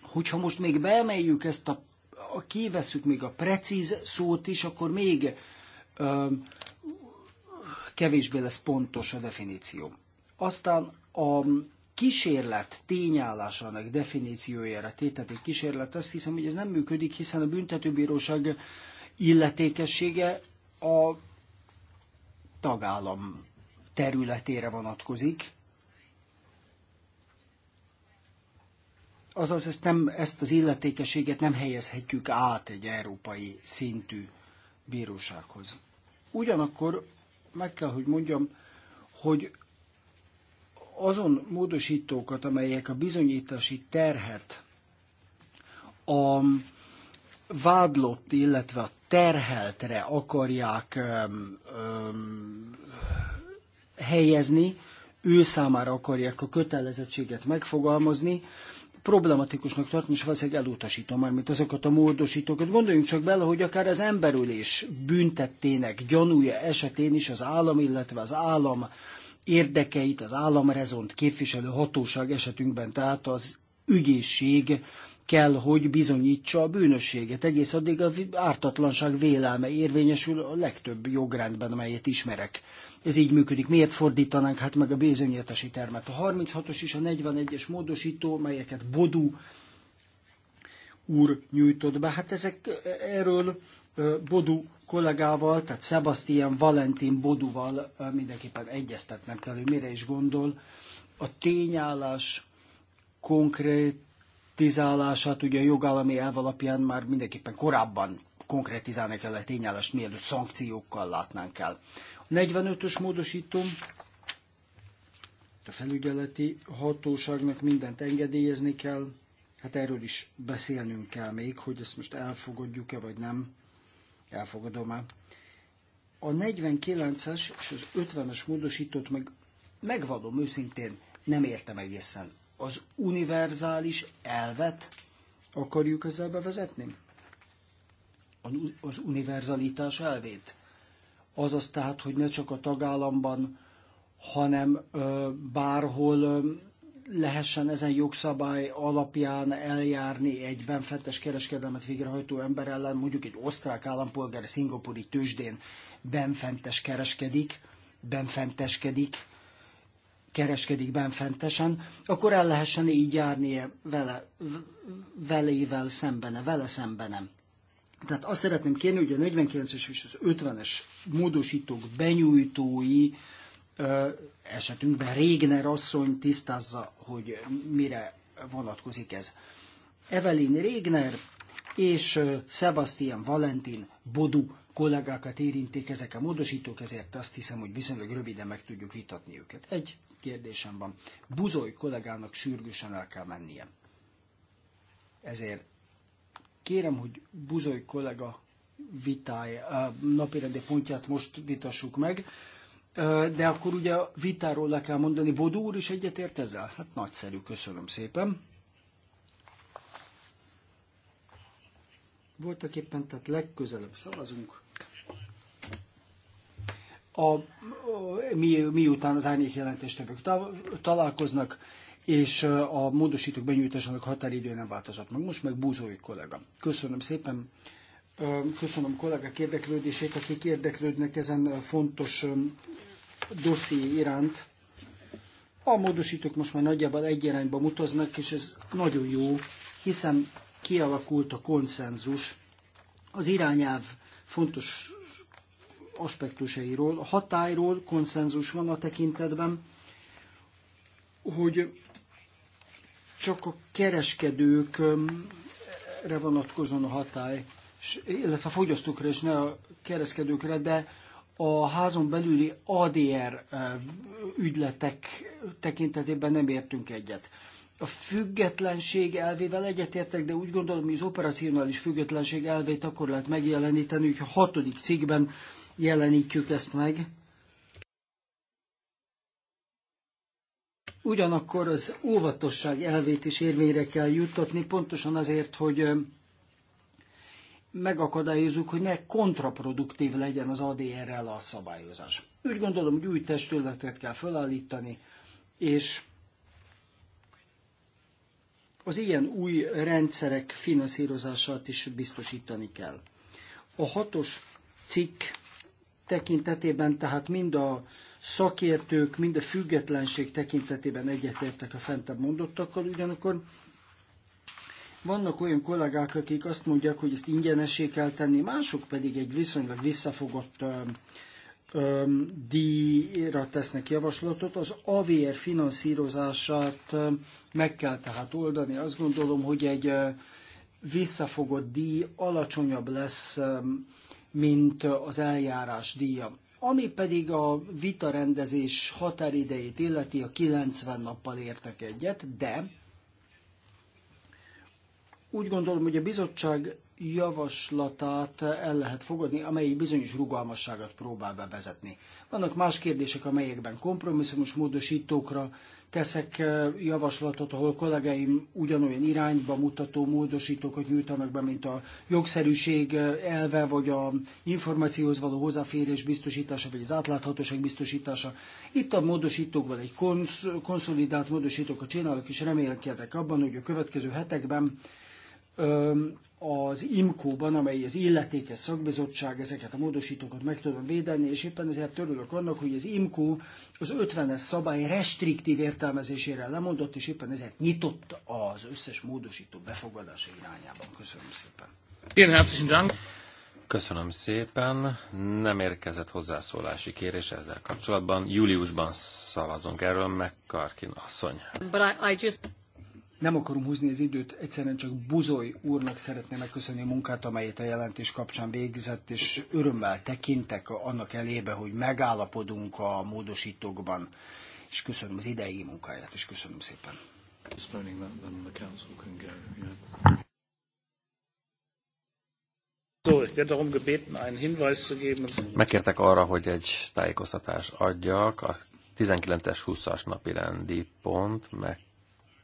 Hogyha most még beemeljük ezt a, a kiveszük még a precíz szót is, akkor még ö, eh, kevésbé lesz pontos a definíció. Aztán a kísérlet tényállásának definíciójára tétetik kísérlet, azt hiszem, hogy ez nem működik, hiszen a büntetőbíróság illetékessége a tagállam területére vonatkozik. Azaz ezt, nem, ezt az illetékességet nem helyezhetjük át egy európai szintű bírósághoz. Ugyanakkor meg kell, hogy mondjam, hogy azon módosítókat, amelyek a bizonyítási terhet a vádlott, illetve a terheltre akarják öm, öm, helyezni, ő számára akarják a kötelezettséget megfogalmazni, problematikusnak tartom, és valószínűleg elutasítom már, mint azokat a módosítókat. Gondoljunk csak bele, hogy akár az emberülés büntettének gyanúja esetén is az állam, illetve az állam érdekeit, az államrezont képviselő hatóság esetünkben, tehát az ügyészség kell, hogy bizonyítsa a bűnösséget. Egész addig a ártatlanság vélelme érvényesül a legtöbb jogrendben, amelyet ismerek. Ez így működik. Miért fordítanánk hát meg a bizonyítási termet? A 36-os és a 41-es módosító, melyeket Bodú úr nyújtott be, hát ezek e, erről e, Bodú kollégával, tehát Sebastian Valentin Boduval mindenképpen egyeztetnem kell, hogy mire is gondol. A tényállás konkrétizálását ugye a jogállami elv alapján már mindenképpen korábban konkrétizálni kell a tényállást, mielőtt szankciókkal látnánk el. A 45-ös módosító a felügyeleti hatóságnak mindent engedélyezni kell, hát erről is beszélnünk kell még, hogy ezt most elfogadjuk-e vagy nem. Elfogadom már. A 49-es és az 50-es módosítót meg megvadom őszintén, nem értem egészen. Az univerzális elvet akarjuk ezzel bevezetni? Az univerzalitás elvét? Azaz tehát, hogy ne csak a tagállamban, hanem ö, bárhol lehessen ezen jogszabály alapján eljárni egy benfentes kereskedelmet végrehajtó ember ellen, mondjuk egy osztrák állampolgár szingapúri tőzsdén benfentes kereskedik, benfenteskedik, kereskedik benfentesen, akkor el lehessen így járni vele, velével szembene, vele szembenem. Tehát azt szeretném kérni, hogy a 49-es és az 50-es módosítók benyújtói esetünkben Régner asszony tisztázza, hogy mire vonatkozik ez. Evelyn Régner és Sebastian Valentin Bodu kollégákat érinték ezek a módosítók, ezért azt hiszem, hogy viszonylag röviden meg tudjuk vitatni őket. Egy kérdésem van. Buzoly kollégának sürgősen el kell mennie. Ezért kérem, hogy Buzoly kollega vitáj, napirendi pontját most vitassuk meg de akkor ugye vitáról le kell mondani, Bodó úr is egyetért ezzel? Hát nagyszerű, köszönöm szépen. Voltak éppen, tehát legközelebb szavazunk. A, a, mi, miután az árnyék jelentéstevők találkoznak, és a módosítók benyújtásának határidő nem változott meg. Most meg búzói kollega. Köszönöm szépen. Köszönöm kollégák érdeklődését, akik érdeklődnek ezen fontos dosszi iránt. A módosítók most már nagyjából egy irányba mutaznak, és ez nagyon jó, hiszen kialakult a konszenzus az irányelv fontos aspektusairól, a hatályról konszenzus van a tekintetben, hogy csak a kereskedőkre vonatkozon a hatály, illetve a fogyasztókra és ne a kereskedőkre, de a házon belüli ADR eh, ügyletek tekintetében nem értünk egyet. A függetlenség elvével egyetértek, de úgy gondolom, hogy az operacionális függetlenség elvét akkor lehet megjeleníteni, hogyha a hatodik cikkben jelenítjük ezt meg. Ugyanakkor az óvatosság elvét is érvényre kell juttatni, pontosan azért, hogy eh, megakadályozzuk, hogy ne kontraproduktív legyen az ADR-rel a szabályozás. Úgy gondolom, hogy új testületet kell felállítani, és az ilyen új rendszerek finanszírozását is biztosítani kell. A hatos cikk tekintetében tehát mind a szakértők, mind a függetlenség tekintetében egyetértek a fentebb mondottakkal, ugyanakkor vannak olyan kollégák, akik azt mondják, hogy ezt ingyenesé kell tenni, mások pedig egy viszonylag visszafogott díjra tesznek javaslatot, az AVR finanszírozását meg kell tehát oldani. Azt gondolom, hogy egy visszafogott díj alacsonyabb lesz, mint az eljárás díja. Ami pedig a vitarendezés határidejét illeti, a 90 nappal értek egyet, de úgy gondolom, hogy a bizottság javaslatát el lehet fogadni, amely bizonyos rugalmasságot próbál bevezetni. Vannak más kérdések, amelyekben kompromisszumos módosítókra teszek eh, javaslatot, ahol kollégáim ugyanolyan irányba mutató módosítókat nyújtanak be, mint a jogszerűség eh, elve, vagy a információhoz való hozzáférés biztosítása, vagy az átláthatóság biztosítása. Itt a módosítókban egy konsz, konszolidált módosítókat csinálok, és remélkedek abban, hogy a következő hetekben az IMCO-ban, amely az illetékes szakbizottság, ezeket a módosítókat meg tudom védeni, és éppen ezért törülök annak, hogy az IMCO az 50-es szabály restriktív értelmezésére lemondott, és éppen ezért nyitott az összes módosító befogadása irányában. Köszönöm szépen. Én herzlichen Dank. Köszönöm szépen. Nem érkezett hozzászólási kérés ezzel kapcsolatban. Júliusban szavazunk erről, meg Karkin asszony. But I, I just nem akarom húzni az időt, egyszerűen csak Buzoly úrnak szeretném megköszönni a munkát, amelyet a jelentés kapcsán végzett, és örömmel tekintek annak elébe, hogy megállapodunk a módosítókban, és köszönöm az idei munkáját, és köszönöm szépen. Megkértek arra, hogy egy tájékoztatást adjak. A 19-es 20-as napi rendi pont meg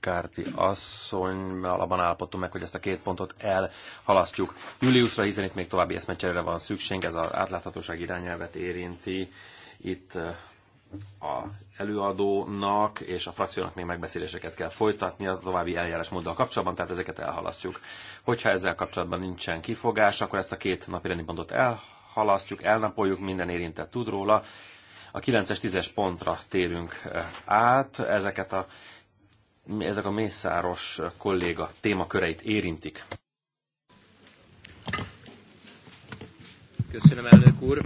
McCarthy asszonynal alapban állapodtunk meg, hogy ezt a két pontot elhalasztjuk júliusra, hiszen itt még további eszmecserére van szükség, ez az átláthatóság irányelvet érinti. Itt eh, a előadónak és a frakciónak még megbeszéléseket kell folytatni a további eljárás móddal kapcsolatban, tehát ezeket elhalasztjuk. Hogyha ezzel kapcsolatban nincsen kifogás, akkor ezt a két napi rendi pontot elhalasztjuk, elnapoljuk, minden érintett tud róla. A 9-es, 10-es pontra térünk eh, át, ezeket a ezek a Mészáros kolléga témaköreit érintik. Köszönöm, elnök úr.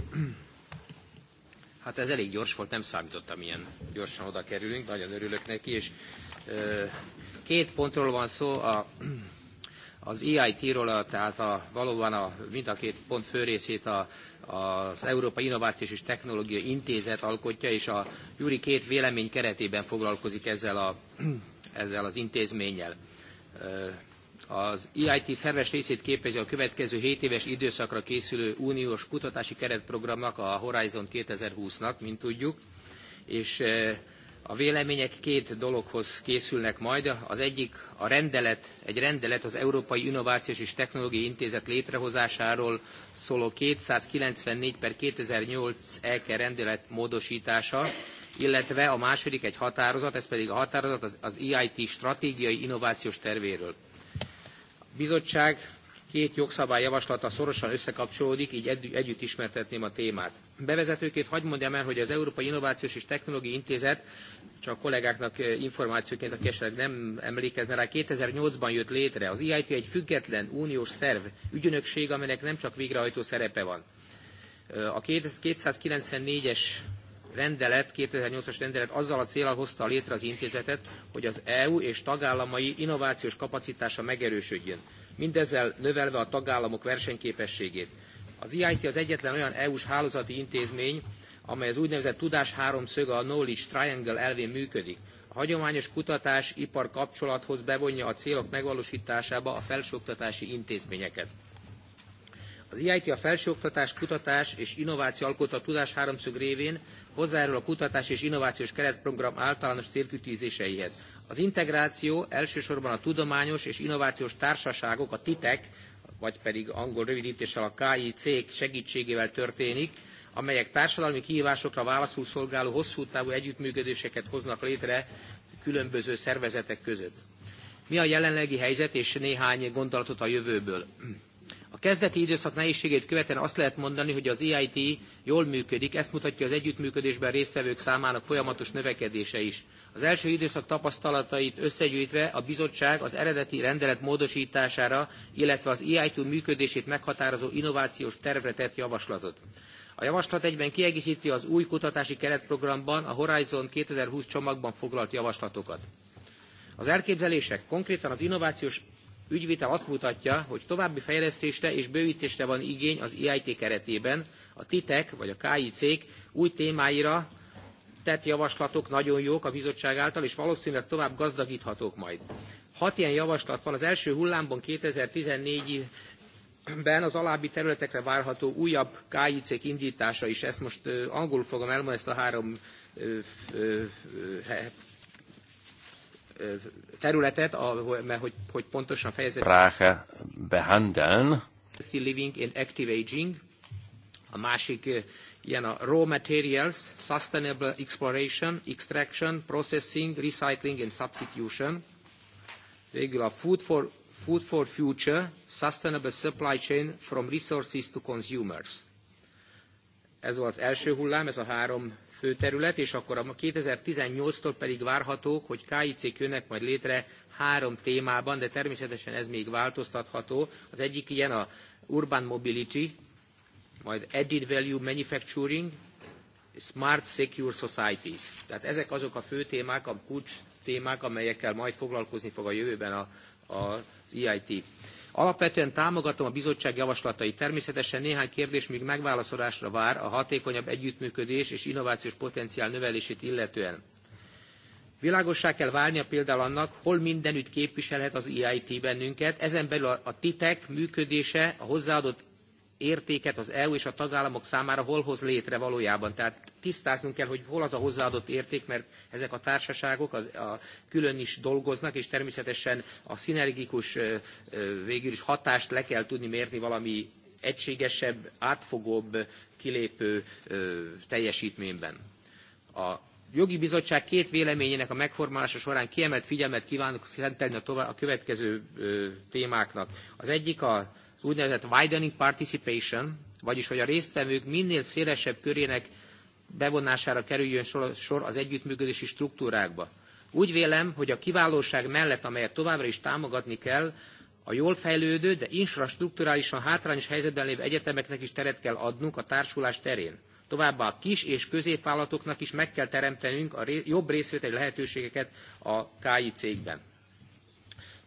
Hát ez elég gyors volt, nem számítottam ilyen gyorsan oda kerülünk, nagyon örülök neki, és két pontról van szó, a, az EIT-ról, tehát a, valóban a, mind a két pont főrészét a, az Európai Innovációs és Technológia Intézet alkotja, és a Júri két vélemény keretében foglalkozik ezzel a ezzel az intézménnyel. Az EIT szerves részét képezi a következő 7 éves időszakra készülő uniós kutatási keretprogramnak, a Horizon 2020-nak, mint tudjuk, és a vélemények két dologhoz készülnek majd. Az egyik a rendelet, egy rendelet az Európai Innovációs és Technológiai Intézet létrehozásáról szóló 294 per 2008 EK rendelet módosítása, illetve a második egy határozat, ez pedig a határozat az, az EIT stratégiai innovációs tervéről. A bizottság két jogszabály javaslata szorosan összekapcsolódik, így együtt ismertetném a témát. Bevezetőként hagyd mondjam el, hogy az Európai Innovációs és Technológiai Intézet, csak a kollégáknak eh, információként, aki esetleg nem emlékezne rá, 2008-ban jött létre. Az EIT egy független uniós szerv, ügynökség, amelynek nem csak végrehajtó szerepe van. Eh, a 294-es rendelet, 2008-as rendelet azzal a célral hozta létre az intézetet, hogy az EU és tagállamai innovációs kapacitása megerősödjön, mindezzel növelve a tagállamok versenyképességét. Az EIT az egyetlen olyan EU-s hálózati intézmény, amely az úgynevezett tudás háromszöge a Knowledge Triangle elvén működik. A hagyományos kutatás-ipar kapcsolathoz bevonja a célok megvalósításába a felsőoktatási intézményeket. Az EIT a felsőoktatás, kutatás és innováció alkotta a tudás háromszög révén hozzájárul a kutatás és innovációs keretprogram általános célkütőzéseihez. Az integráció elsősorban a tudományos és innovációs társaságok, a TITEK, vagy pedig angol rövidítéssel a KIC segítségével történik, amelyek társadalmi kihívásokra válaszul szolgáló hosszú távú együttműködéseket hoznak létre különböző szervezetek között. Mi a jelenlegi helyzet, és néhány gondolatot a jövőből. A kezdeti időszak nehézségét követően azt lehet mondani, hogy az EIT jól működik, ezt mutatja az együttműködésben résztvevők számának folyamatos növekedése is. Az első időszak tapasztalatait összegyűjtve a bizottság az eredeti rendelet módosítására, illetve az EIT működését meghatározó innovációs tervre tett javaslatot. A javaslat egyben kiegészíti az új kutatási keretprogramban a Horizon 2020 csomagban foglalt javaslatokat. Az elképzelések konkrétan az innovációs Ügyvitel azt mutatja, hogy további fejlesztésre és bővítésre van igény az e IIT keretében, a TITEK vagy a KIC-k új témáira tett javaslatok nagyon jók a bizottság által, és valószínűleg tovább gazdagíthatók majd. Hat ilyen javaslat van, az első hullámban 2014-ben az alábbi területekre várható újabb KIC-k indítása is, ezt most angolul fogom elmondani, ezt a három területet, ahol, mert hogy, hogy pontosan fejezet... Práhe behandeln. Still living and active aging. A másik ilyen a raw materials, sustainable exploration, extraction, processing, recycling and substitution. Végül a food for, food for future, sustainable supply chain from resources to consumers. Ez volt az első hullám, ez a három Fő terület és akkor a 2018-tól pedig várhatók, hogy kic jönnek majd létre három témában, de természetesen ez még változtatható. Az egyik ilyen a Urban Mobility, majd Added Value Manufacturing, Smart Secure Societies. Tehát ezek azok a fő témák, a kulcs témák, amelyekkel majd foglalkozni fog a jövőben a, a, az EIT. Alapvetően támogatom a bizottság javaslatait. Természetesen néhány kérdés még megválaszolásra vár a hatékonyabb együttműködés és innovációs potenciál növelését illetően. Világossá kell válnia például annak, hol mindenütt képviselhet az EIT bennünket, ezen belül a TITEK működése, a hozzáadott értéket az EU és a tagállamok számára hol hoz létre valójában. Tehát tisztáznunk kell, hogy hol az a hozzáadott érték, mert ezek a társaságok az, a, külön is dolgoznak, és természetesen a szinergikus végül is hatást le kell tudni mérni valami egységesebb, átfogóbb, kilépő ö, teljesítményben. A jogi bizottság két véleményének a megformálása során kiemelt figyelmet kívánok szentelni a, tovább, a következő ö, témáknak. Az egyik a az úgynevezett widening participation, vagyis hogy a résztvevők minél szélesebb körének bevonására kerüljön sor az együttműködési struktúrákba. Úgy vélem, hogy a kiválóság mellett, amelyet továbbra is támogatni kell, a jól fejlődő, de infrastrukturálisan hátrányos helyzetben lévő egyetemeknek is teret kell adnunk a társulás terén. Továbbá a kis és középvállalatoknak is meg kell teremtenünk a jobb részvételi lehetőségeket a KI cégben.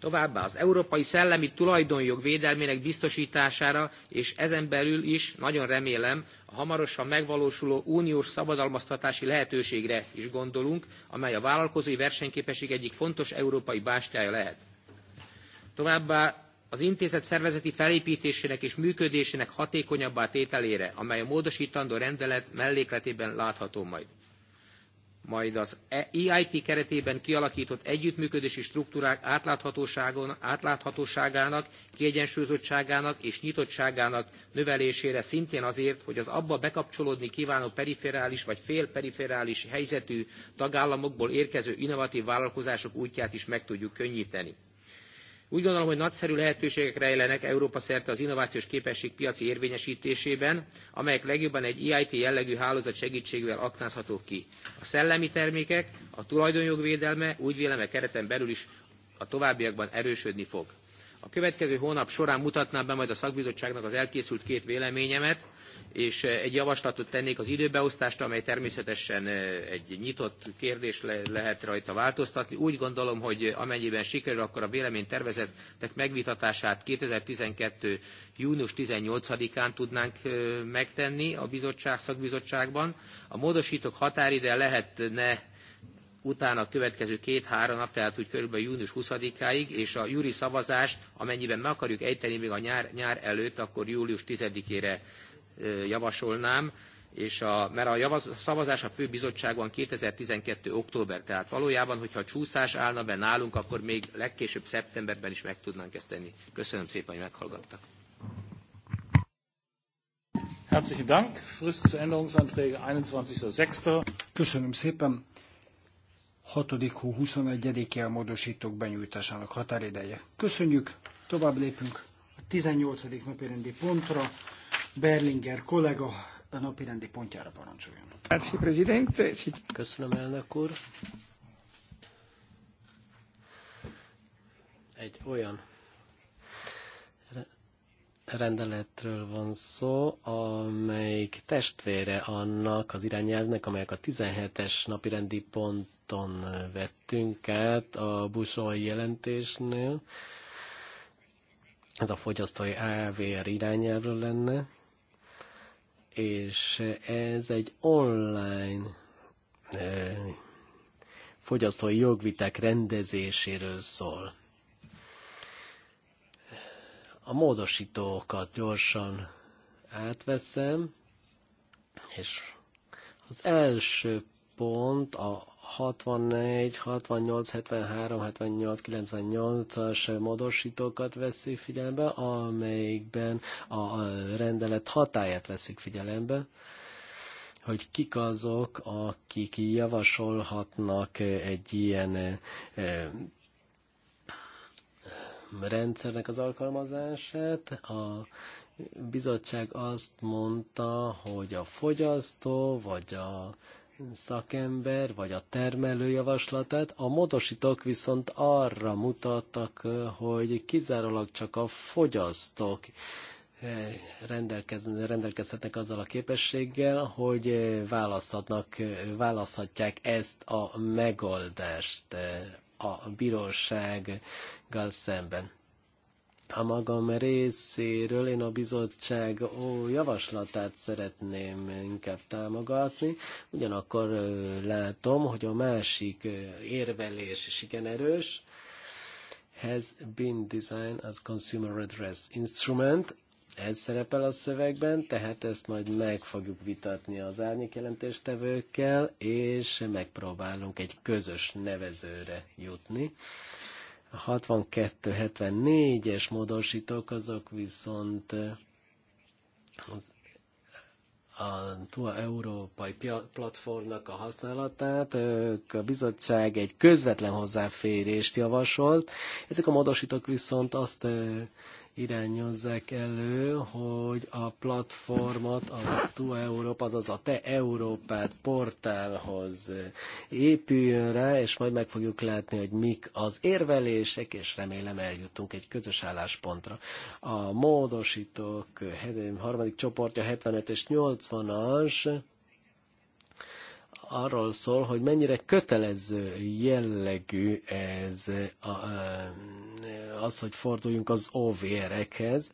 Továbbá az európai szellemi tulajdonjog védelmének biztosítására, és ezen belül is nagyon remélem a hamarosan megvalósuló uniós szabadalmaztatási lehetőségre is gondolunk, amely a vállalkozói versenyképesség egyik fontos európai bástyája lehet. Továbbá az intézet szervezeti felépítésének és működésének hatékonyabbá tételére, amely a módosítandó rendelet mellékletében látható majd majd az EIT keretében kialakított együttműködési struktúrák átláthatóságának, kiegyensúlyozottságának és nyitottságának növelésére szintén azért, hogy az abba bekapcsolódni kívánó periferális vagy félperiferális helyzetű tagállamokból érkező innovatív vállalkozások útját is meg tudjuk könnyíteni. Úgy gondolom, hogy nagyszerű lehetőségek rejlenek Európa szerte az innovációs képesség piaci érvényesítésében, amelyek legjobban egy EIT jellegű hálózat segítségével aknázhatók ki. A szellemi termékek, a tulajdonjog védelme úgy véleme kereten belül is a továbbiakban erősödni fog. A következő hónap során mutatnám be majd a szakbizottságnak az elkészült két véleményemet, és eh, egy javaslatot tennék az időbeosztást, amely természetesen eh, egy nyitott kérdés le lehet rajta változtatni. Úgy gondolom, hogy amennyiben sikerül, akkor a véleménytervezetek megvitatását 2012. június 18-án tudnánk eh, megtenni a bizottság szakbizottságban. A módosítók határide lehetne utána a következő két-három nap, tehát úgy körülbelül június 20-áig, és a júri szavazást, amennyiben meg akarjuk ejteni még a nyár, nyár előtt, akkor július 10-ére javasolnám, és a, mert a javaz, szavazás a főbizottságban 2012. október, tehát valójában, hogyha a csúszás állna be nálunk, akkor még legkésőbb szeptemberben is meg tudnánk ezt tenni. Köszönöm szépen, hogy meghallgattak. Herzlichen Dank. Frist zu Änderungsanträge 21.06. Köszönöm szépen. 6. hó 21-e a módosítók benyújtásának határideje. Köszönjük, tovább lépünk a 18. napi rendi pontra. Berlinger kollega a napirendi pontjára parancsoljon. Köszönöm, elnök úr. Egy olyan rendeletről van szó, amelyik testvére annak az irányelvnek, amelyek a 17-es napirendi ponton vettünk át a busói jelentésnél. Ez a fogyasztói AVR irányelvről lenne és ez egy online eh, fogyasztói jogviták rendezéséről szól. A módosítókat gyorsan átveszem, és az első pont a 64, 68, 73, 78, 98-as módosítókat veszi figyelembe, amelyikben a rendelet hatáját veszik figyelembe hogy kik azok, akik javasolhatnak egy ilyen eh, rendszernek az alkalmazását. A bizottság azt mondta, hogy a fogyasztó vagy a szakember vagy a termelő javaslatát, a módosítók viszont arra mutattak, hogy kizárólag csak a fogyasztók rendelkezhetnek azzal a képességgel, hogy választhatnak, választhatják ezt a megoldást a bírósággal szemben. A magam részéről én a bizottság ó, javaslatát szeretném inkább támogatni, ugyanakkor látom, hogy a másik érvelés is igen erős. Has been designed as consumer redress instrument. Ez szerepel a szövegben, tehát ezt majd meg fogjuk vitatni az árnyék jelentéstevőkkel, és megpróbálunk egy közös nevezőre jutni. A 62-74-es módosítók azok viszont eh, az a TUA Európai Platformnak a használatát. Ők a bizottság egy közvetlen hozzáférést javasolt. Ezek a módosítók viszont azt eh, irányozzák elő, hogy a platformot, a Tu Európa, azaz a Te Európát portálhoz épüljön rá, és majd meg fogjuk látni, hogy mik az érvelések, és remélem eljutunk egy közös álláspontra. A módosítók harmadik csoportja 75 és 80-as, arról szól, hogy mennyire kötelező jellegű ez az, hogy forduljunk az OVR-ekhez.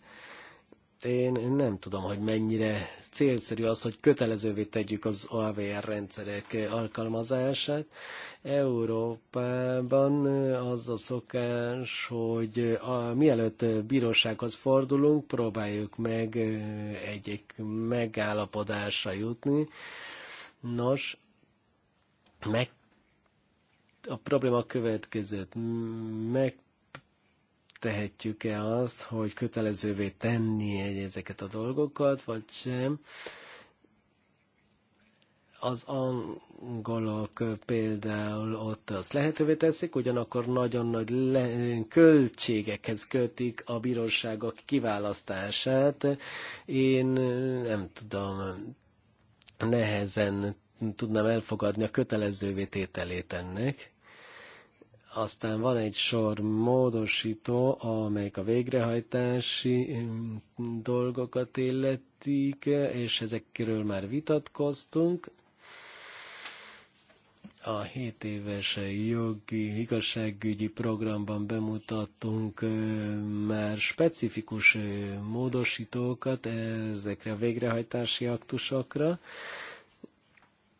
Én nem tudom, hogy mennyire célszerű az, hogy kötelezővé tegyük az OVR rendszerek alkalmazását. Európában az a szokás, hogy a, mielőtt bírósághoz fordulunk, próbáljuk meg egy megállapodásra jutni. Nos, meg a probléma következőt. megtehetjük e azt, hogy kötelezővé tenni egy ezeket a dolgokat, vagy sem. Az angolok például ott azt lehetővé teszik, ugyanakkor nagyon nagy le- költségekhez kötik a bíróságok kiválasztását. Én nem tudom, nehezen tudnám elfogadni a kötelezővé tételét ennek. Aztán van egy sor módosító, amelyik a végrehajtási dolgokat illetik, és ezekről már vitatkoztunk a 7 éves jogi igazságügyi programban bemutattunk már specifikus módosítókat ezekre a végrehajtási aktusokra,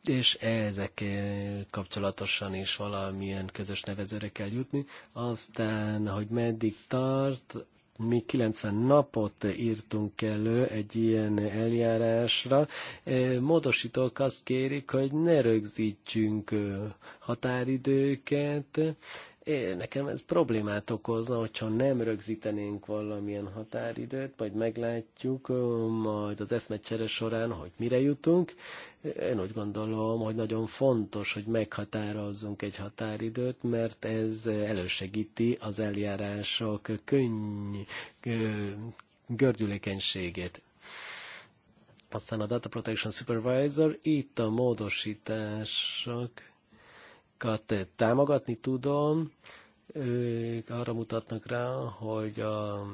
és ezek eh, kapcsolatosan is valamilyen közös nevezőre kell jutni. Aztán, hogy meddig tart, mi 90 napot írtunk elő egy ilyen eljárásra. Eh, módosítók azt kérik, hogy ne rögzítsünk eh, határidőket, nekem ez problémát okozna, hogyha nem rögzítenénk valamilyen határidőt, majd meglátjuk majd az eszmecsere során, hogy mire jutunk. Én úgy gondolom, hogy nagyon fontos, hogy meghatározzunk egy határidőt, mert ez elősegíti az eljárások könny, gördülékenységét. Aztán a Data Protection Supervisor, itt a módosítások kat támogatni tudom. Ők arra mutatnak rá, hogy a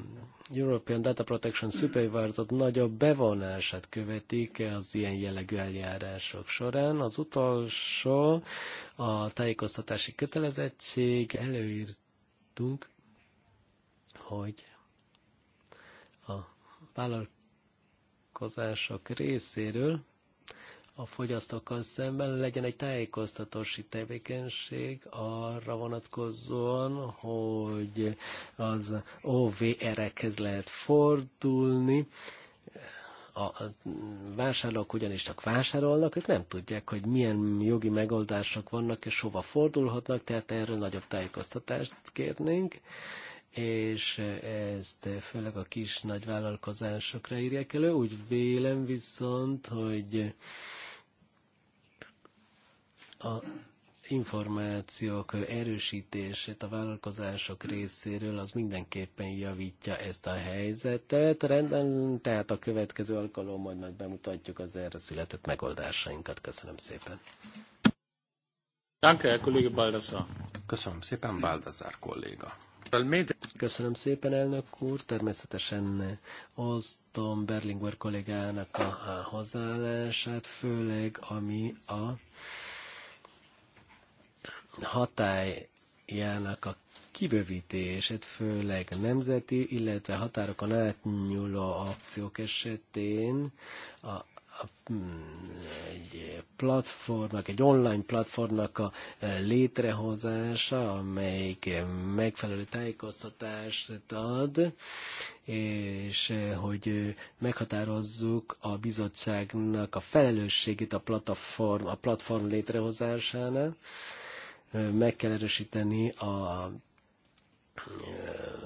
European Data Protection Supervisor nagyobb bevonását követik az ilyen jellegű eljárások során. Az utolsó a tájékoztatási kötelezettség előírtunk, hogy a vállalkozások részéről a fogyasztókkal szemben legyen egy tájékoztatósi tevékenység arra vonatkozóan, hogy az OVR-ekhez lehet fordulni, a vásárlók ugyanis csak vásárolnak, ők nem tudják, hogy milyen jogi megoldások vannak és hova fordulhatnak, tehát erről nagyobb tájékoztatást kérnénk és ezt főleg a kis nagy vállalkozásokra írják elő. Úgy vélem viszont, hogy a információk erősítését a vállalkozások részéről, az mindenképpen javítja ezt a helyzetet. Rendben, tehát a következő alkalom majd bemutatjuk az erre született megoldásainkat. Köszönöm szépen. Danke, kolléga Baldassar. Köszönöm szépen, Baldassar kolléga. Köszönöm szépen, elnök úr. Természetesen osztom Berlinguer kollégának a, a hozzáállását, főleg ami a hatályának a kibővítését, főleg nemzeti, illetve határokon átnyúló akciók esetén a egy platformnak, egy online platformnak a létrehozása, amelyik megfelelő tájékoztatást ad, és hogy meghatározzuk a bizottságnak a felelősségét a platform, a platform létrehozásánál, meg kell erősíteni a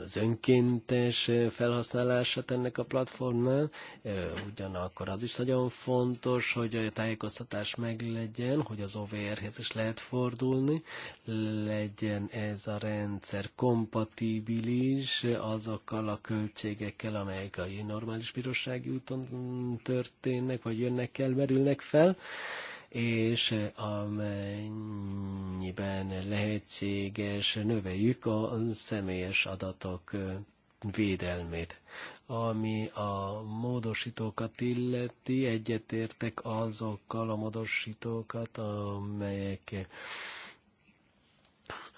az önkéntes felhasználását ennek a platformnál. Ugyanakkor az is nagyon fontos, hogy a tájékoztatás meglegyen, hogy az OVR-hez is lehet fordulni, legyen ez a rendszer kompatibilis azokkal a költségekkel, amelyek a normális bírósági úton történnek, vagy jönnek el, merülnek fel és amennyiben lehetséges, növeljük a személyes adatok védelmét. Ami a módosítókat illeti, egyetértek azokkal a módosítókat, amelyek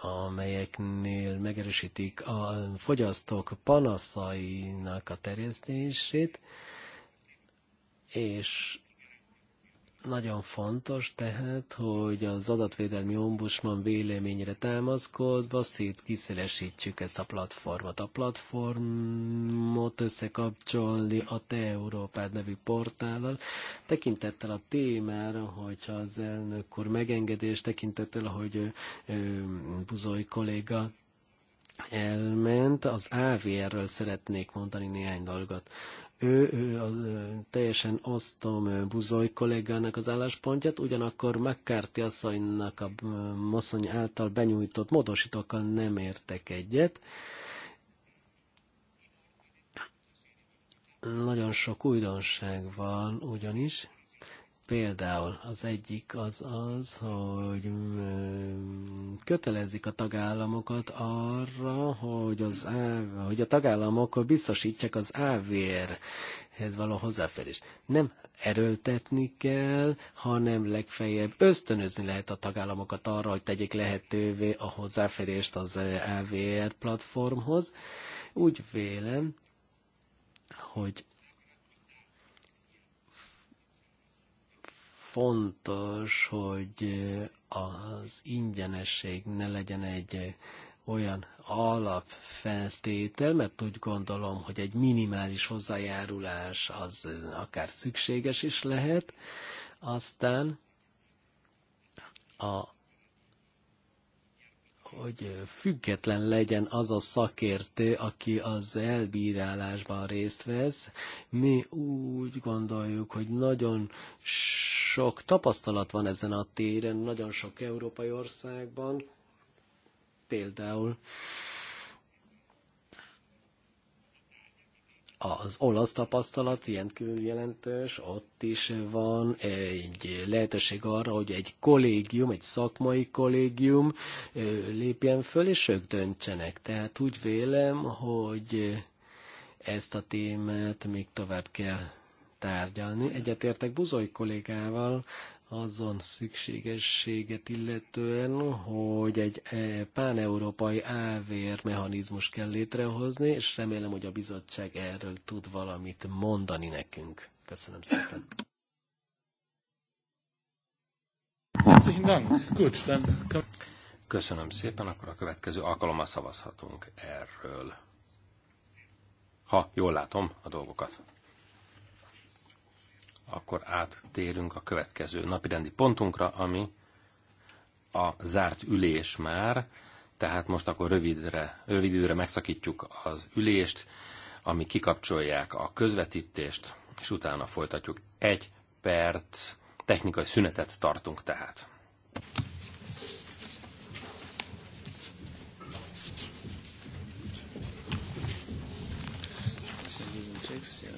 amelyeknél megerősítik a fogyasztók panaszainak a terjesztését, és nagyon fontos tehát, hogy az adatvédelmi ombudsman véleményre támaszkodva szét kiszélesítsük ezt a platformot. A platformot összekapcsolni a Te Európád nevű portállal, tekintettel a témára, hogyha az elnök úr megengedés, tekintettel, hogy Buzoly kolléga elment, az AVR-ről szeretnék mondani néhány dolgot ő, ő a, teljesen osztom Buzoly kollégának az álláspontját, ugyanakkor McCarthy asszonynak a moszony által benyújtott módosítókkal nem értek egyet. Nagyon sok újdonság van ugyanis. Például az egyik az az, hogy kötelezik a tagállamokat arra, hogy, az áv, hogy a tagállamok biztosítják az ez való hozzáférés. Nem erőltetni kell, hanem legfeljebb ösztönözni lehet a tagállamokat arra, hogy tegyék lehetővé a hozzáférést az AVR platformhoz. Úgy vélem, hogy fontos, hogy eh, az ingyenesség ne legyen egy eh, olyan alapfeltétel, mert úgy gondolom, hogy egy minimális hozzájárulás az eh, akár szükséges is lehet. Aztán a hogy független legyen az a szakértő, aki az elbírálásban részt vesz. Mi úgy gondoljuk, hogy nagyon sok tapasztalat van ezen a téren, nagyon sok európai országban, például Az olasz tapasztalat ilyen jelentős, ott is van egy lehetőség arra, hogy egy kollégium, egy szakmai kollégium lépjen föl, és ők döntsenek. Tehát úgy vélem, hogy ezt a témát még tovább kell tárgyalni. Egyetértek Buzoly kollégával azon szükségességet illetően, hogy egy eh, páneurópai ávér mechanizmus kell létrehozni, és remélem, hogy a bizottság erről tud valamit mondani nekünk. Köszönöm szépen. Köszönöm szépen, akkor a következő alkalommal szavazhatunk erről. Ha jól látom a dolgokat akkor áttérünk a következő napirendi pontunkra, ami a zárt ülés már, tehát most akkor rövidre, rövid időre megszakítjuk az ülést, ami kikapcsolják a közvetítést, és utána folytatjuk. Egy perc technikai szünetet tartunk tehát. Yeah.